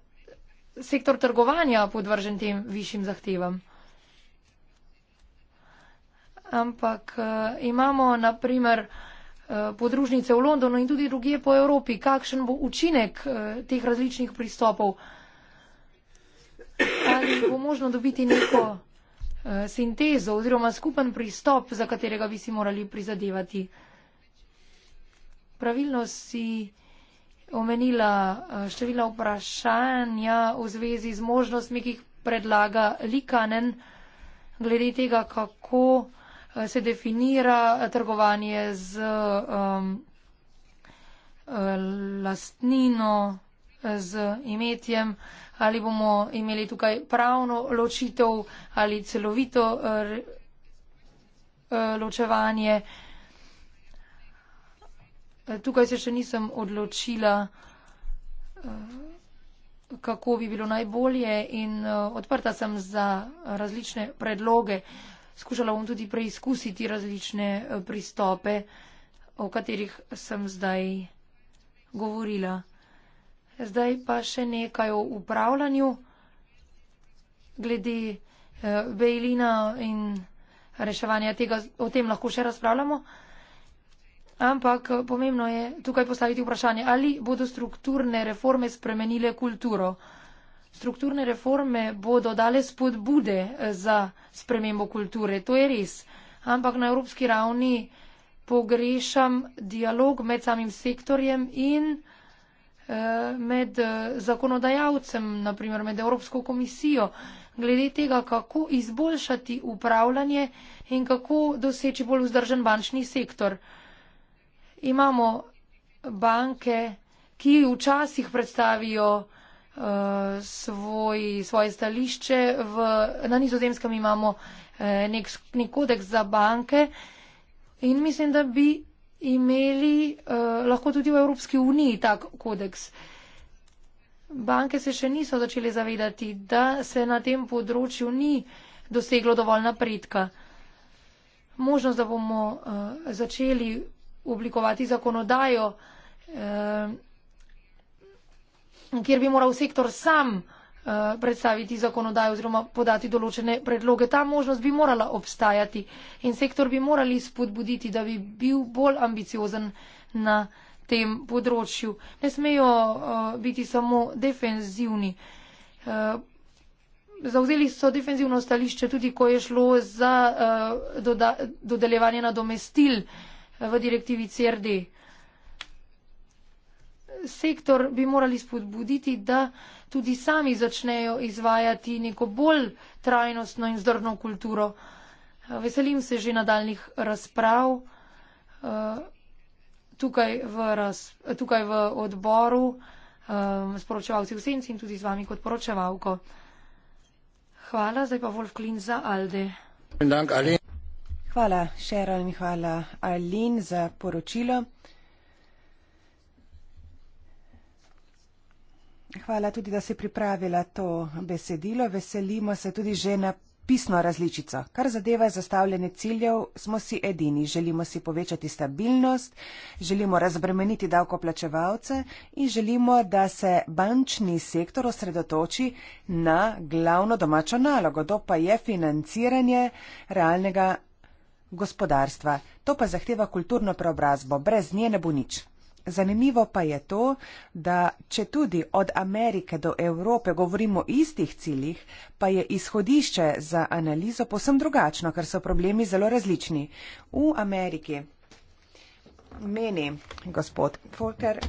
sektor trgovanja podvržen tem višjim zahtevam ampak uh, imamo naprimer uh, eh, podružnice v Londonu in tudi druge po Evropi. Kakšen bo učinek uh, teh različnih pristopov? Ali bo možno dobiti neko uh, sintezo oziroma skupen pristop, za katerega bi si morali prizadevati? Pravilno si omenila uh, števila vprašanja v zvezi z možnostmi, ki jih predlaga Likanen glede tega, kako Eh, se definira trgovanje z um, lastnino, z imetjem, ali bomo imeli tukaj pravno ločitev ali celovito uh, ločevanje. Tukaj se še nisem odločila, kako bi bilo najbolje in odprta sem za različne predloge skušala bom tudi preizkusiti različne eh, pristope, o katerih sem zdaj govorila. Zdaj pa še nekaj o upravljanju glede eh, Bejlina in reševanja tega, o tem lahko še razpravljamo. Ampak eh, pomembno je tukaj postaviti vprašanje, ali bodo strukturne reforme spremenile kulturo strukturne reforme bodo dale spodbude eh, za spremembo kulture. To je res. Ampak na evropski ravni pogrešam dialog med samim sektorjem in eh, med eh, zakonodajalcem, naprimer med Evropsko komisijo, glede tega, kako izboljšati upravljanje in kako doseči bolj vzdržen bančni sektor. Imamo banke, ki včasih predstavijo Eh, svoj, svoje stališče. V, na nizozemskem imamo eh, nek, nek kodeks za banke in mislim, da bi imeli eh, lahko tudi v Evropski uniji tak kodeks. Banke se še niso začeli zavedati, da se na tem področju ni doseglo dovolj napredka. Možnost, da bomo eh, začeli oblikovati zakonodajo, eh, kjer bi moral sektor sam eh, predstaviti zakonodajo oziroma podati določene predloge. Ta možnost bi morala obstajati in sektor bi morali spodbuditi, da bi bil bolj ambiciozen na tem področju. Ne smejo eh, biti samo defenzivni. Eh, Zauzeli so defenzivno stališče tudi, ko je šlo za doda, dodeljevanje nadomestil v direktivi CRD sektor bi morali spodbuditi, da tudi sami začnejo izvajati neko bolj trajnostno in zdrno kulturo. Veselim se že nadaljnih razprav eh, tukaj v, raz, tukaj v odboru eh, s poročevalci v senci in tudi z vami kot poročevalko. Hvala, zdaj pa Wolf Klin za Alde. Hvala, Sheron, hvala, Alin, za poročilo. Hvala tudi, da si pripravila to besedilo. Veselimo se tudi že na pisno različico. Kar zadeva zastavljanje ciljev, smo si edini. Želimo si povečati stabilnost, želimo razbremeniti davkoplačevalce in želimo, da se bančni sektor osredotoči na glavno domačo nalogo, to pa je financiranje realnega gospodarstva. To pa zahteva kulturno preobrazbo. Brez nje ne bo nič. Zanimivo pa je to, da če tudi od Amerike do Evrope govorimo istih ciljih, pa je izhodišče za analizo posem drugačno, ker so problemi zelo različni. V Ameriki meni gospod Folker,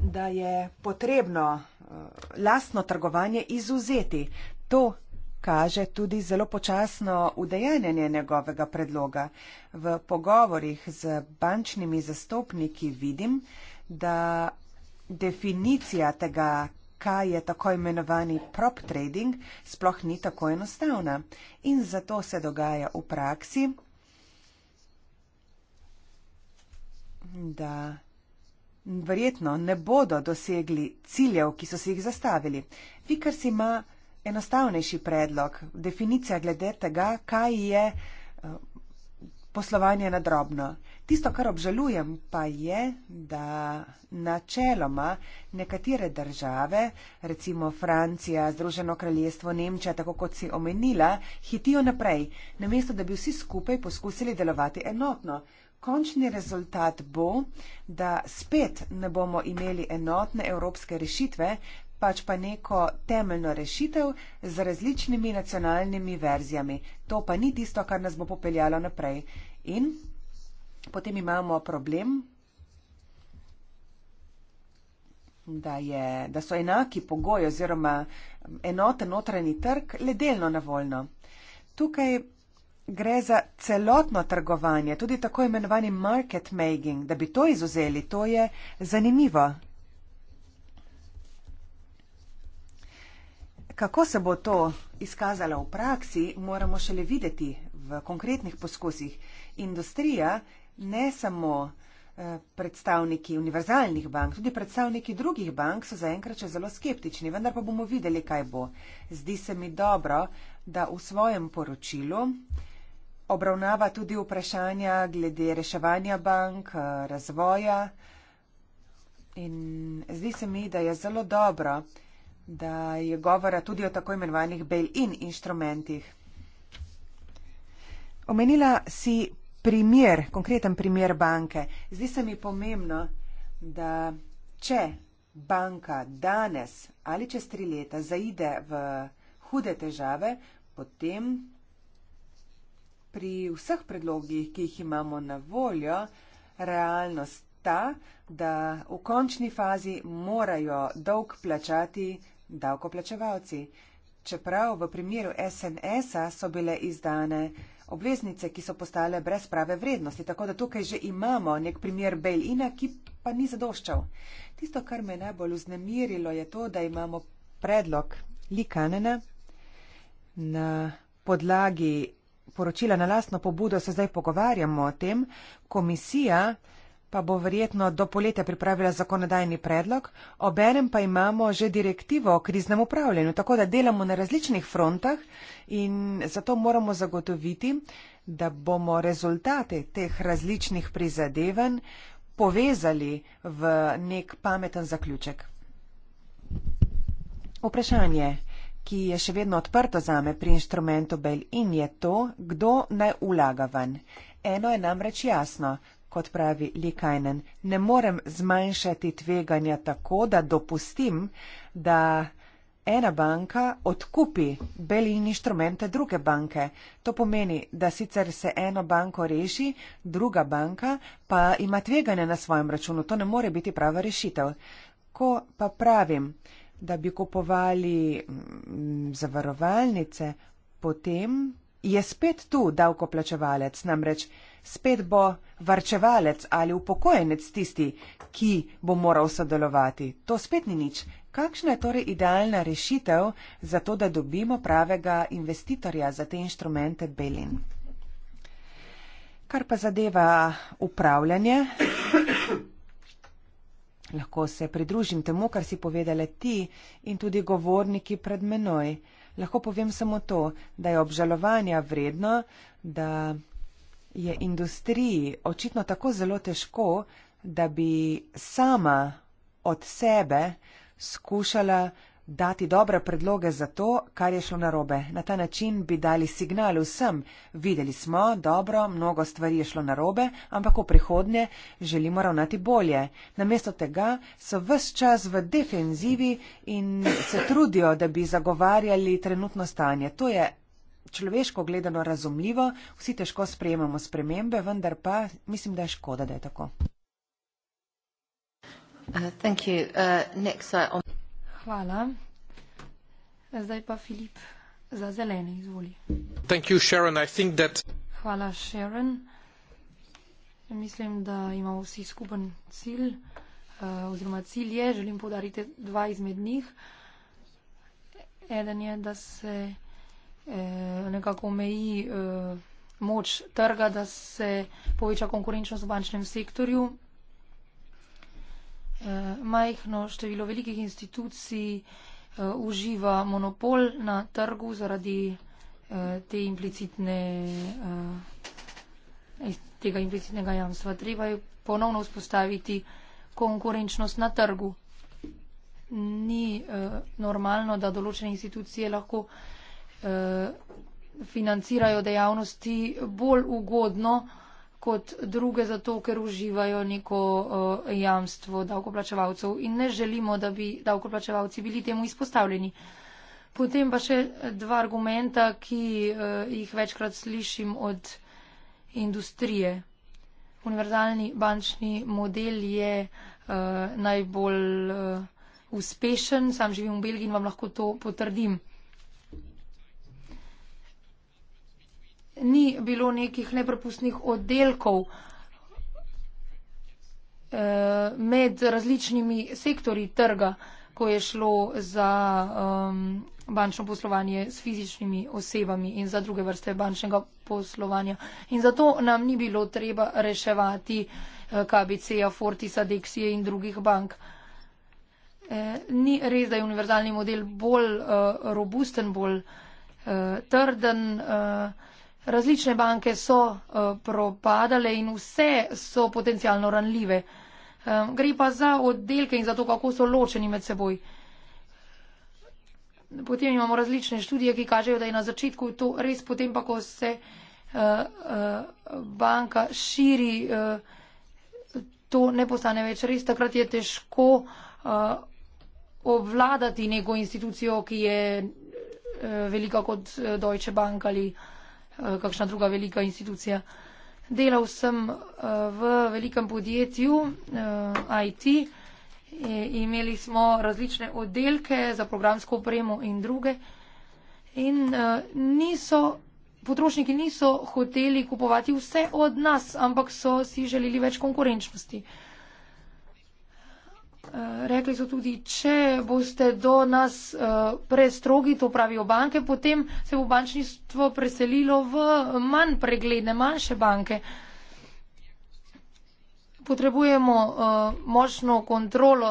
da je potrebno eh, lastno trgovanje izuzeti. To kaže tudi zelo počasno udejanjanje njegovega predloga. V pogovorih z bančnimi zastopniki vidim, da definicija tega, kaj je tako imenovani prop trading, sploh ni tako enostavna in zato se dogaja v praksi, da verjetno ne bodo dosegli ciljev, ki so si jih zastavili. Vikers ima enostavnejši predlog, definicija glede tega, kaj je eh, poslovanje na drobno. Tisto, kar obžalujem, pa je, da načeloma nekatere države, recimo Francija, Združeno kraljestvo, Nemčija, tako kot si omenila, hitijo naprej, namesto da bi vsi skupaj poskusili delovati enotno. Končni rezultat bo, da spet ne bomo imeli enotne evropske rešitve, pač pa neko temeljno rešitev z različnimi nacionalnimi verzijami. To pa ni tisto, kar nas bo popeljalo naprej. In potem imamo problem, da, je, da so enaki pogoji oziroma enoten notranji trg le delno na voljo. Tukaj gre za celotno trgovanje, tudi tako imenovani market making, da bi to izuzeli, to je zanimivo. Kako se bo to izkazalo v praksi, moramo šele videti v konkretnih poskusih. Industrija, ne samo eh, predstavniki univerzalnih bank, tudi predstavniki drugih bank so zaenkrat še zelo skeptični, vendar pa bomo videli, kaj bo. Zdi se mi dobro, da v svojem poročilu obravnava tudi vprašanja glede reševanja bank, eh, razvoja in zdi se mi, da je zelo dobro, da je govora tudi o tako imenovanih bail-in inštrumentih. Omenila si primer, konkreten primer banke. Zdi se mi pomembno, da če banka danes ali čez tri leta zaide v hude težave, potem pri vseh predlogih, ki jih imamo na voljo, realnost ta, da v končni fazi morajo dolg plačati davkoplačevalci. Čeprav v primeru SNS-a so bile izdane obveznice, ki so postale brez prave vrednosti, tako da tukaj že imamo nek primer bail-ina, ki pa ni zadoščal. Tisto, kar me najbolj uznemirilo, je to, da imamo predlog Likanena na podlagi poročila na lastno pobudo, se zdaj pogovarjamo o tem, komisija pa bo verjetno do poletja pripravila zakonodajni predlog, obenem pa imamo že direktivo o kriznem upravljanju, tako da delamo na različnih frontah in zato moramo zagotoviti, da bomo rezultate teh različnih prizadevanj povezali v nek pameten zaključek. Vprašanje, ki je še vedno odprto zame pri inštrumentu Bel in je to, kdo naj vlaga ven. Eno je namreč jasno, kot pravi Likajnen, ne morem zmanjšati tveganja tako, da dopustim, da ena banka odkupi belin inštrumente druge banke. To pomeni, da sicer se eno banko reši, druga banka pa ima tveganje na svojem računu. To ne more biti prava rešitev. Ko pa pravim, da bi kupovali mm, zavarovalnice, potem je spet tu davkoplačevalec namreč spet bo varčevalec ali upokojenec tisti, ki bo moral sodelovati. To spet ni nič. Kakšna je torej idealna rešitev za to, da dobimo pravega investitorja za te inštrumente Belin? Kar pa zadeva upravljanje, lahko se pridružim temu, kar si povedali ti in tudi govorniki pred menoj. Lahko povem samo to, da je obžalovanja vredno, da je industriji očitno tako zelo težko, da bi sama od sebe skušala dati dobre predloge za to, kar je šlo narobe. Na ta način bi dali signal vsem, videli smo, dobro, mnogo stvari je šlo narobe, ampak v prihodnje želimo ravnati bolje. Namesto tega so vse čas v defenzivi in se trudijo, da bi zagovarjali trenutno stanje. To je človeško gledano razumljivo, vsi težko sprejemamo spremembe, vendar pa mislim, da je škoda, da je tako. Uh, uh, uh, on... Hvala. Zdaj pa Filip za zelene, izvoli. You, Sharon. That... Hvala, Sharon. Mislim, da imamo vsi skupen cilj, uh, oziroma cilj je, želim podariti dva izmed njih. Eden je, da se. Eh, nekako omeji eh, moč trga, da se poveča konkurenčnost v bančnem sektorju. Eh, majhno število velikih institucij uživa monopol na trgu zaradi te implicitne, tega implicitnega jamstva. Treba je ponovno vzpostaviti konkurenčnost na trgu. Ni normalno, da določene institucije lahko Eh, financirajo dejavnosti bolj ugodno kot druge, zato ker uživajo neko eh, jamstvo davkoplačevalcev in ne želimo, da bi davkoplačevalci bili temu izpostavljeni. Potem pa še dva argumenta, ki eh, jih večkrat slišim od industrije. Univerzalni bančni model je uh, najbolj uh, uspešen, sam živim v Belgiji in vam lahko to potrdim. ni bilo nekih neprepustnih oddelkov eh, med različnimi sektori trga, ko je šlo za um, bančno poslovanje s fizičnimi osebami in za druge vrste bančnega poslovanja. In zato nam ni bilo treba reševati eh, KBC-ja, Fortisa, Dexije in drugih bank. Eh, ni res, da je univerzalni model bolj uh, robusten, bolj uh, trden. Uh, Različne banke so uh, propadale in vse so potencialno ranljive. Um, gre pa za oddelke in za to, kako so ločeni med seboj. Potem imamo različne študije, ki kažejo, da je na začetku to res, potem pa, ko se uh, uh, banka širi, uh, to ne postane več res. Takrat je težko uh, obvladati neko institucijo, ki je uh, velika kot Deutsche Bank ali. Uh, Eh, kakšna druga velika institucija. Delal sem eh, v velikem podjetju eh, IT. E, imeli smo različne oddelke za programsko opremo in druge. In niso, potrošniki niso hoteli kupovati vse od nas, ampak so si želeli več konkurenčnosti. Eh, rekli so tudi, če boste do nas eh, prestrogi, to pravijo banke, potem se bo bančništvo preselilo v manj pregledne, manjše banke. Potrebujemo eh, močno kontrolo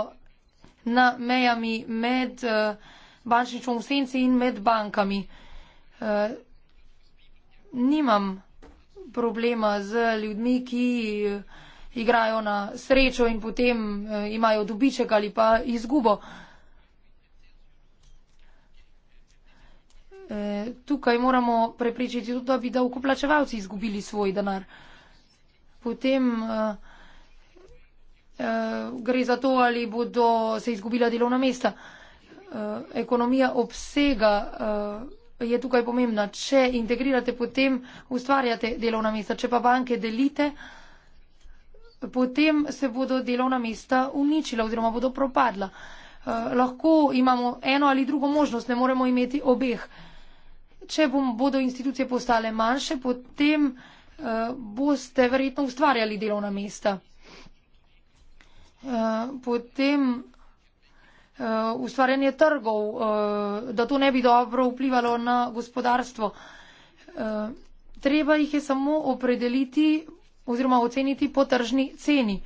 na mejami med bančničom v senci in med bankami. Nimam problema z ljudmi, ki igrajo na srečo in potem eh, imajo dobiček ali pa izgubo. Eh, tukaj moramo prepričati tudi, da bi davkoplačevalci izgubili svoj denar. Potem eh, gre za to, ali bodo se izgubila delovna mesta. Ekonomija obsega je tukaj pomembna. Če integrirate, potem ustvarjate delovna mesta. Če pa banke delite, potem se bodo delovna mesta uničila oziroma bodo propadla. Eh, lahko imamo eno ali drugo možnost, ne moremo imeti obeh. Če bom, bodo institucije postale manjše, potem eh, boste verjetno ustvarjali delovna mesta. Eh, potem ustvarjanje trgov, da to ne bi dobro vplivalo na gospodarstvo. Treba jih je samo opredeliti oziroma oceniti po tržni ceni.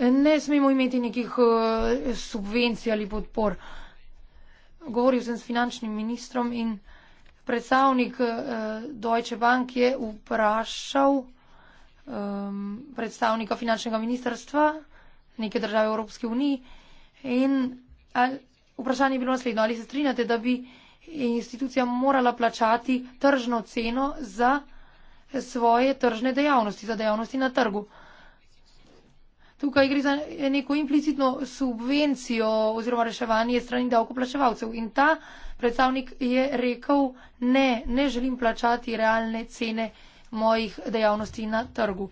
Ne smemo imeti nekih uh, subvencij ali podpor. Govoril sem s finančnim ministrom in predstavnik uh, Deutsche Bank je vprašal um, predstavnika finančnega ministrstva neke države Evropske unije in ali, vprašanje je bilo naslednje, ali se strinjate, da bi institucija morala plačati tržno ceno za svoje tržne dejavnosti, za dejavnosti na trgu. Tukaj gre za neko implicitno subvencijo oziroma reševanje strani davkoplačevalcev. In ta predstavnik je rekel, ne, ne želim plačati realne cene mojih dejavnosti na trgu.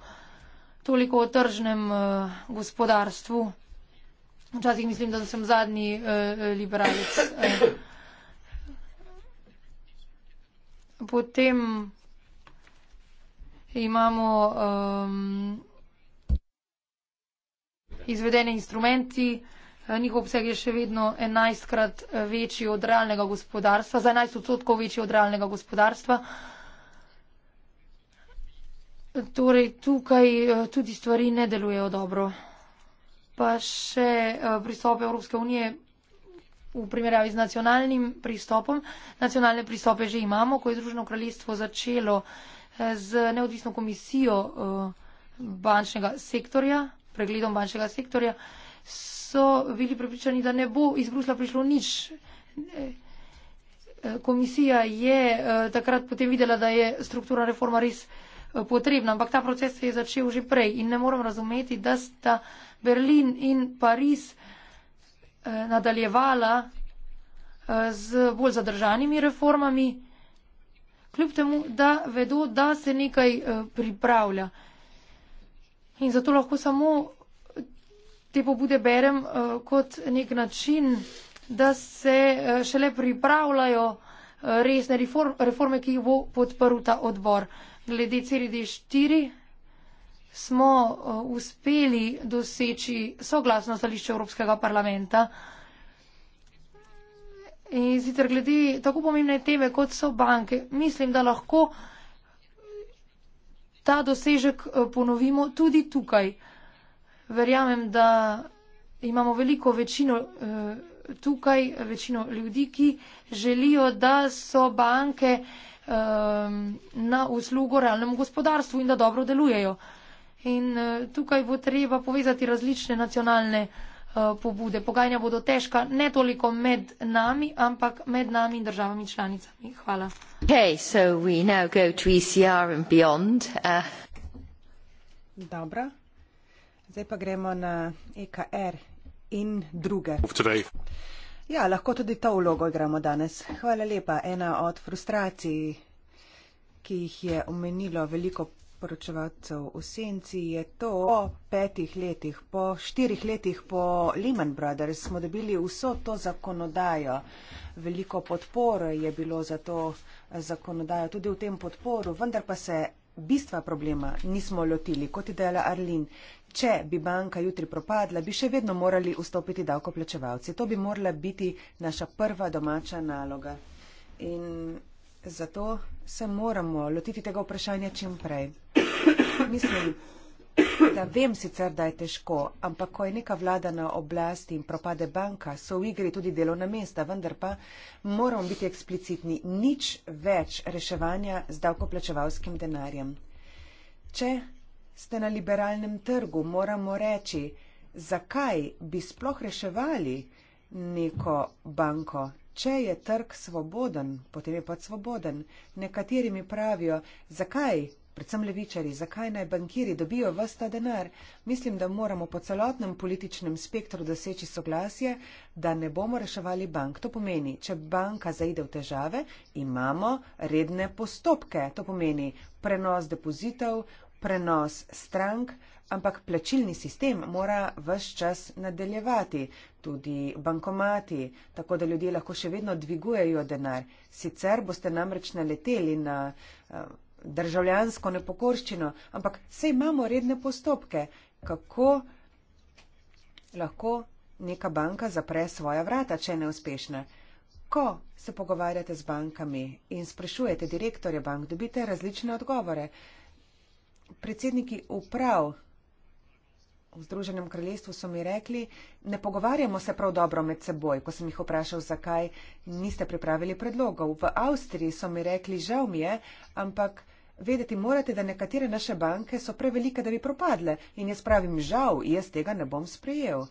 Toliko o tržnem uh, gospodarstvu. Včasih mislim, da sem zadnji uh, liberalec. Uh, potem imamo um, izvedene instrumenti, njihov obseg je še vedno 11 krat večji od realnega gospodarstva, za 11 odstotkov večji od realnega gospodarstva. Torej, tukaj eh, tudi stvari ne delujejo dobro. Pa še eh, pristop Evropske unije v primerjavi z nacionalnim pristopom. Nacionalne pristope že imamo, ko je Združeno kraljestvo začelo z neodvisno komisijo eh, bančnega sektorja, pregledom bančnega sektorja, so bili pripričani, da ne bo iz Brusla prišlo nič. Eh, komisija je eh, takrat potem videla, da je struktura reforma res potrebna, ampak ta proces se je začel že prej in ne moram razumeti, da sta Berlin in Pariz nadaljevala z bolj zadržanimi reformami kljub temu, da vedo, da se nekaj eh, pripravlja. In zato lahko samo te pobude berem eh, kot nek način, da se eh, šele pripravljajo resne reforme, ki jih bo podprl ta odbor. Glede CRD4 smo uspeli doseči soglasno stališče Evropskega parlamenta. In sicer glede tako pomembne teme, kot so banke, mislim, da lahko ta dosežek eh, ponovimo tudi tukaj. Verjamem, da imamo veliko večino eh, tukaj, večino ljudi, ki želijo, da so banke ehm, na uslugo realnemu gospodarstvu in da dobro delujejo. In eh, tukaj bo treba povezati različne nacionalne. Eh, pobude. Pogajanja bodo težka, ne toliko med nami, ampak med nami in državami članicami. Hvala. Okay, e uh, Dobro. Zdaj pa gremo na EKR in druge. Today. Torej. Ja, lahko tudi to vlogo igramo danes. Hvala lepa. Ena od frustracij, ki jih je omenilo veliko poročevalcev v senci je to po petih letih, po štirih letih po Lehman Brothers smo dobili vso to zakonodajo. Veliko podpor je bilo za to zakonodajo, tudi v tem podporu, vendar pa se bistva problema nismo lotili, kot je dejala Arlin. Če bi banka jutri propadla, bi še vedno morali vstopiti davkoplačevalci. To bi morala biti naša prva domača naloga. In zato se moramo lotiti tega vprašanja čim prej. Mislim, da vem sicer, da je težko, ampak ko je neka vlada na oblasti in propade banka, so v igri tudi delovna mesta, vendar pa moramo biti eksplicitni, nič več reševanja z davkoplačevalskim denarjem. Če ste na liberalnem trgu, moramo reči, zakaj bi sploh reševali neko banko, če je trg svoboden, potem je pač svoboden. Nekateri mi pravijo, zakaj, predvsem levičari, zakaj naj bankiri dobijo vsta denar. Mislim, da moramo po celotnem političnem spektru doseči soglasje, da ne bomo reševali bank. To pomeni, če banka zaide v težave, imamo redne postopke. To pomeni prenos depozitov, prenos strank. Ampak plačilni sistem mora vse čas nadaljevati tudi bankomati, tako da ljudje lahko še vedno dvigujejo denar. Sicer boste namreč naleteli na eh, državljansko nepokorščino, ampak vse imamo redne postopke, kako lahko neka banka zapre svoja vrata, če ne uspešna. Ko se pogovarjate z bankami in sprašujete direktorje bank, dobite različne odgovore. Predsedniki uprav v Združenem kraljestvu so mi rekli, ne pogovarjamo se prav dobro med seboj, ko sem jih vprašal, zakaj niste pripravili predlogov. V Avstriji so mi rekli, žal mi je, ampak vedeti morate, da nekatere naše banke so prevelike, da bi propadle in jaz pravim, žal, jaz tega ne bom sprejel.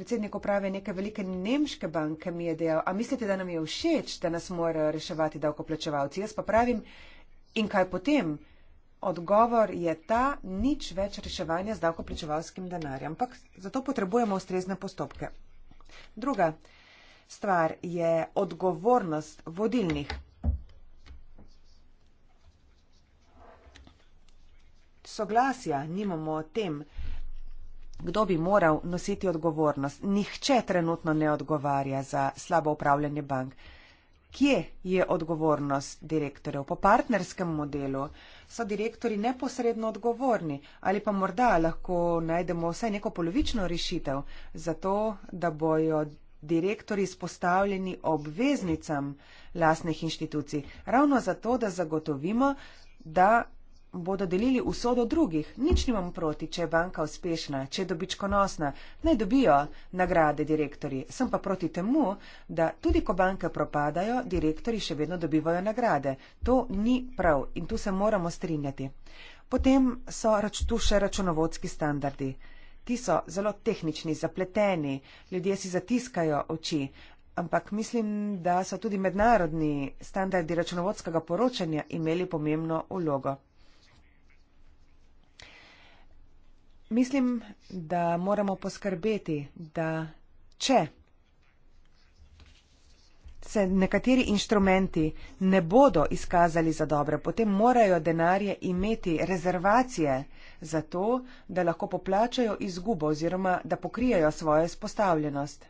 Predsednik uprave neke velike nemške banke mi je dejal, a mislite, da nam je všeč, da nas morajo reševati davkoplačevalci? Jaz pa pravim, in kaj potem? Odgovor je ta, nič več reševanja z davkoplačevalskim denarjem, ampak zato potrebujemo ustrezne postopke. Druga stvar je odgovornost vodilnih. Soglasja nimamo o tem, kdo bi moral nositi odgovornost. Nihče trenutno ne odgovarja za slabo upravljanje bank. Kje je odgovornost direktorjev? Po partnerskem modelu so direktori neposredno odgovorni ali pa morda lahko najdemo vsaj neko polovično rešitev za to, da bojo direktori izpostavljeni obveznicam lasnih inštitucij. Ravno zato, da zagotovimo, da bodo delili usodo drugih. Nič nimam proti, če je banka uspešna, če je dobičkonosna. Naj dobijo nagrade direktori. Sem pa proti temu, da tudi ko banke propadajo, direktori še vedno dobivajo nagrade. To ni prav in tu se moramo strinjati. Potem so rač, tu še računovodski standardi. Ti so zelo tehnični, zapleteni, ljudje si zatiskajo oči. Ampak mislim, da so tudi mednarodni standardi računovodskega poročanja imeli pomembno vlogo. Mislim, da moramo poskrbeti, da če se nekateri inštrumenti ne bodo izkazali za dobre, potem morajo denarje imeti rezervacije za to, da lahko poplačajo izgubo oziroma da pokrijajo svojo izpostavljenost.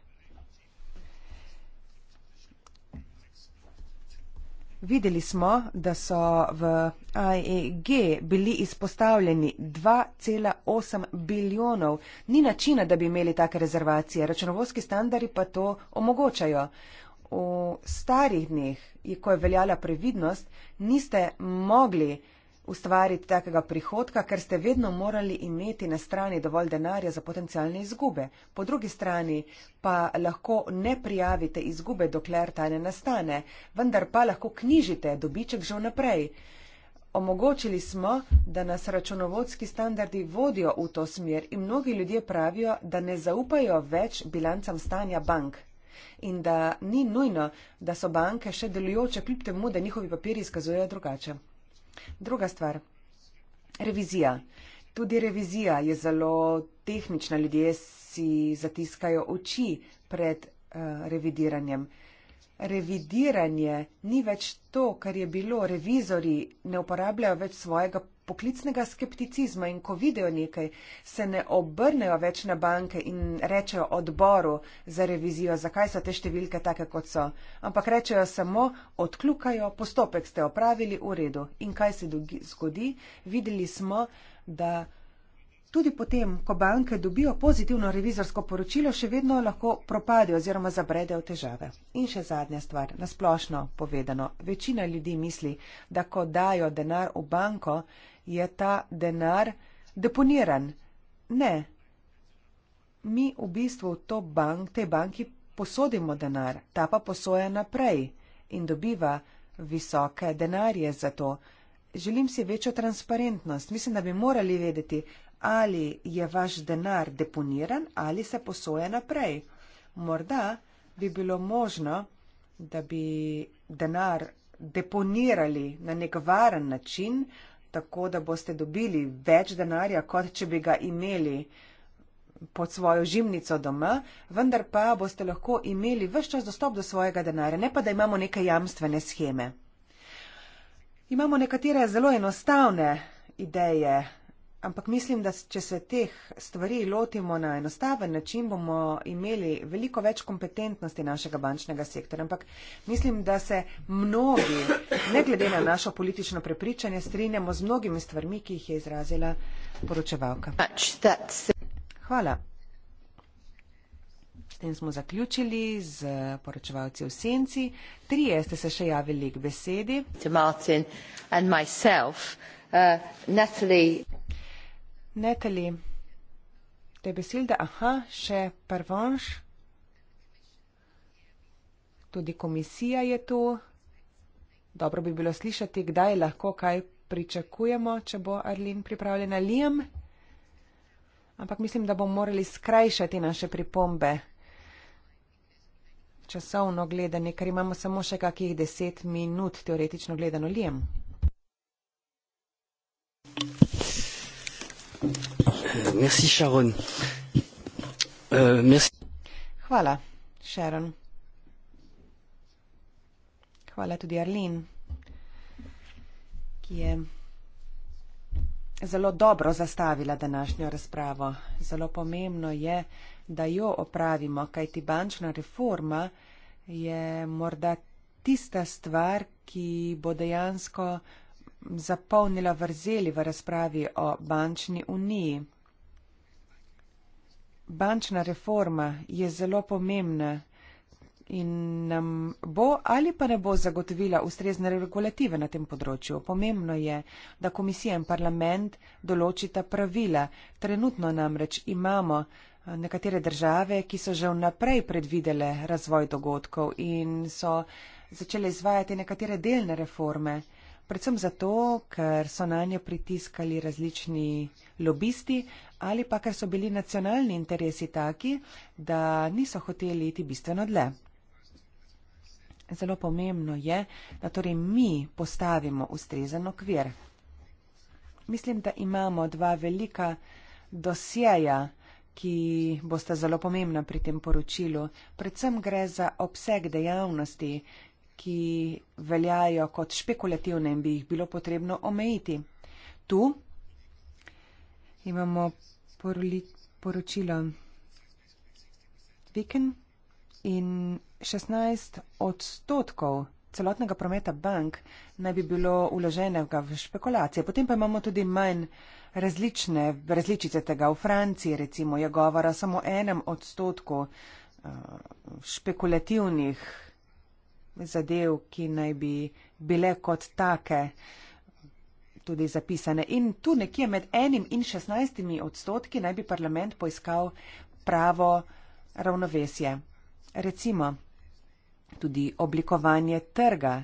Videli smo, da so v AEG bili izpostavljeni 2,8 bilijonov. Ni načina, da bi imeli take rezervacije. Računovodski standardi pa to omogočajo. V starih dneh, ko je veljala previdnost, niste mogli ustvariti takega prihodka, ker ste vedno morali imeti na strani dovolj denarja za potencijalne izgube. Po drugi strani pa lahko ne prijavite izgube, dokler ta ne nastane, vendar pa lahko knjižite dobiček že vnaprej. Omogočili smo, da nas računovodski standardi vodijo v to smer in mnogi ljudje pravijo, da ne zaupajo več bilancam stanja bank. In da ni nujno, da so banke še delujoče, kljub temu, da njihovi papiri izkazujejo drugače. Druga stvar. Revizija. Tudi revizija je zelo tehnična. Ljudje si zatiskajo oči pred uh, revidiranjem. Uh, revidiranje ni več to, kar je bilo. Revizori ne uporabljajo več svojega poklicnega skepticizma in ko vidijo nekaj, se ne obrnejo več na banke in rečejo odboru za revizijo, zakaj so te številke take, kot so, ampak rečejo samo, odkljukajo, postopek ste opravili v redu. In kaj se zgodi? Videli smo, da tudi potem, ko banke dobijo pozitivno revizorsko poročilo, še vedno lahko propadejo oziroma zabredejo težave. In še zadnja stvar, nasplošno povedano, večina ljudi misli, da ko dajo denar v banko, je ta denar deponiran. Ne. Mi v bistvu bank, te banki posodimo denar, ta pa posoja naprej in dobiva visoke denarje za to. Želim si večjo transparentnost. Mislim, da bi morali vedeti, ali je vaš denar deponiran ali se posoja naprej. Morda bi bilo možno, da bi denar deponirali na nek varen način, tako da boste dobili več denarja, kot če bi ga imeli pod svojo žimnico doma, vendar pa boste lahko imeli vse čas dostop do svojega denarja, ne pa da imamo neke jamstvene scheme. Imamo nekatere zelo enostavne ideje Ampak mislim, da če se teh stvari lotimo na enostaven način, bomo imeli veliko več kompetentnosti našega bančnega sektora. Ampak mislim, da se mnogi, ne glede na našo politično prepričanje, strinjamo z mnogimi stvarmi, ki jih je izrazila poročevalka. Hvala. S tem smo zaključili z poročevalci v senci. Trije ste se še javili k besedi. Uh, Natalie... Neteli, te besede, aha, še prvonš. Tudi komisija je tu. Dobro bi bilo slišati, kdaj lahko kaj pričakujemo, če bo Arlin pripravljena Liam. Ampak mislim, da bomo morali skrajšati naše pripombe časovno gledanje, ker imamo samo še kakih deset minut, teoretično gledano Liam. Merci Sharon. Euh, merci. Hvala, Sharon. Hvala tudi Arlin, ki je zelo dobro zastavila današnjo razpravo. Zelo pomembno je, da jo opravimo, kajti bančna reforma je morda tista stvar, ki bo dejansko zapolnila vrzeli v razpravi o bančni uniji. Bančna reforma je zelo pomembna in nam bo ali pa ne bo zagotovila ustrezne regulative na tem področju. Pomembno je, da komisija in parlament določita pravila. Trenutno namreč imamo eh, nekatere države, ki so že vnaprej predvidele razvoj dogodkov in so začele izvajati nekatere delne reforme predvsem zato, ker so na njo pritiskali različni lobisti ali pa ker so bili nacionalni interesi taki, da niso hoteli iti bistveno dlje. Zelo pomembno je, da torej mi postavimo ustrezen okvir. Mislim, da imamo dva velika dosjeja, ki bosta zelo pomembna pri tem poročilu. Predvsem gre za obseg dejavnosti, ki veljajo kot špekulativne in bi jih bilo potrebno omejiti. Tu imamo poroli, poročilo Viken in 16 odstotkov celotnega prometa bank naj bi bilo uloženega v špekulacije. Potem pa imamo tudi manj različne različice tega. V Franciji recimo je govora samo enem odstotku eh, špekulativnih zadev, ki naj bi bile kot take tudi zapisane. In tu nekje med enim in šestnajstimi odstotki naj bi parlament poiskal pravo ravnovesje. Recimo tudi oblikovanje trga,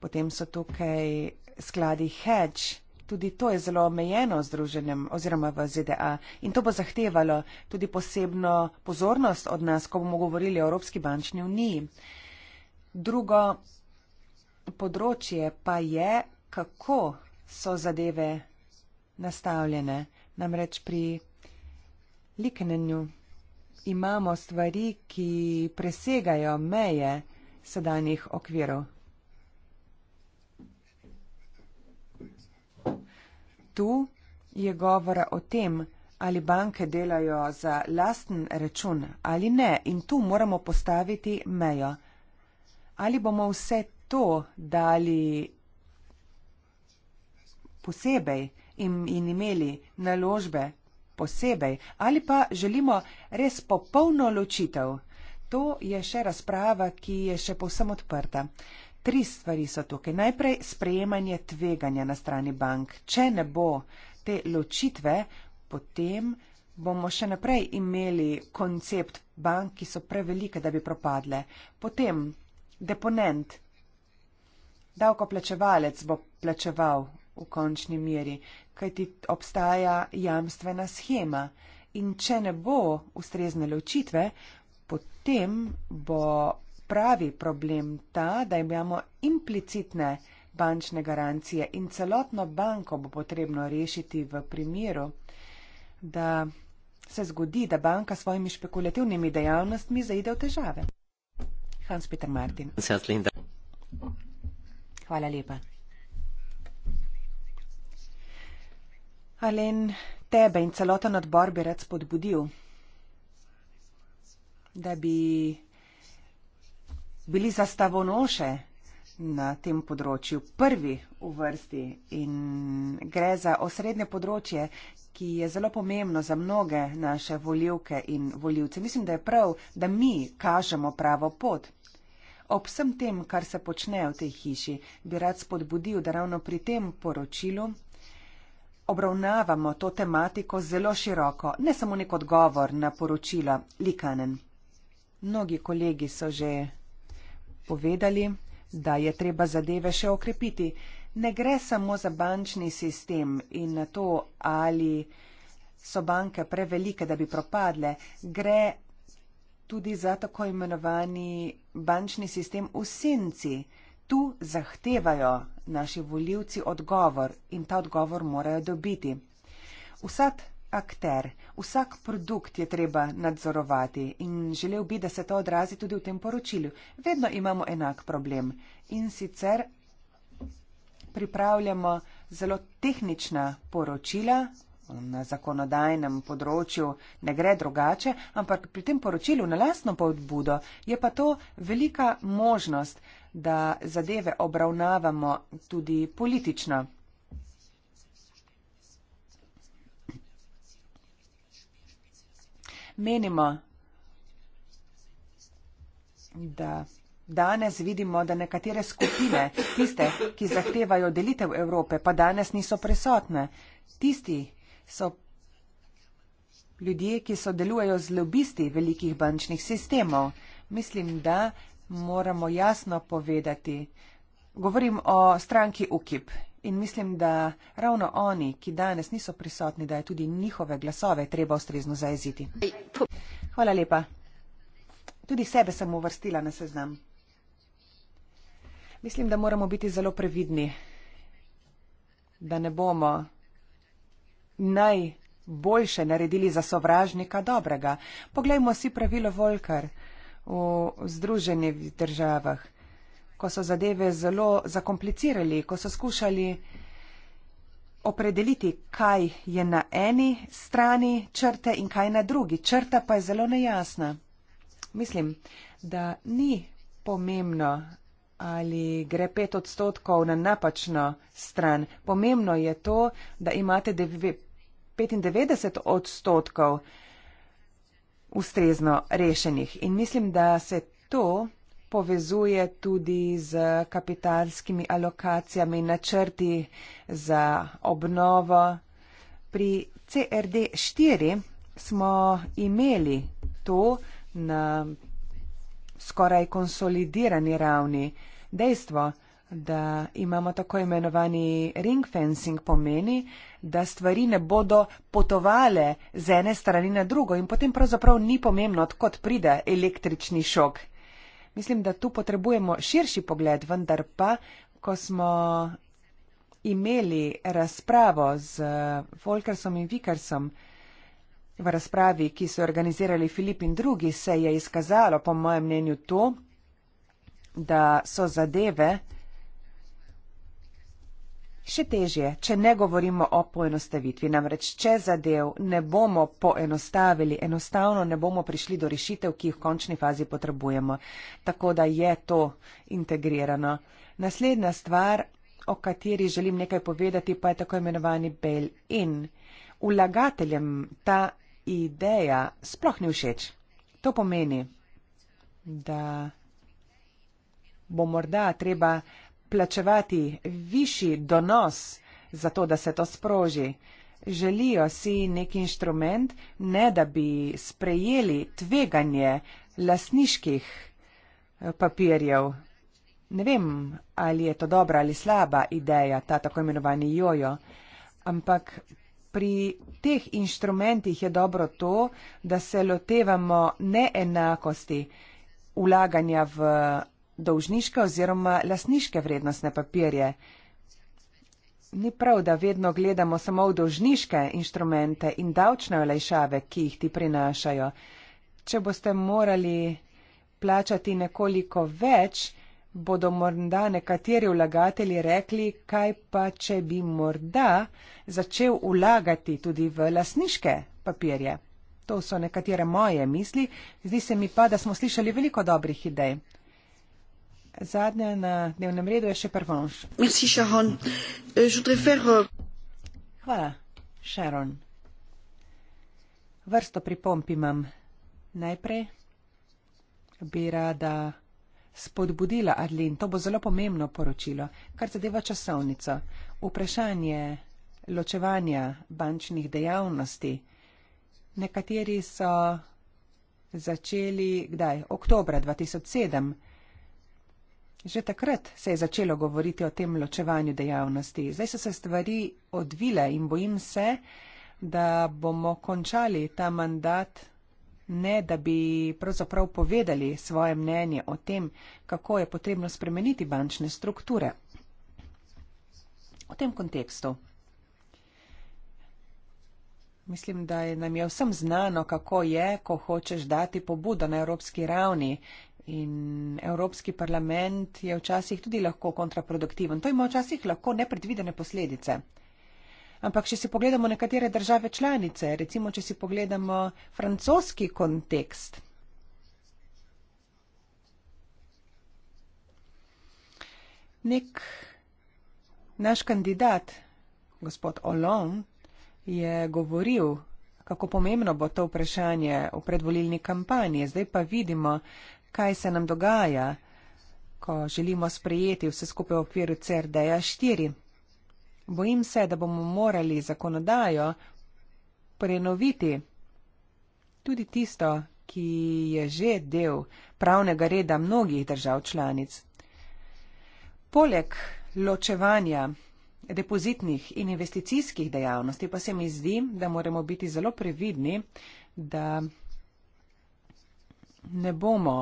potem so tukaj skladi hedge, tudi to je zelo omejeno v združenem oziroma v ZDA in to bo zahtevalo tudi posebno pozornost od nas, ko bomo govorili o Evropski bančni uniji. Drugo področje pa je, kako so zadeve nastavljene. Namreč pri likenenju imamo stvari, ki presegajo meje sedanjih okvirov. Tu je govora o tem, ali banke delajo za lasten račun ali ne. In tu moramo postaviti mejo ali bomo vse to dali posebej in, in imeli naložbe posebej, ali pa želimo res popolno ločitev. To je še razprava, ki je še povsem odprta. Tri stvari so tukaj. Najprej sprejemanje tveganja na strani bank. Če ne bo te ločitve, potem bomo še naprej imeli koncept bank, ki so prevelike, da bi propadle. Potem deponent. Davkoplačevalec bo plačeval v končni meri, kajti obstaja jamstvena schema in če ne bo ustrezne ločitve, potem bo pravi problem ta, da imamo implicitne bančne garancije in celotno banko bo potrebno rešiti v primeru, da se zgodi, da banka s svojimi špekulativnimi dejavnostmi zaide v težave. Hans Peter Martin. Hvala lepa. Alen, tebe in celoten odbor bi rad spodbudil, da bi bili zastavonoše na tem področju prvi v vrsti in gre za osrednje področje, ki je zelo pomembno za mnoge naše voljivke in voljivce. Mislim, da je prav, da mi kažemo pravo pot. Ob vsem tem, kar se počne v tej hiši, bi rad spodbudil, da ravno pri tem poročilu obravnavamo to tematiko zelo široko, ne samo nek odgovor na poročila Likanen. Mnogi kolegi so že povedali, Zdaj je treba zadeve še okrepiti. Ne gre samo za bančni sistem in na to, ali so banke prevelike, da bi propadle. Gre tudi za tako imenovani bančni sistem v senci. Tu zahtevajo naši voljivci odgovor in ta odgovor morajo dobiti. Vsad akter. Vsak produkt je treba nadzorovati in želel bi, da se to odrazi tudi v tem poročilju. Vedno imamo enak problem in sicer pripravljamo zelo tehnična poročila na zakonodajnem področju, ne gre drugače, ampak pri tem poročilu na lasno podbudo je pa to velika možnost, da zadeve obravnavamo tudi politično. Menimo, da danes vidimo, da nekatere skupine, tiste, ki zahtevajo delitev Evrope, pa danes niso prisotne. Tisti so ljudje, ki so delujejo z lobisti velikih bančnih sistemov. Mislim, da moramo jasno povedati. Govorim o stranki UKIP. In mislim, da ravno oni, ki danes niso prisotni, da je tudi njihove glasove treba ustrezno zajeziti. Hvala lepa. Tudi sebe sem uvrstila na seznam. Mislim, da moramo biti zelo previdni, da ne bomo najboljše naredili za sovražnika dobrega. Poglejmo si pravilo Volker v Združenih državah ko so zadeve zelo zakomplicirali, ko so skušali opredeliti, kaj je na eni strani črte in kaj na drugi. Črta pa je zelo nejasna. Mislim, da ni pomembno, ali gre pet odstotkov na napačno stran. Pomembno je to, da imate 95 odstotkov ustrezno rešenih. In mislim, da se to povezuje tudi z kapitalskimi alokacijami in načrti za obnovo. Pri CRD 4 smo imeli to na skoraj konsolidirani ravni. Dejstvo, da imamo tako imenovani ring fencing, pomeni, da stvari ne bodo potovale z ene strani na drugo in potem pravzaprav ni pomembno, odkot pride električni šok mislim, da tu potrebujemo širši pogled, vendar pa, ko smo imeli razpravo z eh, Volkersom in Vikersom v razpravi, ki so organizirali Filip in drugi, se je izkazalo, po mojem mnenju, to, da so zadeve, Še težje, če ne govorimo o poenostavitvi, namreč če zadev ne bomo poenostavili, enostavno ne bomo prišli do rešitev, ki jih v končni fazi potrebujemo. Tako da je to integrirano. Naslednja stvar, o kateri želim nekaj povedati, pa je tako imenovani bail-in. Ulagateljem ta ideja sploh ni všeč. To pomeni, da bo morda treba plačevati višji donos za to, da se to sproži. Želijo si nek inštrument, ne da bi sprejeli tveganje lasniških eh, papirjev. Ne vem, ali je to dobra ali slaba ideja, ta tako imenovani jojo, ampak pri teh inštrumentih je dobro to, da se lotevamo neenakosti vlaganja v dolžniške oziroma lasniške vrednostne papirje. Ni prav, da vedno gledamo samo v dolžniške inštrumente in davčne olajšave, ki jih ti prinašajo. Če boste morali plačati nekoliko več, bodo morda nekateri vlagatelji rekli, kaj pa, če bi morda začel vlagati tudi v lasniške papirje. To so nekatere moje misli. Zdi se mi pa, da smo slišali veliko dobrih idej. Zadnja na dnevnem redu je še Pervanš. Merci, Sharon. Euh, faire... Euh, Hvala, Sharon. Vrsto pripomp imam. Najprej bi rada spodbudila Adlin. To bo zelo pomembno poročilo, kar zadeva časovnico. Vprašanje ločevanja bančnih dejavnosti. Nekateri so začeli, kdaj? Oktober 2007. Že takrat se je začelo govoriti o tem ločevanju dejavnosti. Zdaj so se stvari odvile in bojim se, da bomo končali ta mandat, ne da bi pravzaprav povedali svoje mnenje o tem, kako je potrebno spremeniti bančne strukture. V tem kontekstu. Mislim, da je nam je vsem znano, kako je, ko hočeš dati pobudo na evropski ravni In Evropski parlament je včasih tudi lahko kontraproduktiven. To ima včasih lahko nepredvidene posledice. Ampak, če si pogledamo nekatere države članice, recimo, če si pogledamo francoski kontekst, nek naš kandidat, gospod Olon, je govoril, kako pomembno bo to vprašanje v predvolilni kampanji. Zdaj pa vidimo, kaj se nam dogaja, ko želimo sprejeti vse skupaj v okviru CRD-ja 4. Bojim se, da bomo morali zakonodajo prenoviti tudi tisto, ki je že del pravnega reda mnogih držav članic. Poleg ločevanja depozitnih in investicijskih dejavnosti pa se mi zdi, da moramo biti zelo previdni, da ne bomo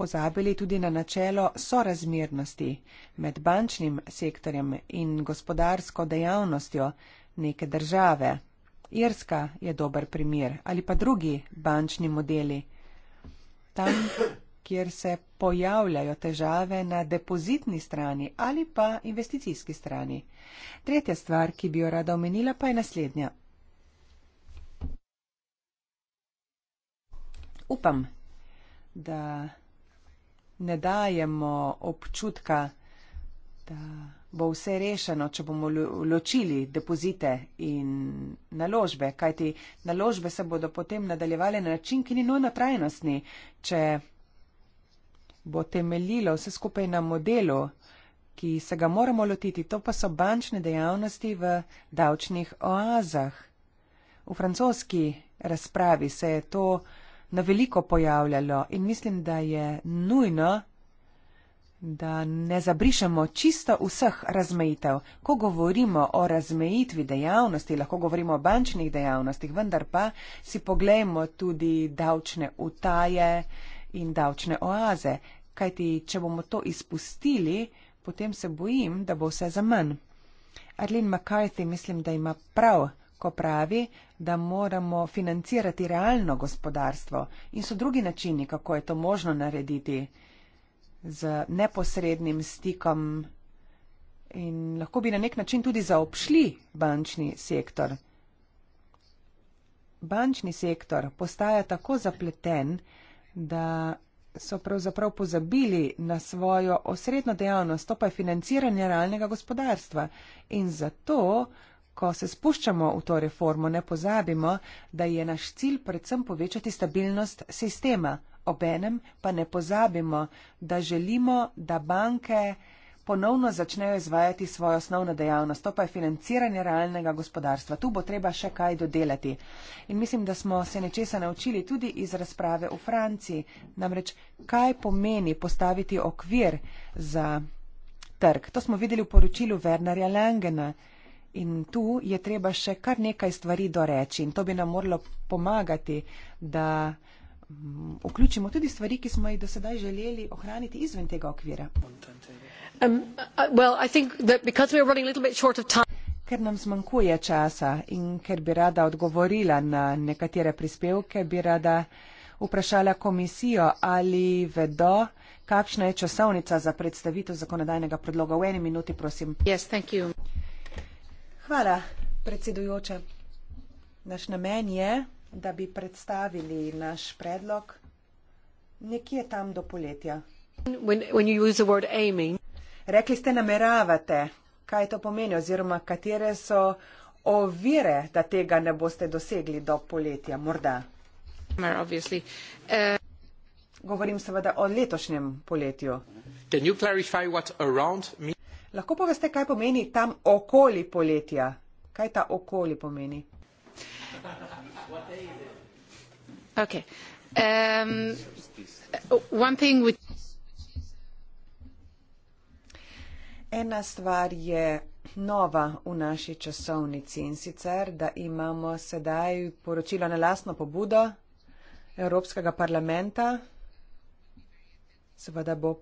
pozabili tudi na načelo sorazmernosti med bančnim sektorjem in gospodarsko dejavnostjo neke države. Irska je dober primer ali pa drugi bančni modeli. Tam, kjer se pojavljajo težave na depozitni strani ali pa investicijski strani. Tretja stvar, ki bi jo rada omenila, pa je naslednja. Upam, da ne dajemo občutka, da bo vse rešeno, če bomo ločili depozite in naložbe, kajti naložbe se bodo potem nadaljevale na način, ki ni nujno trajnostni, če bo temeljilo vse skupaj na modelu, ki se ga moramo lotiti, to pa so bančne dejavnosti v davčnih oazah. V francoski razpravi se je to na veliko pojavljalo in mislim, da je nujno, da ne zabrišemo čisto vseh razmejitev. Ko govorimo o razmejitvi dejavnosti, lahko govorimo o bančnih dejavnostih, vendar pa si poglejmo tudi davčne utaje in davčne oaze. Kajti, če bomo to izpustili, potem se bojim, da bo vse za manj. Arlene McCarthy mislim, da ima prav ko pravi, da moramo financirati realno gospodarstvo in so drugi načini, kako je to možno narediti z neposrednim stikom in lahko bi na nek način tudi zaopšli bančni sektor. Bančni sektor postaja tako zapleten, da so pravzaprav pozabili na svojo osrednjo dejavnost, to pa je financiranje realnega gospodarstva. In zato ko se spuščamo v to reformo, ne pozabimo, da je naš cilj predvsem povečati stabilnost sistema. Obenem pa ne pozabimo, da želimo, da banke ponovno začnejo izvajati svojo osnovno dejavnost, to pa je financiranje realnega gospodarstva. Tu bo treba še kaj dodelati. In mislim, da smo se nečesa naučili tudi iz razprave v Franciji. Namreč, kaj pomeni postaviti okvir za trg? To smo videli v poročilu Wernerja Langena. In tu je treba še kar nekaj stvari doreči in to bi nam moralo pomagati, da mm, vključimo tudi stvari, ki smo jih do sedaj želeli ohraniti izven tega okvira. Um, uh, well, Ker nam zmanjkuje časa in ker bi rada odgovorila na nekatere prispevke, bi rada vprašala komisijo, ali vedo, kakšna je časovnica za predstavitev zakonodajnega predloga. V eni minuti, prosim. Yes, Hvala, predsedujoča. Naš namen je, da bi predstavili naš predlog nekje tam do poletja. When, when Rekli ste nameravate, kaj to pomeni oziroma katere so ovire, da tega ne boste dosegli do poletja, morda. Govorim seveda o letošnjem poletju. Lahko poveste, kaj pomeni tam okoli poletja? Kaj ta okoli pomeni? Okay. Um, one thing which... Ena stvar je nova v naši časovnici in sicer, da imamo sedaj poročilo na lastno pobudo Evropskega parlamenta. Seveda bo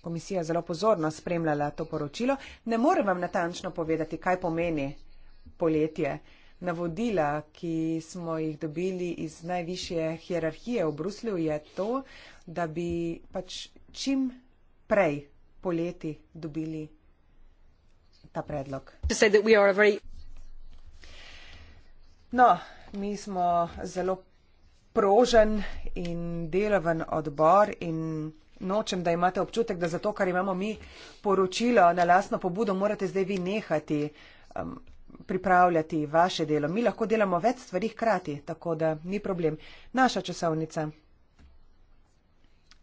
komisija zelo pozorno spremljala to poročilo. Ne morem vam natančno povedati, kaj pomeni poletje. Navodila, ki smo jih dobili iz najvišje hierarhije v Bruslju, je to, da bi pač čim prej poleti dobili ta predlog. No, mi smo zelo prožen in deloven odbor in nočem, da imate občutek, da zato, kar imamo mi poročilo na lasno pobudo, morate zdaj vi nehati um, pripravljati vaše delo. Mi lahko delamo več stvari hkrati, tako da ni problem. Naša časovnica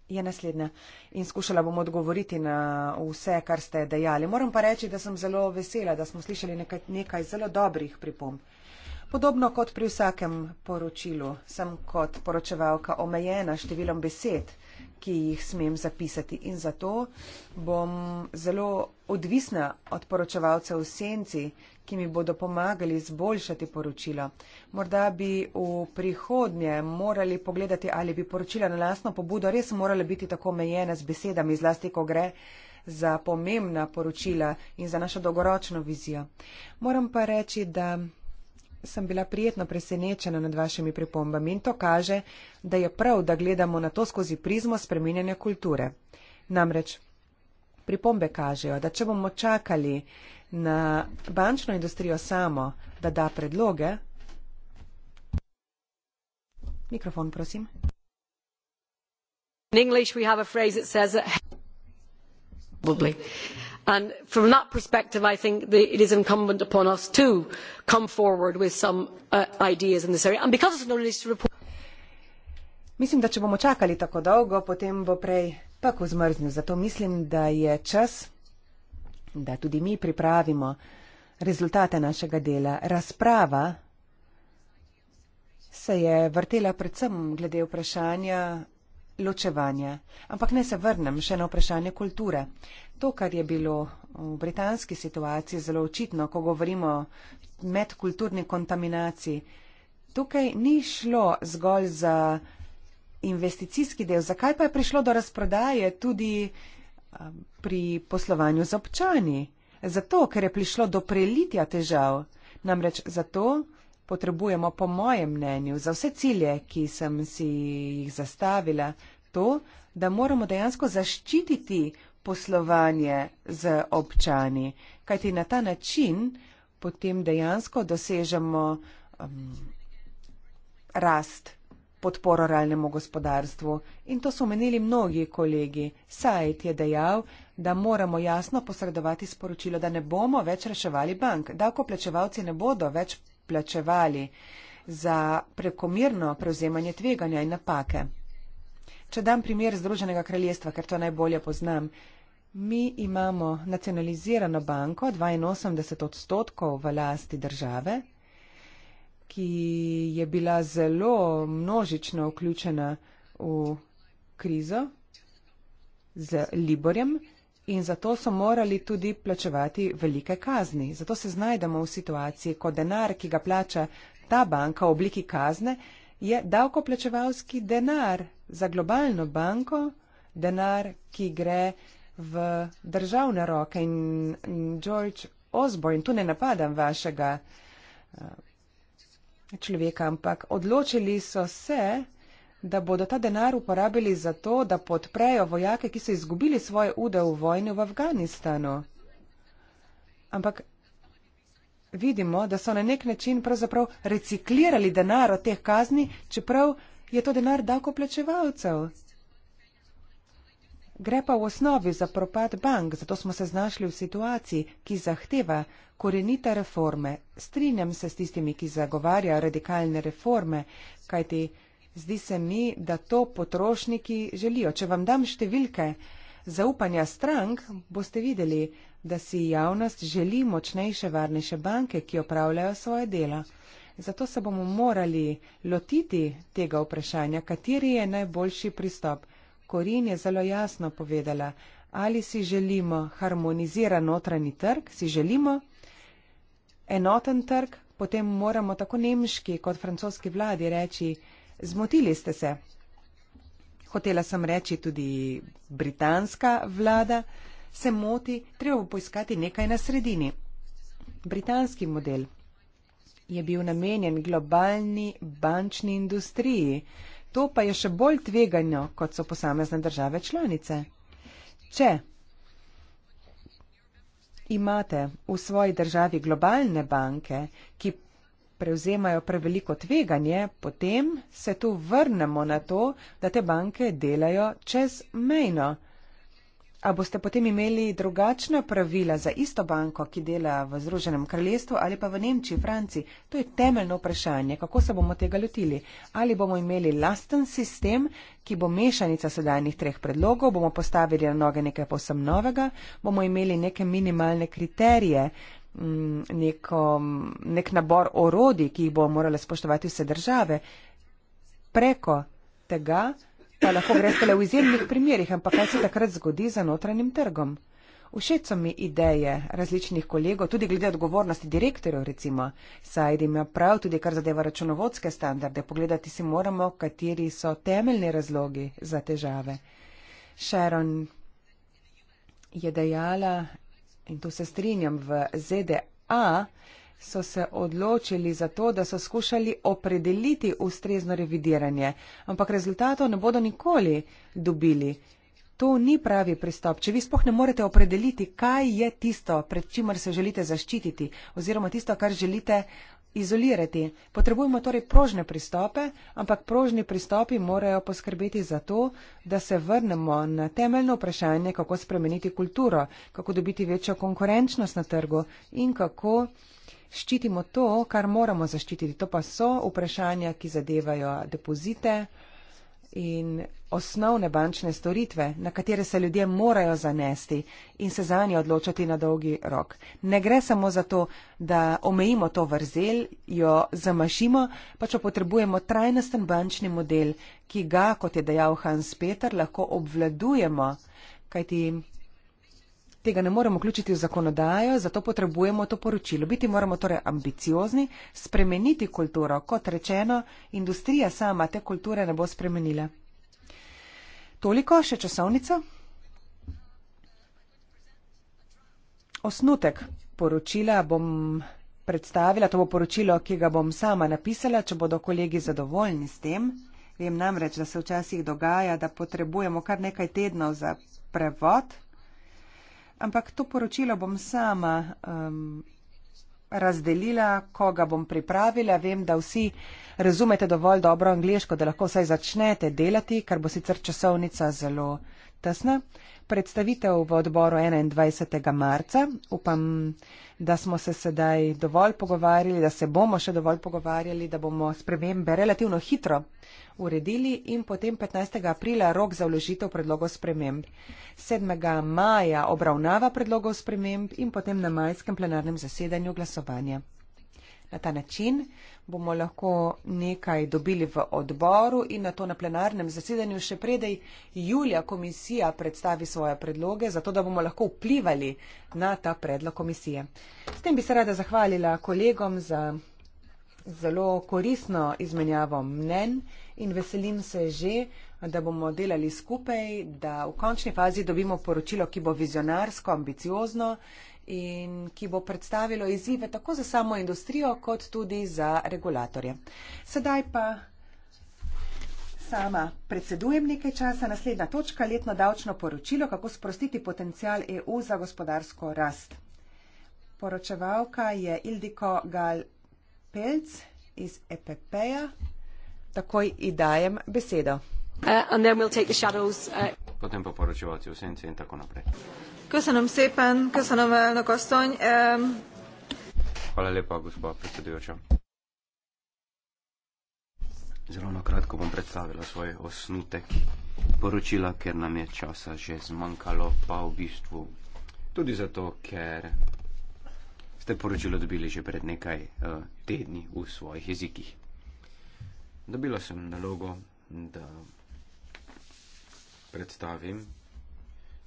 je naslednja in skušala bom odgovoriti na vse, kar ste dejali. Moram pa reči, da sem zelo vesela, da smo slišali nekaj, nekaj zelo dobrih pripomb. Podobno kot pri vsakem poročilu, sem kot poročevalka omejena številom besed, ki jih smem zapisati. In zato bom zelo odvisna od poročevalcev v senci, ki mi bodo pomagali zboljšati poročilo. Morda bi v prihodnje morali pogledati, ali bi poročila na lasno pobudo res morala biti tako mejena z besedami, zlasti ko gre za pomembna poročila in za našo dolgoročno vizijo. Moram pa reči, da sem bila prijetno presenečena nad vašimi pripombami in to kaže, da je prav, da gledamo na to skozi prizmo spremenjene kulture. Namreč, pripombe kažejo, da če bomo čakali na bančno industrijo samo, da da predloge. Mikrofon, prosim. In English we have a phrase that says that from that perspective i think it is incumbent upon us to come forward with some uh, ideas in this area and because it is an early report. mislim da če bomo čakali tako dolgo potem bo prej pek zmrznil zato mislim da je čas da tudi mi pripravimo rezultate našega dela razprava se je vrtela predvsem glede vprašanja ločevanja ampak naj se vrnem še na vprašanje kulture to, kar je bilo v britanski situaciji zelo očitno, ko govorimo o medkulturni kontaminaciji. Tukaj ni šlo zgolj za investicijski del. Zakaj pa je prišlo do razprodaje tudi um, pri poslovanju z občani? Zato, ker je prišlo do prelitja težav. Namreč zato potrebujemo, po mojem mnenju, za vse cilje, ki sem si jih zastavila, to, da moramo dejansko zaščititi poslovanje z občani, kajti na ta način potem dejansko dosežemo um, rast, podporo realnemu gospodarstvu. In to so menili mnogi kolegi. Sajt je dejal, da moramo jasno posredovati sporočilo, da ne bomo več reševali bank, da ko plačevalci ne bodo več plačevali za prekomirno prevzemanje tveganja in napake. Če dam primer Združenega kraljestva, ker to najbolje poznam, Mi imamo nacionalizirano banko, 82 odstotkov v lasti države, ki je bila zelo množično vključena v krizo z Liborjem in zato so morali tudi plačevati velike kazni. Zato se znajdemo v situaciji, ko denar, ki ga plača ta banka v obliki kazne, je davkoplačevalski denar za globalno banko, denar, ki gre v državne roke in George Osborne, tu ne napadam vašega eh, človeka, ampak odločili so se, da bodo ta denar uporabili za to, da podprejo vojake, ki so izgubili svoje ude v vojni v Afganistanu. Ampak vidimo, da so na nek način pravzaprav reciklirali denar od teh kazni, čeprav je to denar davkoplačevalcev. Gre pa v osnovi za propad bank, zato smo se znašli v situaciji, ki zahteva korenite reforme. Strinjam se s tistimi, ki zagovarja radikalne reforme, kajti zdi se mi, da to potrošniki želijo. Če vam dam številke zaupanja strank, boste videli, da si javnost želi močnejše, varnejše banke, ki opravljajo svoje dela. Zato se bomo morali lotiti tega vprašanja, kateri je najboljši pristop. Korin je zelo jasno povedala, ali si želimo harmoniziran notranji trg, si želimo enoten trg, potem moramo tako nemški kot francoski vladi reči, zmotili ste se. Hotela sem reči tudi britanska vlada, se moti, treba bo poiskati nekaj na sredini. Britanski model je bil namenjen globalni bančni industriji. To pa je še bolj tveganjo, kot so posamezne države članice. Če imate v svoji državi globalne banke, ki prevzemajo preveliko tveganje, potem se tu vrnemo na to, da te banke delajo čezmejno. A boste potem imeli drugačna pravila za isto banko, ki dela v Združenem kraljestvu ali pa v Nemčiji, Franciji? To je temeljno vprašanje, kako se bomo tega lotili. Ali bomo imeli lasten sistem, ki bo mešanica sedajnih treh predlogov, bomo postavili na noge nekaj posem novega, bomo imeli neke minimalne kriterije, mm, neko, nek nabor orodij, ki jih bo morala spoštovati vse države. Preko tega pa lahko greste le v izjemnih primerjih, ampak kaj se takrat zgodi za notranjim trgom? Všeč so mi ideje različnih kolegov, tudi glede odgovornosti direktorjev, recimo, saj ima prav tudi kar zadeva računovodske standarde. Pogledati si moramo, kateri so temeljni razlogi za težave. Sharon je dejala, in tu se strinjam, v ZDA so se odločili za to, da so skušali opredeliti ustrezno revidiranje, ampak rezultatov ne bodo nikoli dobili. To ni pravi pristop. Če vi spoh ne morete opredeliti, kaj je tisto, pred čimer se želite zaščititi oziroma tisto, kar želite izolirati. Potrebujemo torej prožne pristope, ampak prožni pristopi morajo poskrbeti za to, da se vrnemo na temeljno vprašanje, kako spremeniti kulturo, kako dobiti večjo konkurenčnost na trgu in kako ščitimo to, kar moramo zaščititi. To pa so vprašanja, ki zadevajo depozite, in osnovne bančne storitve, na katere se ljudje morajo zanesti in se za nje odločati na dolgi rok. Ne gre samo za to, da omejimo to vrzel, jo zamašimo, pač pa potrebujemo trajnosten bančni model, ki ga, kot je dejal Hans Peter, lahko obvladujemo, kajti Tega ne moremo vključiti v zakonodajo, zato potrebujemo to poročilo. Biti moramo torej ambiciozni, spremeniti kulturo. Kot rečeno, industrija sama te kulture ne bo spremenila. Toliko še časovnica. Osnutek poročila bom predstavila, to bo poročilo, ki ga bom sama napisala, če bodo kolegi zadovoljni s tem. Vem namreč, da se včasih dogaja, da potrebujemo kar nekaj tednov za prevod ampak to poročilo bom sama um, razdelila, koga bom pripravila. Vem, da vsi razumete dovolj dobro angliško, da lahko vsaj začnete delati, kar bo sicer časovnica zelo tesna. Predstavitev v odboru 21. marca. Upam, da smo se sedaj dovolj pogovarjali, da se bomo še dovolj pogovarjali, da bomo spremembe relativno hitro uredili in potem 15. aprila rok za vložitev predlogov sprememb. 7. maja obravnava predlogov sprememb in potem na majskem plenarnem zasedanju glasovanja. Na ta način bomo lahko nekaj dobili v odboru in na to na plenarnem zasedanju še predej julija komisija predstavi svoje predloge, zato da bomo lahko vplivali na ta predlog komisije. S tem bi se rada zahvalila kolegom za zelo korisno izmenjavo mnen in veselim se že, da bomo delali skupaj, da v končni fazi dobimo poročilo, ki bo vizionarsko, ambiciozno in ki bo predstavilo izzive tako za samo industrijo, kot tudi za regulatorje. Sedaj pa sama predsedujem nekaj časa. Naslednja točka je letno davčno poročilo, kako sprostiti potencial EU za gospodarsko rast. Poročevalka je Ildiko Gal-Pelc iz EPP-ja. Takoj ji dajem besedo. Uh, we'll shadows, uh. Potem pa poročevalci v senci in tako naprej. Köszönöm szépen, köszönöm elnök asszony. Hvala lepa, gospod predsedujoča. Zelo na kratko bom predstavila svoj osnutek poročila, ker nam je časa že zmanjkalo, pa v bistvu tudi zato, ker ste poročilo dobili že pred nekaj eh, tedni v svojih jezikih. Dobila sem nalogo, da predstavim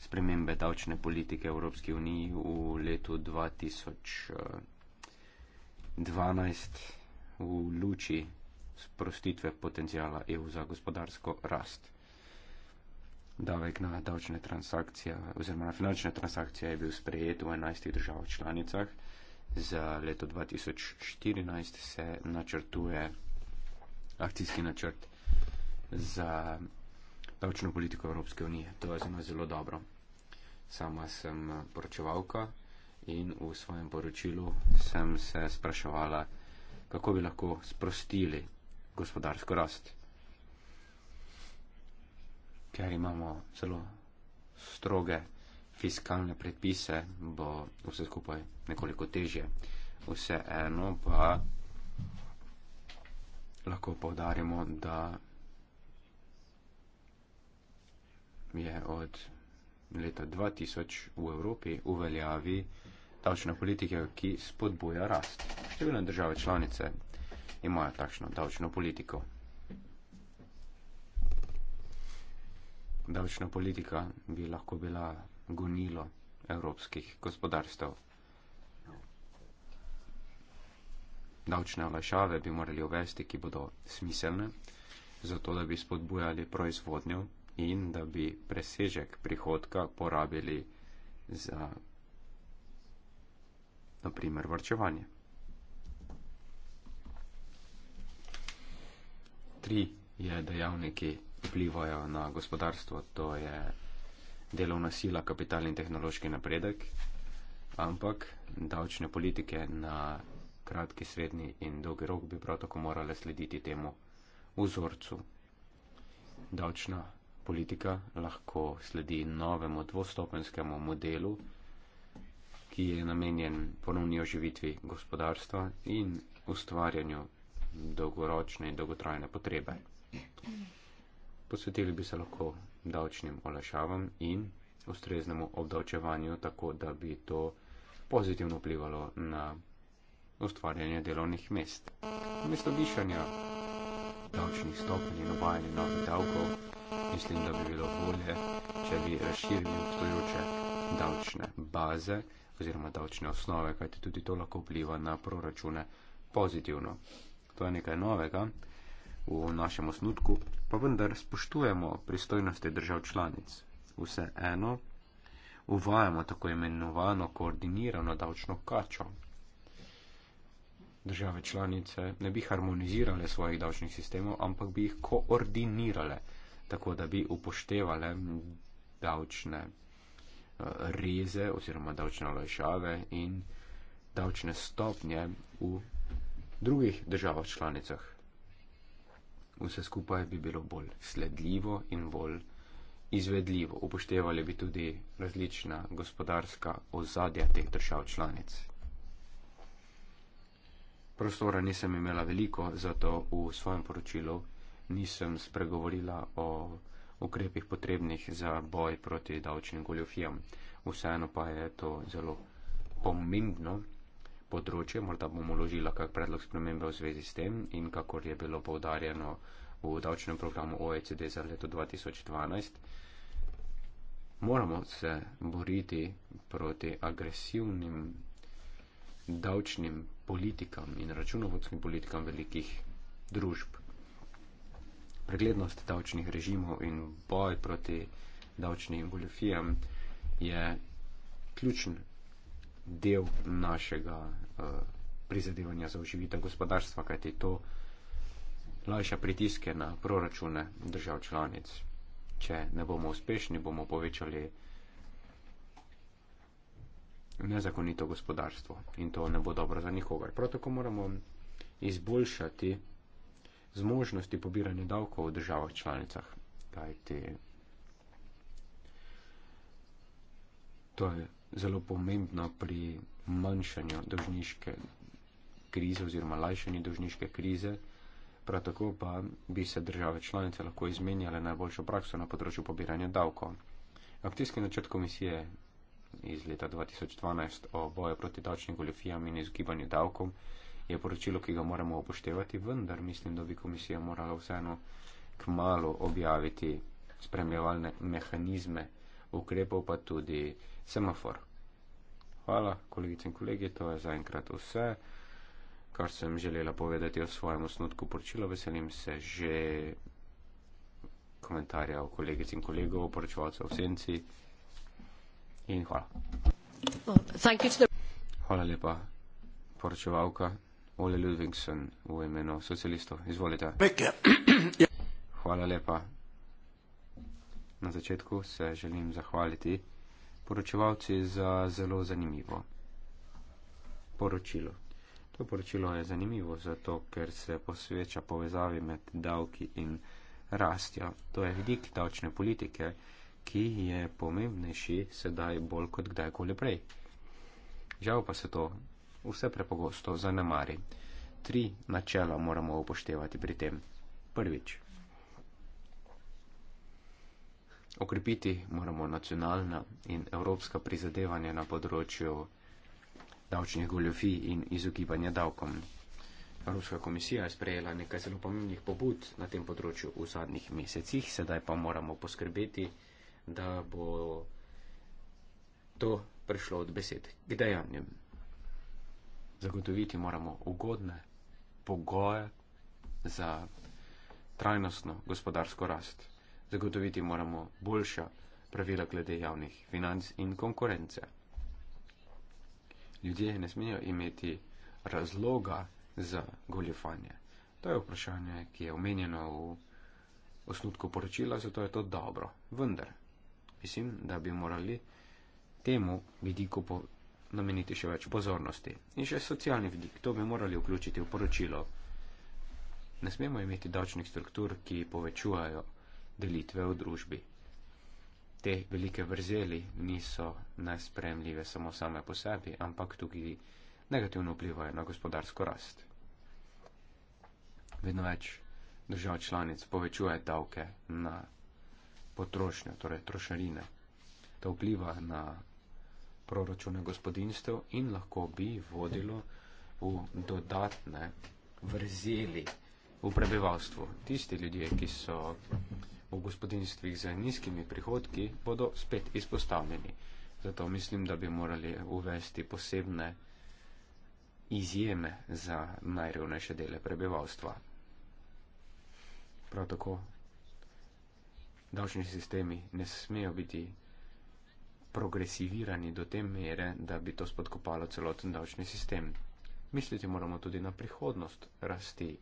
spremembe davčne politike Evropske unije v letu 2012 eh, v luči sprostitve potencijala EU za gospodarsko rast. Davek na davčne transakcije oziroma na finančne transakcije je bil sprejet v 11 državah članicah. Za leto 2014 se načrtuje akcijski načrt za davčno politiko Evropske unije. To je zame zelo dobro. Sama sem poročevalka in v svojem poročilu sem se spraševala, kako bi lahko sprostili gospodarsko rast, ker imamo zelo stroge fiskalne predpise, bo vse skupaj nekoliko težje. Vseeno pa lahko povdarimo, da je od leta 2000 v Evropi v veljavi davčna politika, ki spodbuja rast. Številne države članice imajo takšno davčno politiko. Davčna politika bi lahko bila gonilo evropskih gospodarstv. Davčne olajšave bi morali uvesti, ki bodo smiselne, zato da bi spodbujali proizvodnjo in da bi presežek prihodka porabili za, naprimer, vrčevanje. Tri je dejavniki vplivajo na gospodarstvo, to je delovna sila, kapital in tehnološki napredek, ampak davčne politike na kratki, srednji in dolgi rok bi prav tako morale slediti temu vzorcu. Davčna politika lahko sledi novemu dvostopenskemu modelu, ki je namenjen ponovni oživitvi gospodarstva in ustvarjanju dolgoročne in dolgotrajne potrebe. Posvetili bi se lahko davčnim olajšavam in ustreznemu obdavčevanju, tako da bi to pozitivno vplivalo na ustvarjanje delovnih mest. Mesto višanja davčnih stopenj in uvajanja novih davkov mislim, da bi bilo bolje, če bi razširili obstoječe davčne baze oziroma davčne osnove, kajti tudi to lahko vpliva na proračune pozitivno. To je nekaj novega v našem osnutku, pa vendar spoštujemo pristojnosti držav članic. Vse eno, uvajamo tako imenovano koordinirano davčno kačo. Države članice ne bi harmonizirale svojih davčnih sistemov, ampak bi jih koordinirale tako da bi upoštevale davčne eh, reze oziroma davčne olajšave in davčne stopnje v drugih državah članicah. Vse skupaj bi bilo bolj sledljivo in bolj izvedljivo. Upoštevali bi tudi različna gospodarska ozadja teh držav članic. Prostora nisem imela veliko, zato v svojem poročilu nisem spregovorila o ukrepih potrebnih za boj proti davčnim goljofijam. Vseeno pa je to zelo pomembno področje, morda bom uložila kak predlog spremembe v zvezi s tem in kakor je bilo povdarjeno v davčnem programu OECD za leto 2012, moramo se boriti proti agresivnim davčnim politikam in računovodskim politikam velikih družb preglednost davčnih režimov in boj proti davčnim goljofijam je ključen del našega eh, prizadevanja za oživitev gospodarstva, kajti to lajša pritiske na proračune držav članic. Če ne bomo uspešni, bomo povečali nezakonito gospodarstvo in to ne bo dobro za nikogar. Prav tako moramo izboljšati zmožnosti pobiranja davkov v državah članicah. Kajti to je zelo pomembno pri manjšanju dožniške krize oziroma lajšanju dožniške krize. Prav tako pa bi se države članice lahko izmenjale najboljšo prakso na področju pobiranja davkov. Akcijski načrt komisije iz leta 2012 o boju proti davčnim goljofijam in izgibanju davkov je poročilo, ki ga moramo upoštevati, vendar mislim, da bi komisija morala vseeno k malu objaviti spremljevalne mehanizme, ukrepov pa tudi semafor. Hvala, kolegice in kolegi, to je zaenkrat vse, kar sem želela povedati o svojem osnutku poročila. Veselim se že komentarjev kolegic in kolegov, poročevalcev v senci. In hvala. Hvala lepa, poročevalka. Ole Ludvigsen v imenu socialistov. Izvolite. Ja. Hvala lepa. Na začetku se želim zahvaliti poročevalci za zelo zanimivo poročilo. To poročilo je zanimivo zato, ker se posveča povezavi med davki in rastjo. To je vidik davčne politike, ki je pomembnejši sedaj bolj kot kdajkoli prej. Žal pa se to vse prepogosto zanemari. Tri načela moramo upoštevati pri tem. Prvič. Okrepiti moramo nacionalna in evropska prizadevanja na področju davčnih goljofij in izogibanja davkom. Evropska komisija je sprejela nekaj zelo pomembnih pobud na tem področju v zadnjih mesecih, sedaj pa moramo poskrbeti, da bo to prišlo od besed k dejanjem zagotoviti moramo ugodne pogoje za trajnostno gospodarsko rast. Zagotoviti moramo boljša pravila glede javnih financ in konkurence. Ljudje ne smejo imeti razloga za goljofanje. To je vprašanje, ki je omenjeno v osnutku poročila, zato je to dobro. Vendar, mislim, da bi morali temu vidiku nameniti še več pozornosti. In še socialni vidik, to bi morali vključiti v poročilo. Ne smemo imeti davčnih struktur, ki povečujajo delitve v družbi. Te velike vrzeli niso najspremljive samo same po sebi, ampak tudi negativno vplivajo na gospodarsko rast. Vedno več držav članic povečuje davke na potrošnjo, torej trošarine. To vpliva na proračune gospodinstv in lahko bi vodilo v dodatne vrzeli v prebivalstvu. Tisti ljudje, ki so v gospodinstvih z nizkimi prihodki, bodo spet izpostavljeni. Zato mislim, da bi morali uvesti posebne izjeme za najrevnejše dele prebivalstva. Prav tako, davčni sistemi ne smejo biti progresivirani do te mere, da bi to spodkopalo celoten davčni sistem. Misliti moramo tudi na prihodnost rasti.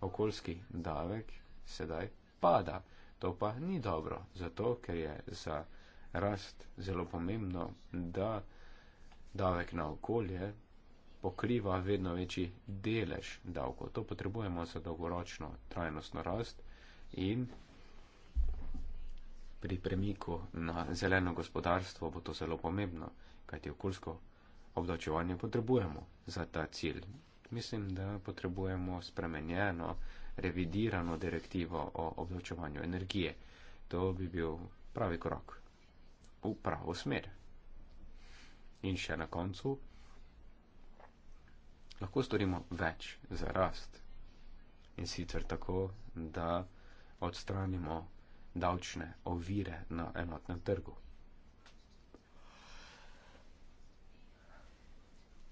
Okoljski davek sedaj pada. To pa ni dobro, zato ker je za rast zelo pomembno, da davek na okolje pokriva vedno večji delež davkov. To potrebujemo za dolgoročno trajnostno rast in pri premiku na zeleno gospodarstvo bo to zelo pomembno, kajti okoljsko obdočevanje potrebujemo za ta cilj. Mislim, da potrebujemo spremenjeno, revidirano direktivo o obdočevanju energije. To bi bil pravi krok v pravo smer. In še na koncu, lahko storimo več za rast. In sicer tako, da odstranimo davčne ovire na enotnem trgu.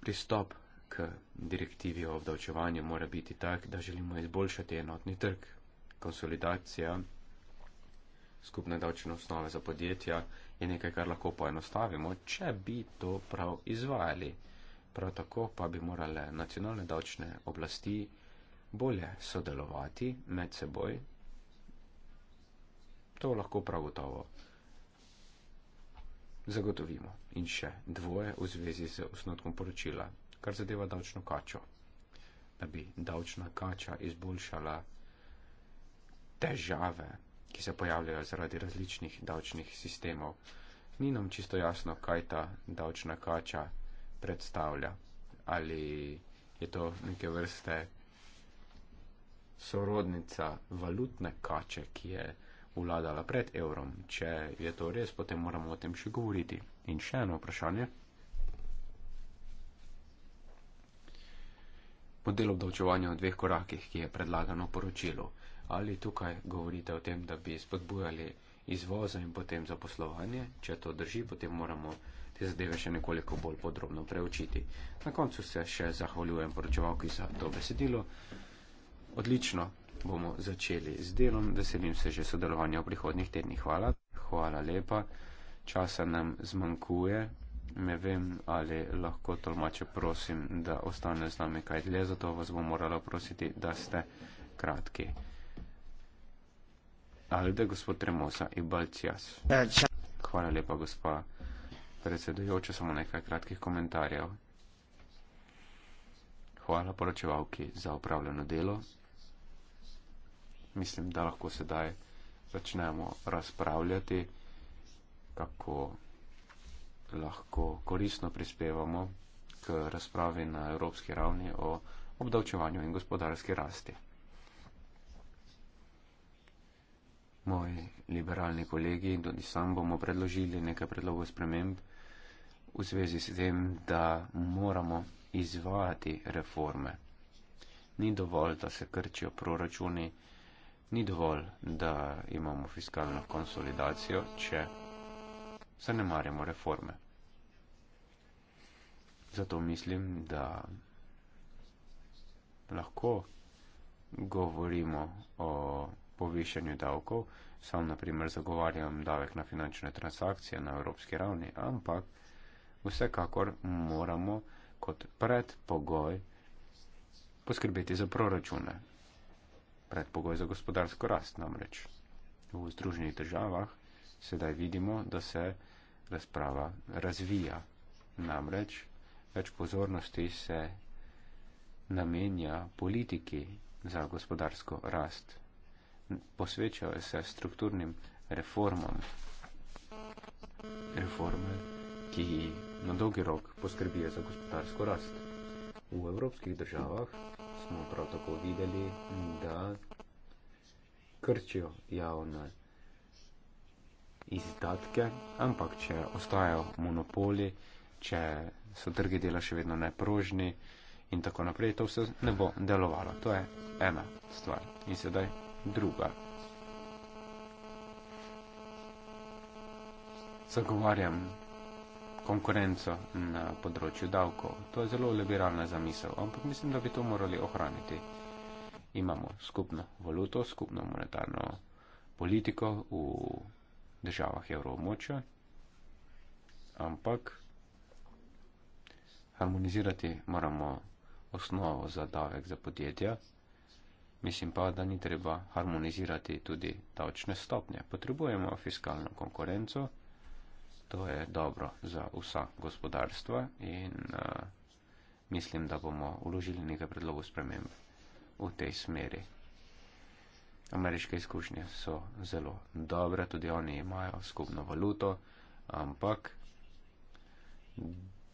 Pristop k direktivi o obdavčevanju mora biti tak, da želimo izboljšati enotni trg. Konsolidacija skupne davčne osnove za podjetja je nekaj, kar lahko poenostavimo, če bi to prav izvajali. Prav tako pa bi morale nacionalne davčne oblasti bolje sodelovati med seboj, To lahko prav gotovo zagotovimo. In še dvoje v zvezi z osnotkom poročila, kar zadeva davčno kačo. Da bi davčna kača izboljšala težave, ki se pojavljajo zaradi različnih davčnih sistemov. Ni nam čisto jasno, kaj ta davčna kača predstavlja. Ali je to neke vrste sorodnica valutne kače, ki je vladala pred evrom. Če je to res, potem moramo o tem še govoriti. In še eno vprašanje. Model obdavčevanja v dveh korakih, ki je predlagano poročilo. Ali tukaj govorite o tem, da bi spodbujali izvoza in potem zaposlovanje? Če to drži, potem moramo te zadeve še nekoliko bolj podrobno preučiti. Na koncu se še zahvaljujem poročevalki za to besedilo. Odlično, bomo začeli z delom. Veselim se že sodelovanja v prihodnih tednih. Hvala. Hvala lepa. Časa nam zmanjkuje. Ne vem, ali lahko tolmače prosim, da ostane z nami kaj dlje, zato vas bom morala prositi, da ste kratki. Ali da gospod Tremosa in Balcijas. Hvala lepa, gospa predsedujoča, samo nekaj kratkih komentarjev. Hvala poročevalki za upravljeno delo mislim, da lahko sedaj začnemo razpravljati, kako lahko koristno prispevamo k razpravi na evropski ravni o obdavčevanju in gospodarski rasti. Moji liberalni kolegi in tudi sam bomo predložili nekaj predlogov sprememb v zvezi s tem, da moramo izvajati reforme. Ni dovolj, da se krčijo proračuni ni dovolj, da imamo fiskalno konsolidacijo, če se ne marjamo reforme. Zato mislim, da lahko govorimo o povišanju davkov. Sam, na primer, zagovarjam davek na finančne transakcije na evropski ravni, ampak vsekakor moramo kot predpogoj poskrbeti za proračune predpogoj za gospodarsko rast namreč. V združenih državah sedaj vidimo, da se razprava razvija. Namreč več pozornosti se namenja politiki za gospodarsko rast. Posvečajo se strukturnim reformam. Reforme, ki na dolgi rok poskrbijo za gospodarsko rast. V evropskih državah smo prav tako videli, da krčijo javne izdatke, ampak če ostajajo monopoli, če so trgi dela še vedno neprožni in tako naprej, to vse ne bo delovalo. To je ena stvar. In sedaj druga. Zagovarjam konkurenco na področju davkov. To je zelo liberalna zamisel, ampak mislim, da bi to morali ohraniti. Imamo skupno valuto, skupno monetarno politiko v državah evroobmočja, ampak harmonizirati moramo osnovo za davek za podjetja. Mislim pa, da ni treba harmonizirati tudi davčne stopnje. Potrebujemo fiskalno konkurenco to je dobro za vsa gospodarstva in uh, mislim, da bomo uložili nekaj predlogov sprememb v tej smeri. Ameriške izkušnje so zelo dobre, tudi oni imajo skupno valuto, ampak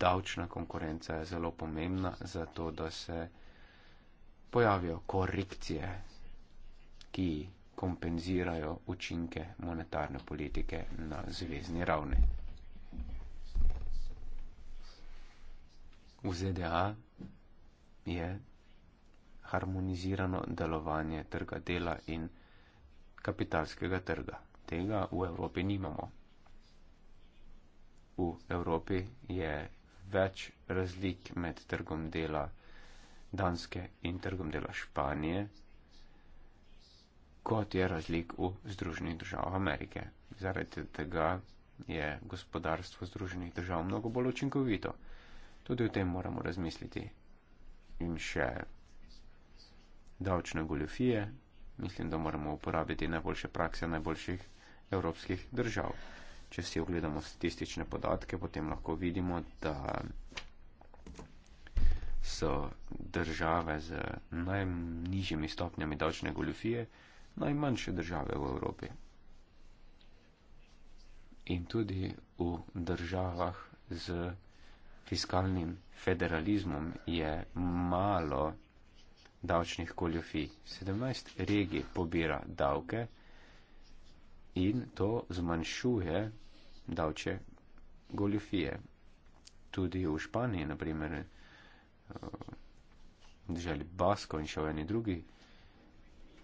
davčna konkurenca je zelo pomembna za to, da se pojavijo korekcije, ki kompenzirajo učinke monetarne politike na zvezdni ravni. v ZDA je harmonizirano delovanje trga dela in kapitalskega trga. Tega v Evropi nimamo. V Evropi je več razlik med trgom dela Danske in trgom dela Španije, kot je razlik v Združenih državah Amerike. Zaradi tega je gospodarstvo Združenih držav mnogo bolj učinkovito. Tudi o tem moramo razmisliti. In še davčne goljofije. Mislim, da moramo uporabiti najboljše prakse najboljših evropskih držav. Če si ogledamo statistične podatke, potem lahko vidimo, da so države z najnižjimi stopnjami davčne goljofije najmanjše države v Evropi. In tudi v državah z fiskalnim federalizmom je malo davčnih koljofij. 17 regij pobira davke in to zmanjšuje davče goljofije. Tudi v Španiji, naprimer, eh, deželi Basko in še v eni drugi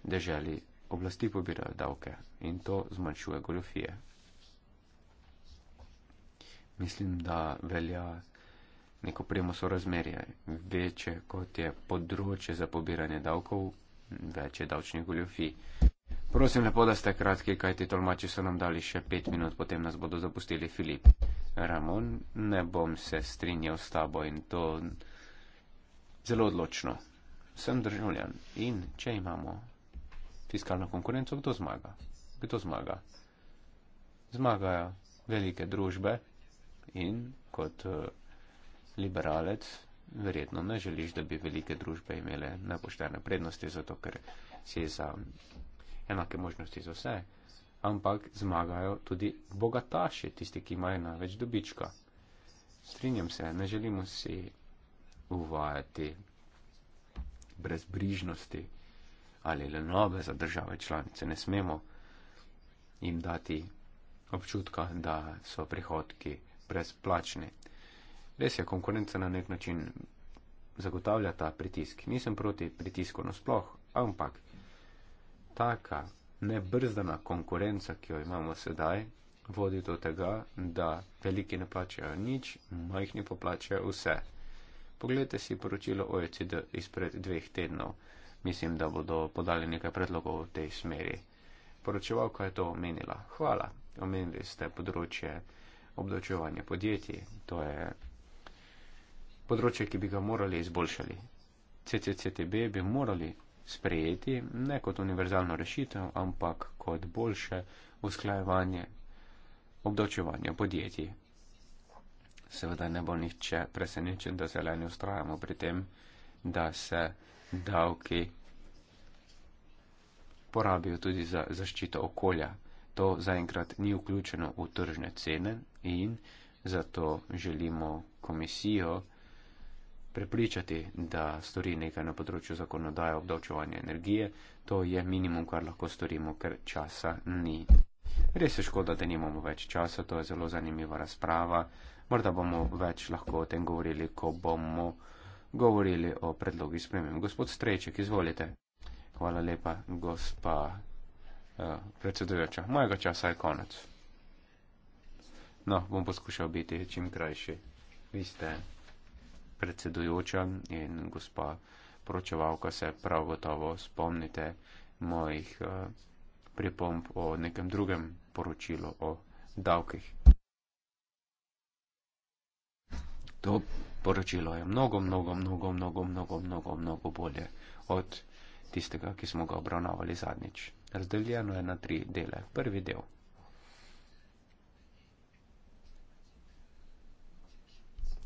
deželi oblasti pobirajo davke in to zmanjšuje goljofije. Mislim, da velja neko premo sorazmerje. Večje kot je področje za pobiranje davkov, več je davčnih goljofij. Prosim lepo, da ste kratki, kajti tolmači so nam dali še pet minut, potem nas bodo zapustili Filip. Ramon, ne bom se strinjal s tabo in to zelo odločno. Sem državljan in če imamo fiskalno konkurenco, kdo zmaga? Kdo zmaga? Zmagajo velike družbe in kot eh, liberalec, verjetno ne želiš, da bi velike družbe imele nepoštene prednosti, zato ker si za enake možnosti za vse, ampak zmagajo tudi bogataši, tisti, ki imajo največ dobička. Strinjam se, ne želimo si uvajati brezbrižnosti ali lenobe za države članice. Ne smemo jim dati občutka, da so prihodki brezplačni. Res je, konkurenca na nek način zagotavlja ta pritisk. Nisem proti pritisku nasploh, ampak taka nebrzdana konkurenca, ki jo imamo sedaj, vodi do tega, da veliki ne plačajo nič, majhni pa plačajo vse. Poglejte si poročilo OECD izpred dveh tednov. Mislim, da bodo podali nekaj predlogov v tej smeri. Poročevalka je to omenila. Hvala. Omenili ste področje obdočevanja podjetij. To je področje, ki bi ga morali izboljšali. CCCTB bi morali sprejeti ne kot univerzalno rešitev, ampak kot boljše usklajevanje obdočevanja podjetij. Seveda ne bo nihče presenečen, da zeleni ustrajamo pri tem, da se davki porabijo tudi za zaščito okolja. To zaenkrat ni vključeno v tržne cene in zato želimo komisijo prepričati, da stori nekaj na področju zakonodaje obdavčovanja energije. To je minimum, kar lahko storimo, ker časa ni. Res je škoda, da nimamo več časa, to je zelo zanimiva razprava. Morda bomo več lahko o tem govorili, ko bomo govorili o predlogi spremem. Gospod Strejček, izvolite. Hvala lepa, gospa uh, predsedujoča. Mojega časa je konec. No, bom poskušal biti čim krajši. Vi ste predsedujoča in gospa poročevalka se prav gotovo spomnite mojih eh, pripomp o nekem drugem poročilu o davkih. To poročilo je mnogo, mnogo, mnogo, mnogo, mnogo, mnogo, mnogo bolje od tistega, ki smo ga obravnavali zadnjič. Razdeljeno je na tri dele. Prvi del.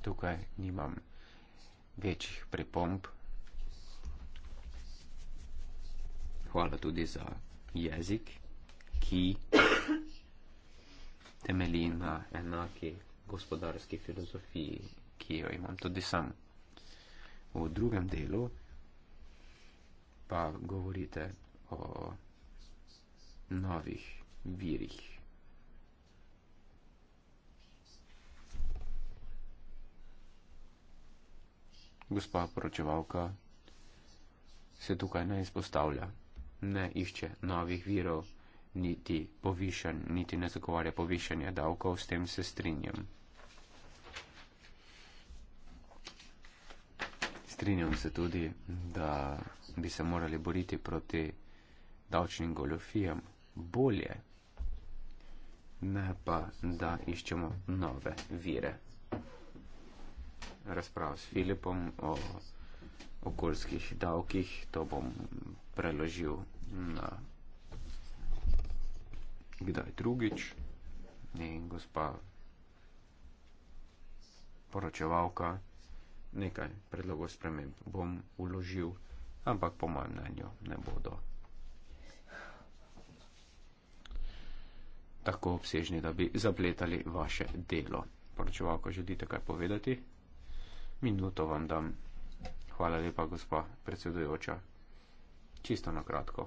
Tukaj nimam večjih pripomb. Hvala tudi za jezik, ki temelji na enaki gospodarski filozofiji, ki jo imam tudi sam. V drugem delu pa govorite o novih virih. gospa poročevalka se tukaj ne izpostavlja, ne išče novih virov, niti povišen, niti ne zagovarja povišanja davkov, s tem se strinjam. Strinjam se tudi, da bi se morali boriti proti davčnim goljofijam bolje, ne pa da iščemo nove vire razprav s Filipom o okoljskih davkih. To bom preložil na kdaj drugič. In gospa poročevalka, nekaj predlogov sprememb bom uložil, ampak po mojem mnenju ne bodo. Tako obsežni, da bi zapletali vaše delo. Poročevalko, želite kaj povedati? minuto vam dam. Hvala lepa, gospa predsedujoča. Čisto na kratko.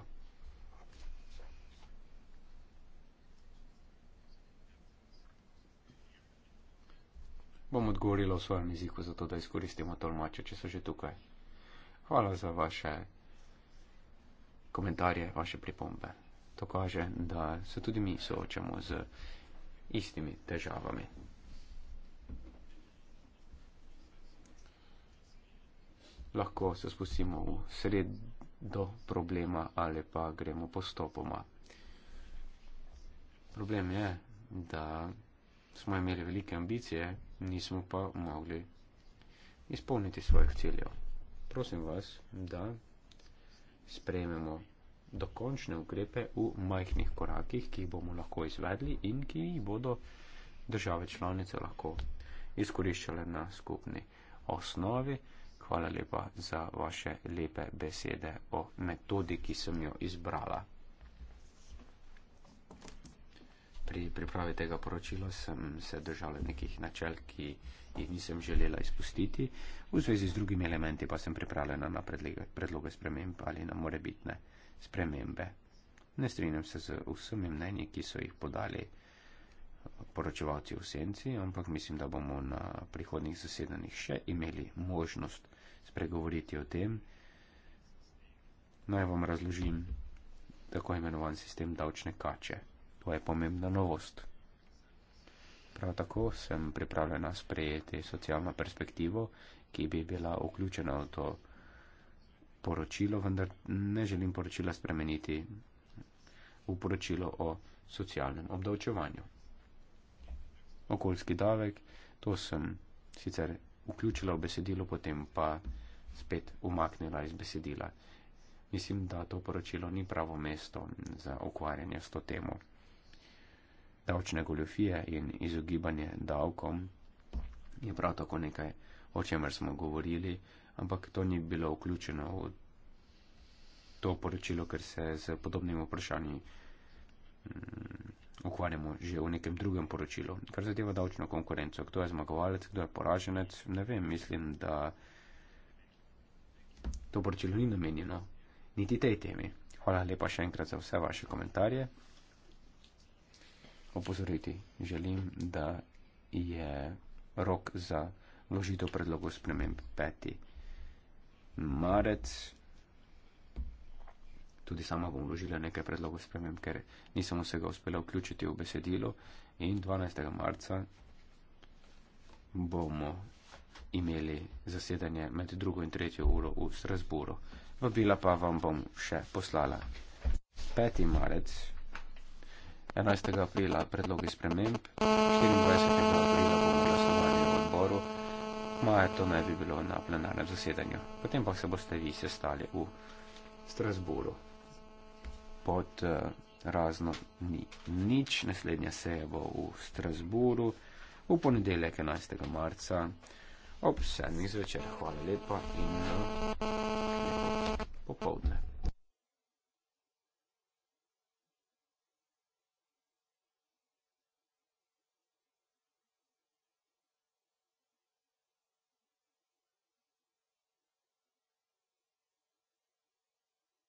Bom odgovorila v svojem jeziku, zato da izkoristimo tolmače, če so že tukaj. Hvala za vaše komentarje, vaše pripombe. To kaže, da se tudi mi soočamo z istimi težavami. lahko se spustimo v sred do problema ali pa gremo postopoma. Problem je, da smo imeli velike ambicije, nismo pa mogli izpolniti svojih ciljev. Prosim vas, da sprejmemo dokončne ukrepe v majhnih korakih, ki jih bomo lahko izvedli in ki jih bodo države članice lahko izkoriščale na skupni osnovi hvala lepa za vaše lepe besede o metodi, ki sem jo izbrala. Pri pripravi tega poročila sem se držala nekih načel, ki jih nisem želela izpustiti. V zvezi z drugimi elementi pa sem pripravljena na predloge sprememb ali na morebitne spremembe. Ne strinjam se z vsemi mnenji, ki so jih podali poročevalci v senci, ampak mislim, da bomo na prihodnih zasedanjih še imeli možnost pregovoriti o tem. Naj vam razložim tako imenovan sistem davčne kače. To je pomembna novost. Prav tako sem pripravljena sprejeti socialno perspektivo, ki bi bila vključena v to poročilo, vendar ne želim poročila spremeniti v poročilo o socialnem obdavčevanju. Okoljski davek, to sem sicer vključila v besedilo, potem pa spet umaknila iz besedila. Mislim, da to poročilo ni pravo mesto za ukvarjanje s to temo. Davčne goljofije in izogibanje davkom je prav tako nekaj, o čemer smo govorili, ampak to ni bilo vključeno v to poročilo, ker se z podobnimi vprašanji mm, ukvarjamo že v nekem drugem poročilu. Kar zadeva davčno konkurenco, kdo je zmagovalec, kdo je poraženec, ne vem, mislim, da. To poročilo ni namenjeno niti tej temi. Hvala lepa še enkrat za vse vaše komentarje. Opozoriti želim, da je rok za vložitev predlogov sprememb 5. marec. Tudi sama bom vložila nekaj predlogov sprememb, ker nisem vsega uspela vključiti v besedilo. In 12. marca bomo imeli zasedanje med drugo in tretjo uro v Strasburu. Vabila pa vam bom še poslala. 5. marec, 11. aprila predlogi sprememb, 24. aprila bomo glasovali v odboru, maja to naj bi bilo na plenarnem zasedanju. Potem pa se boste vi sestali v Strasburu. Pod uh, razno ni nič, naslednja seja bo v Strasburu, v ponedeljek 11. marca ob sedmih zvečer. Hvala lepa in eh, lepo popovdne.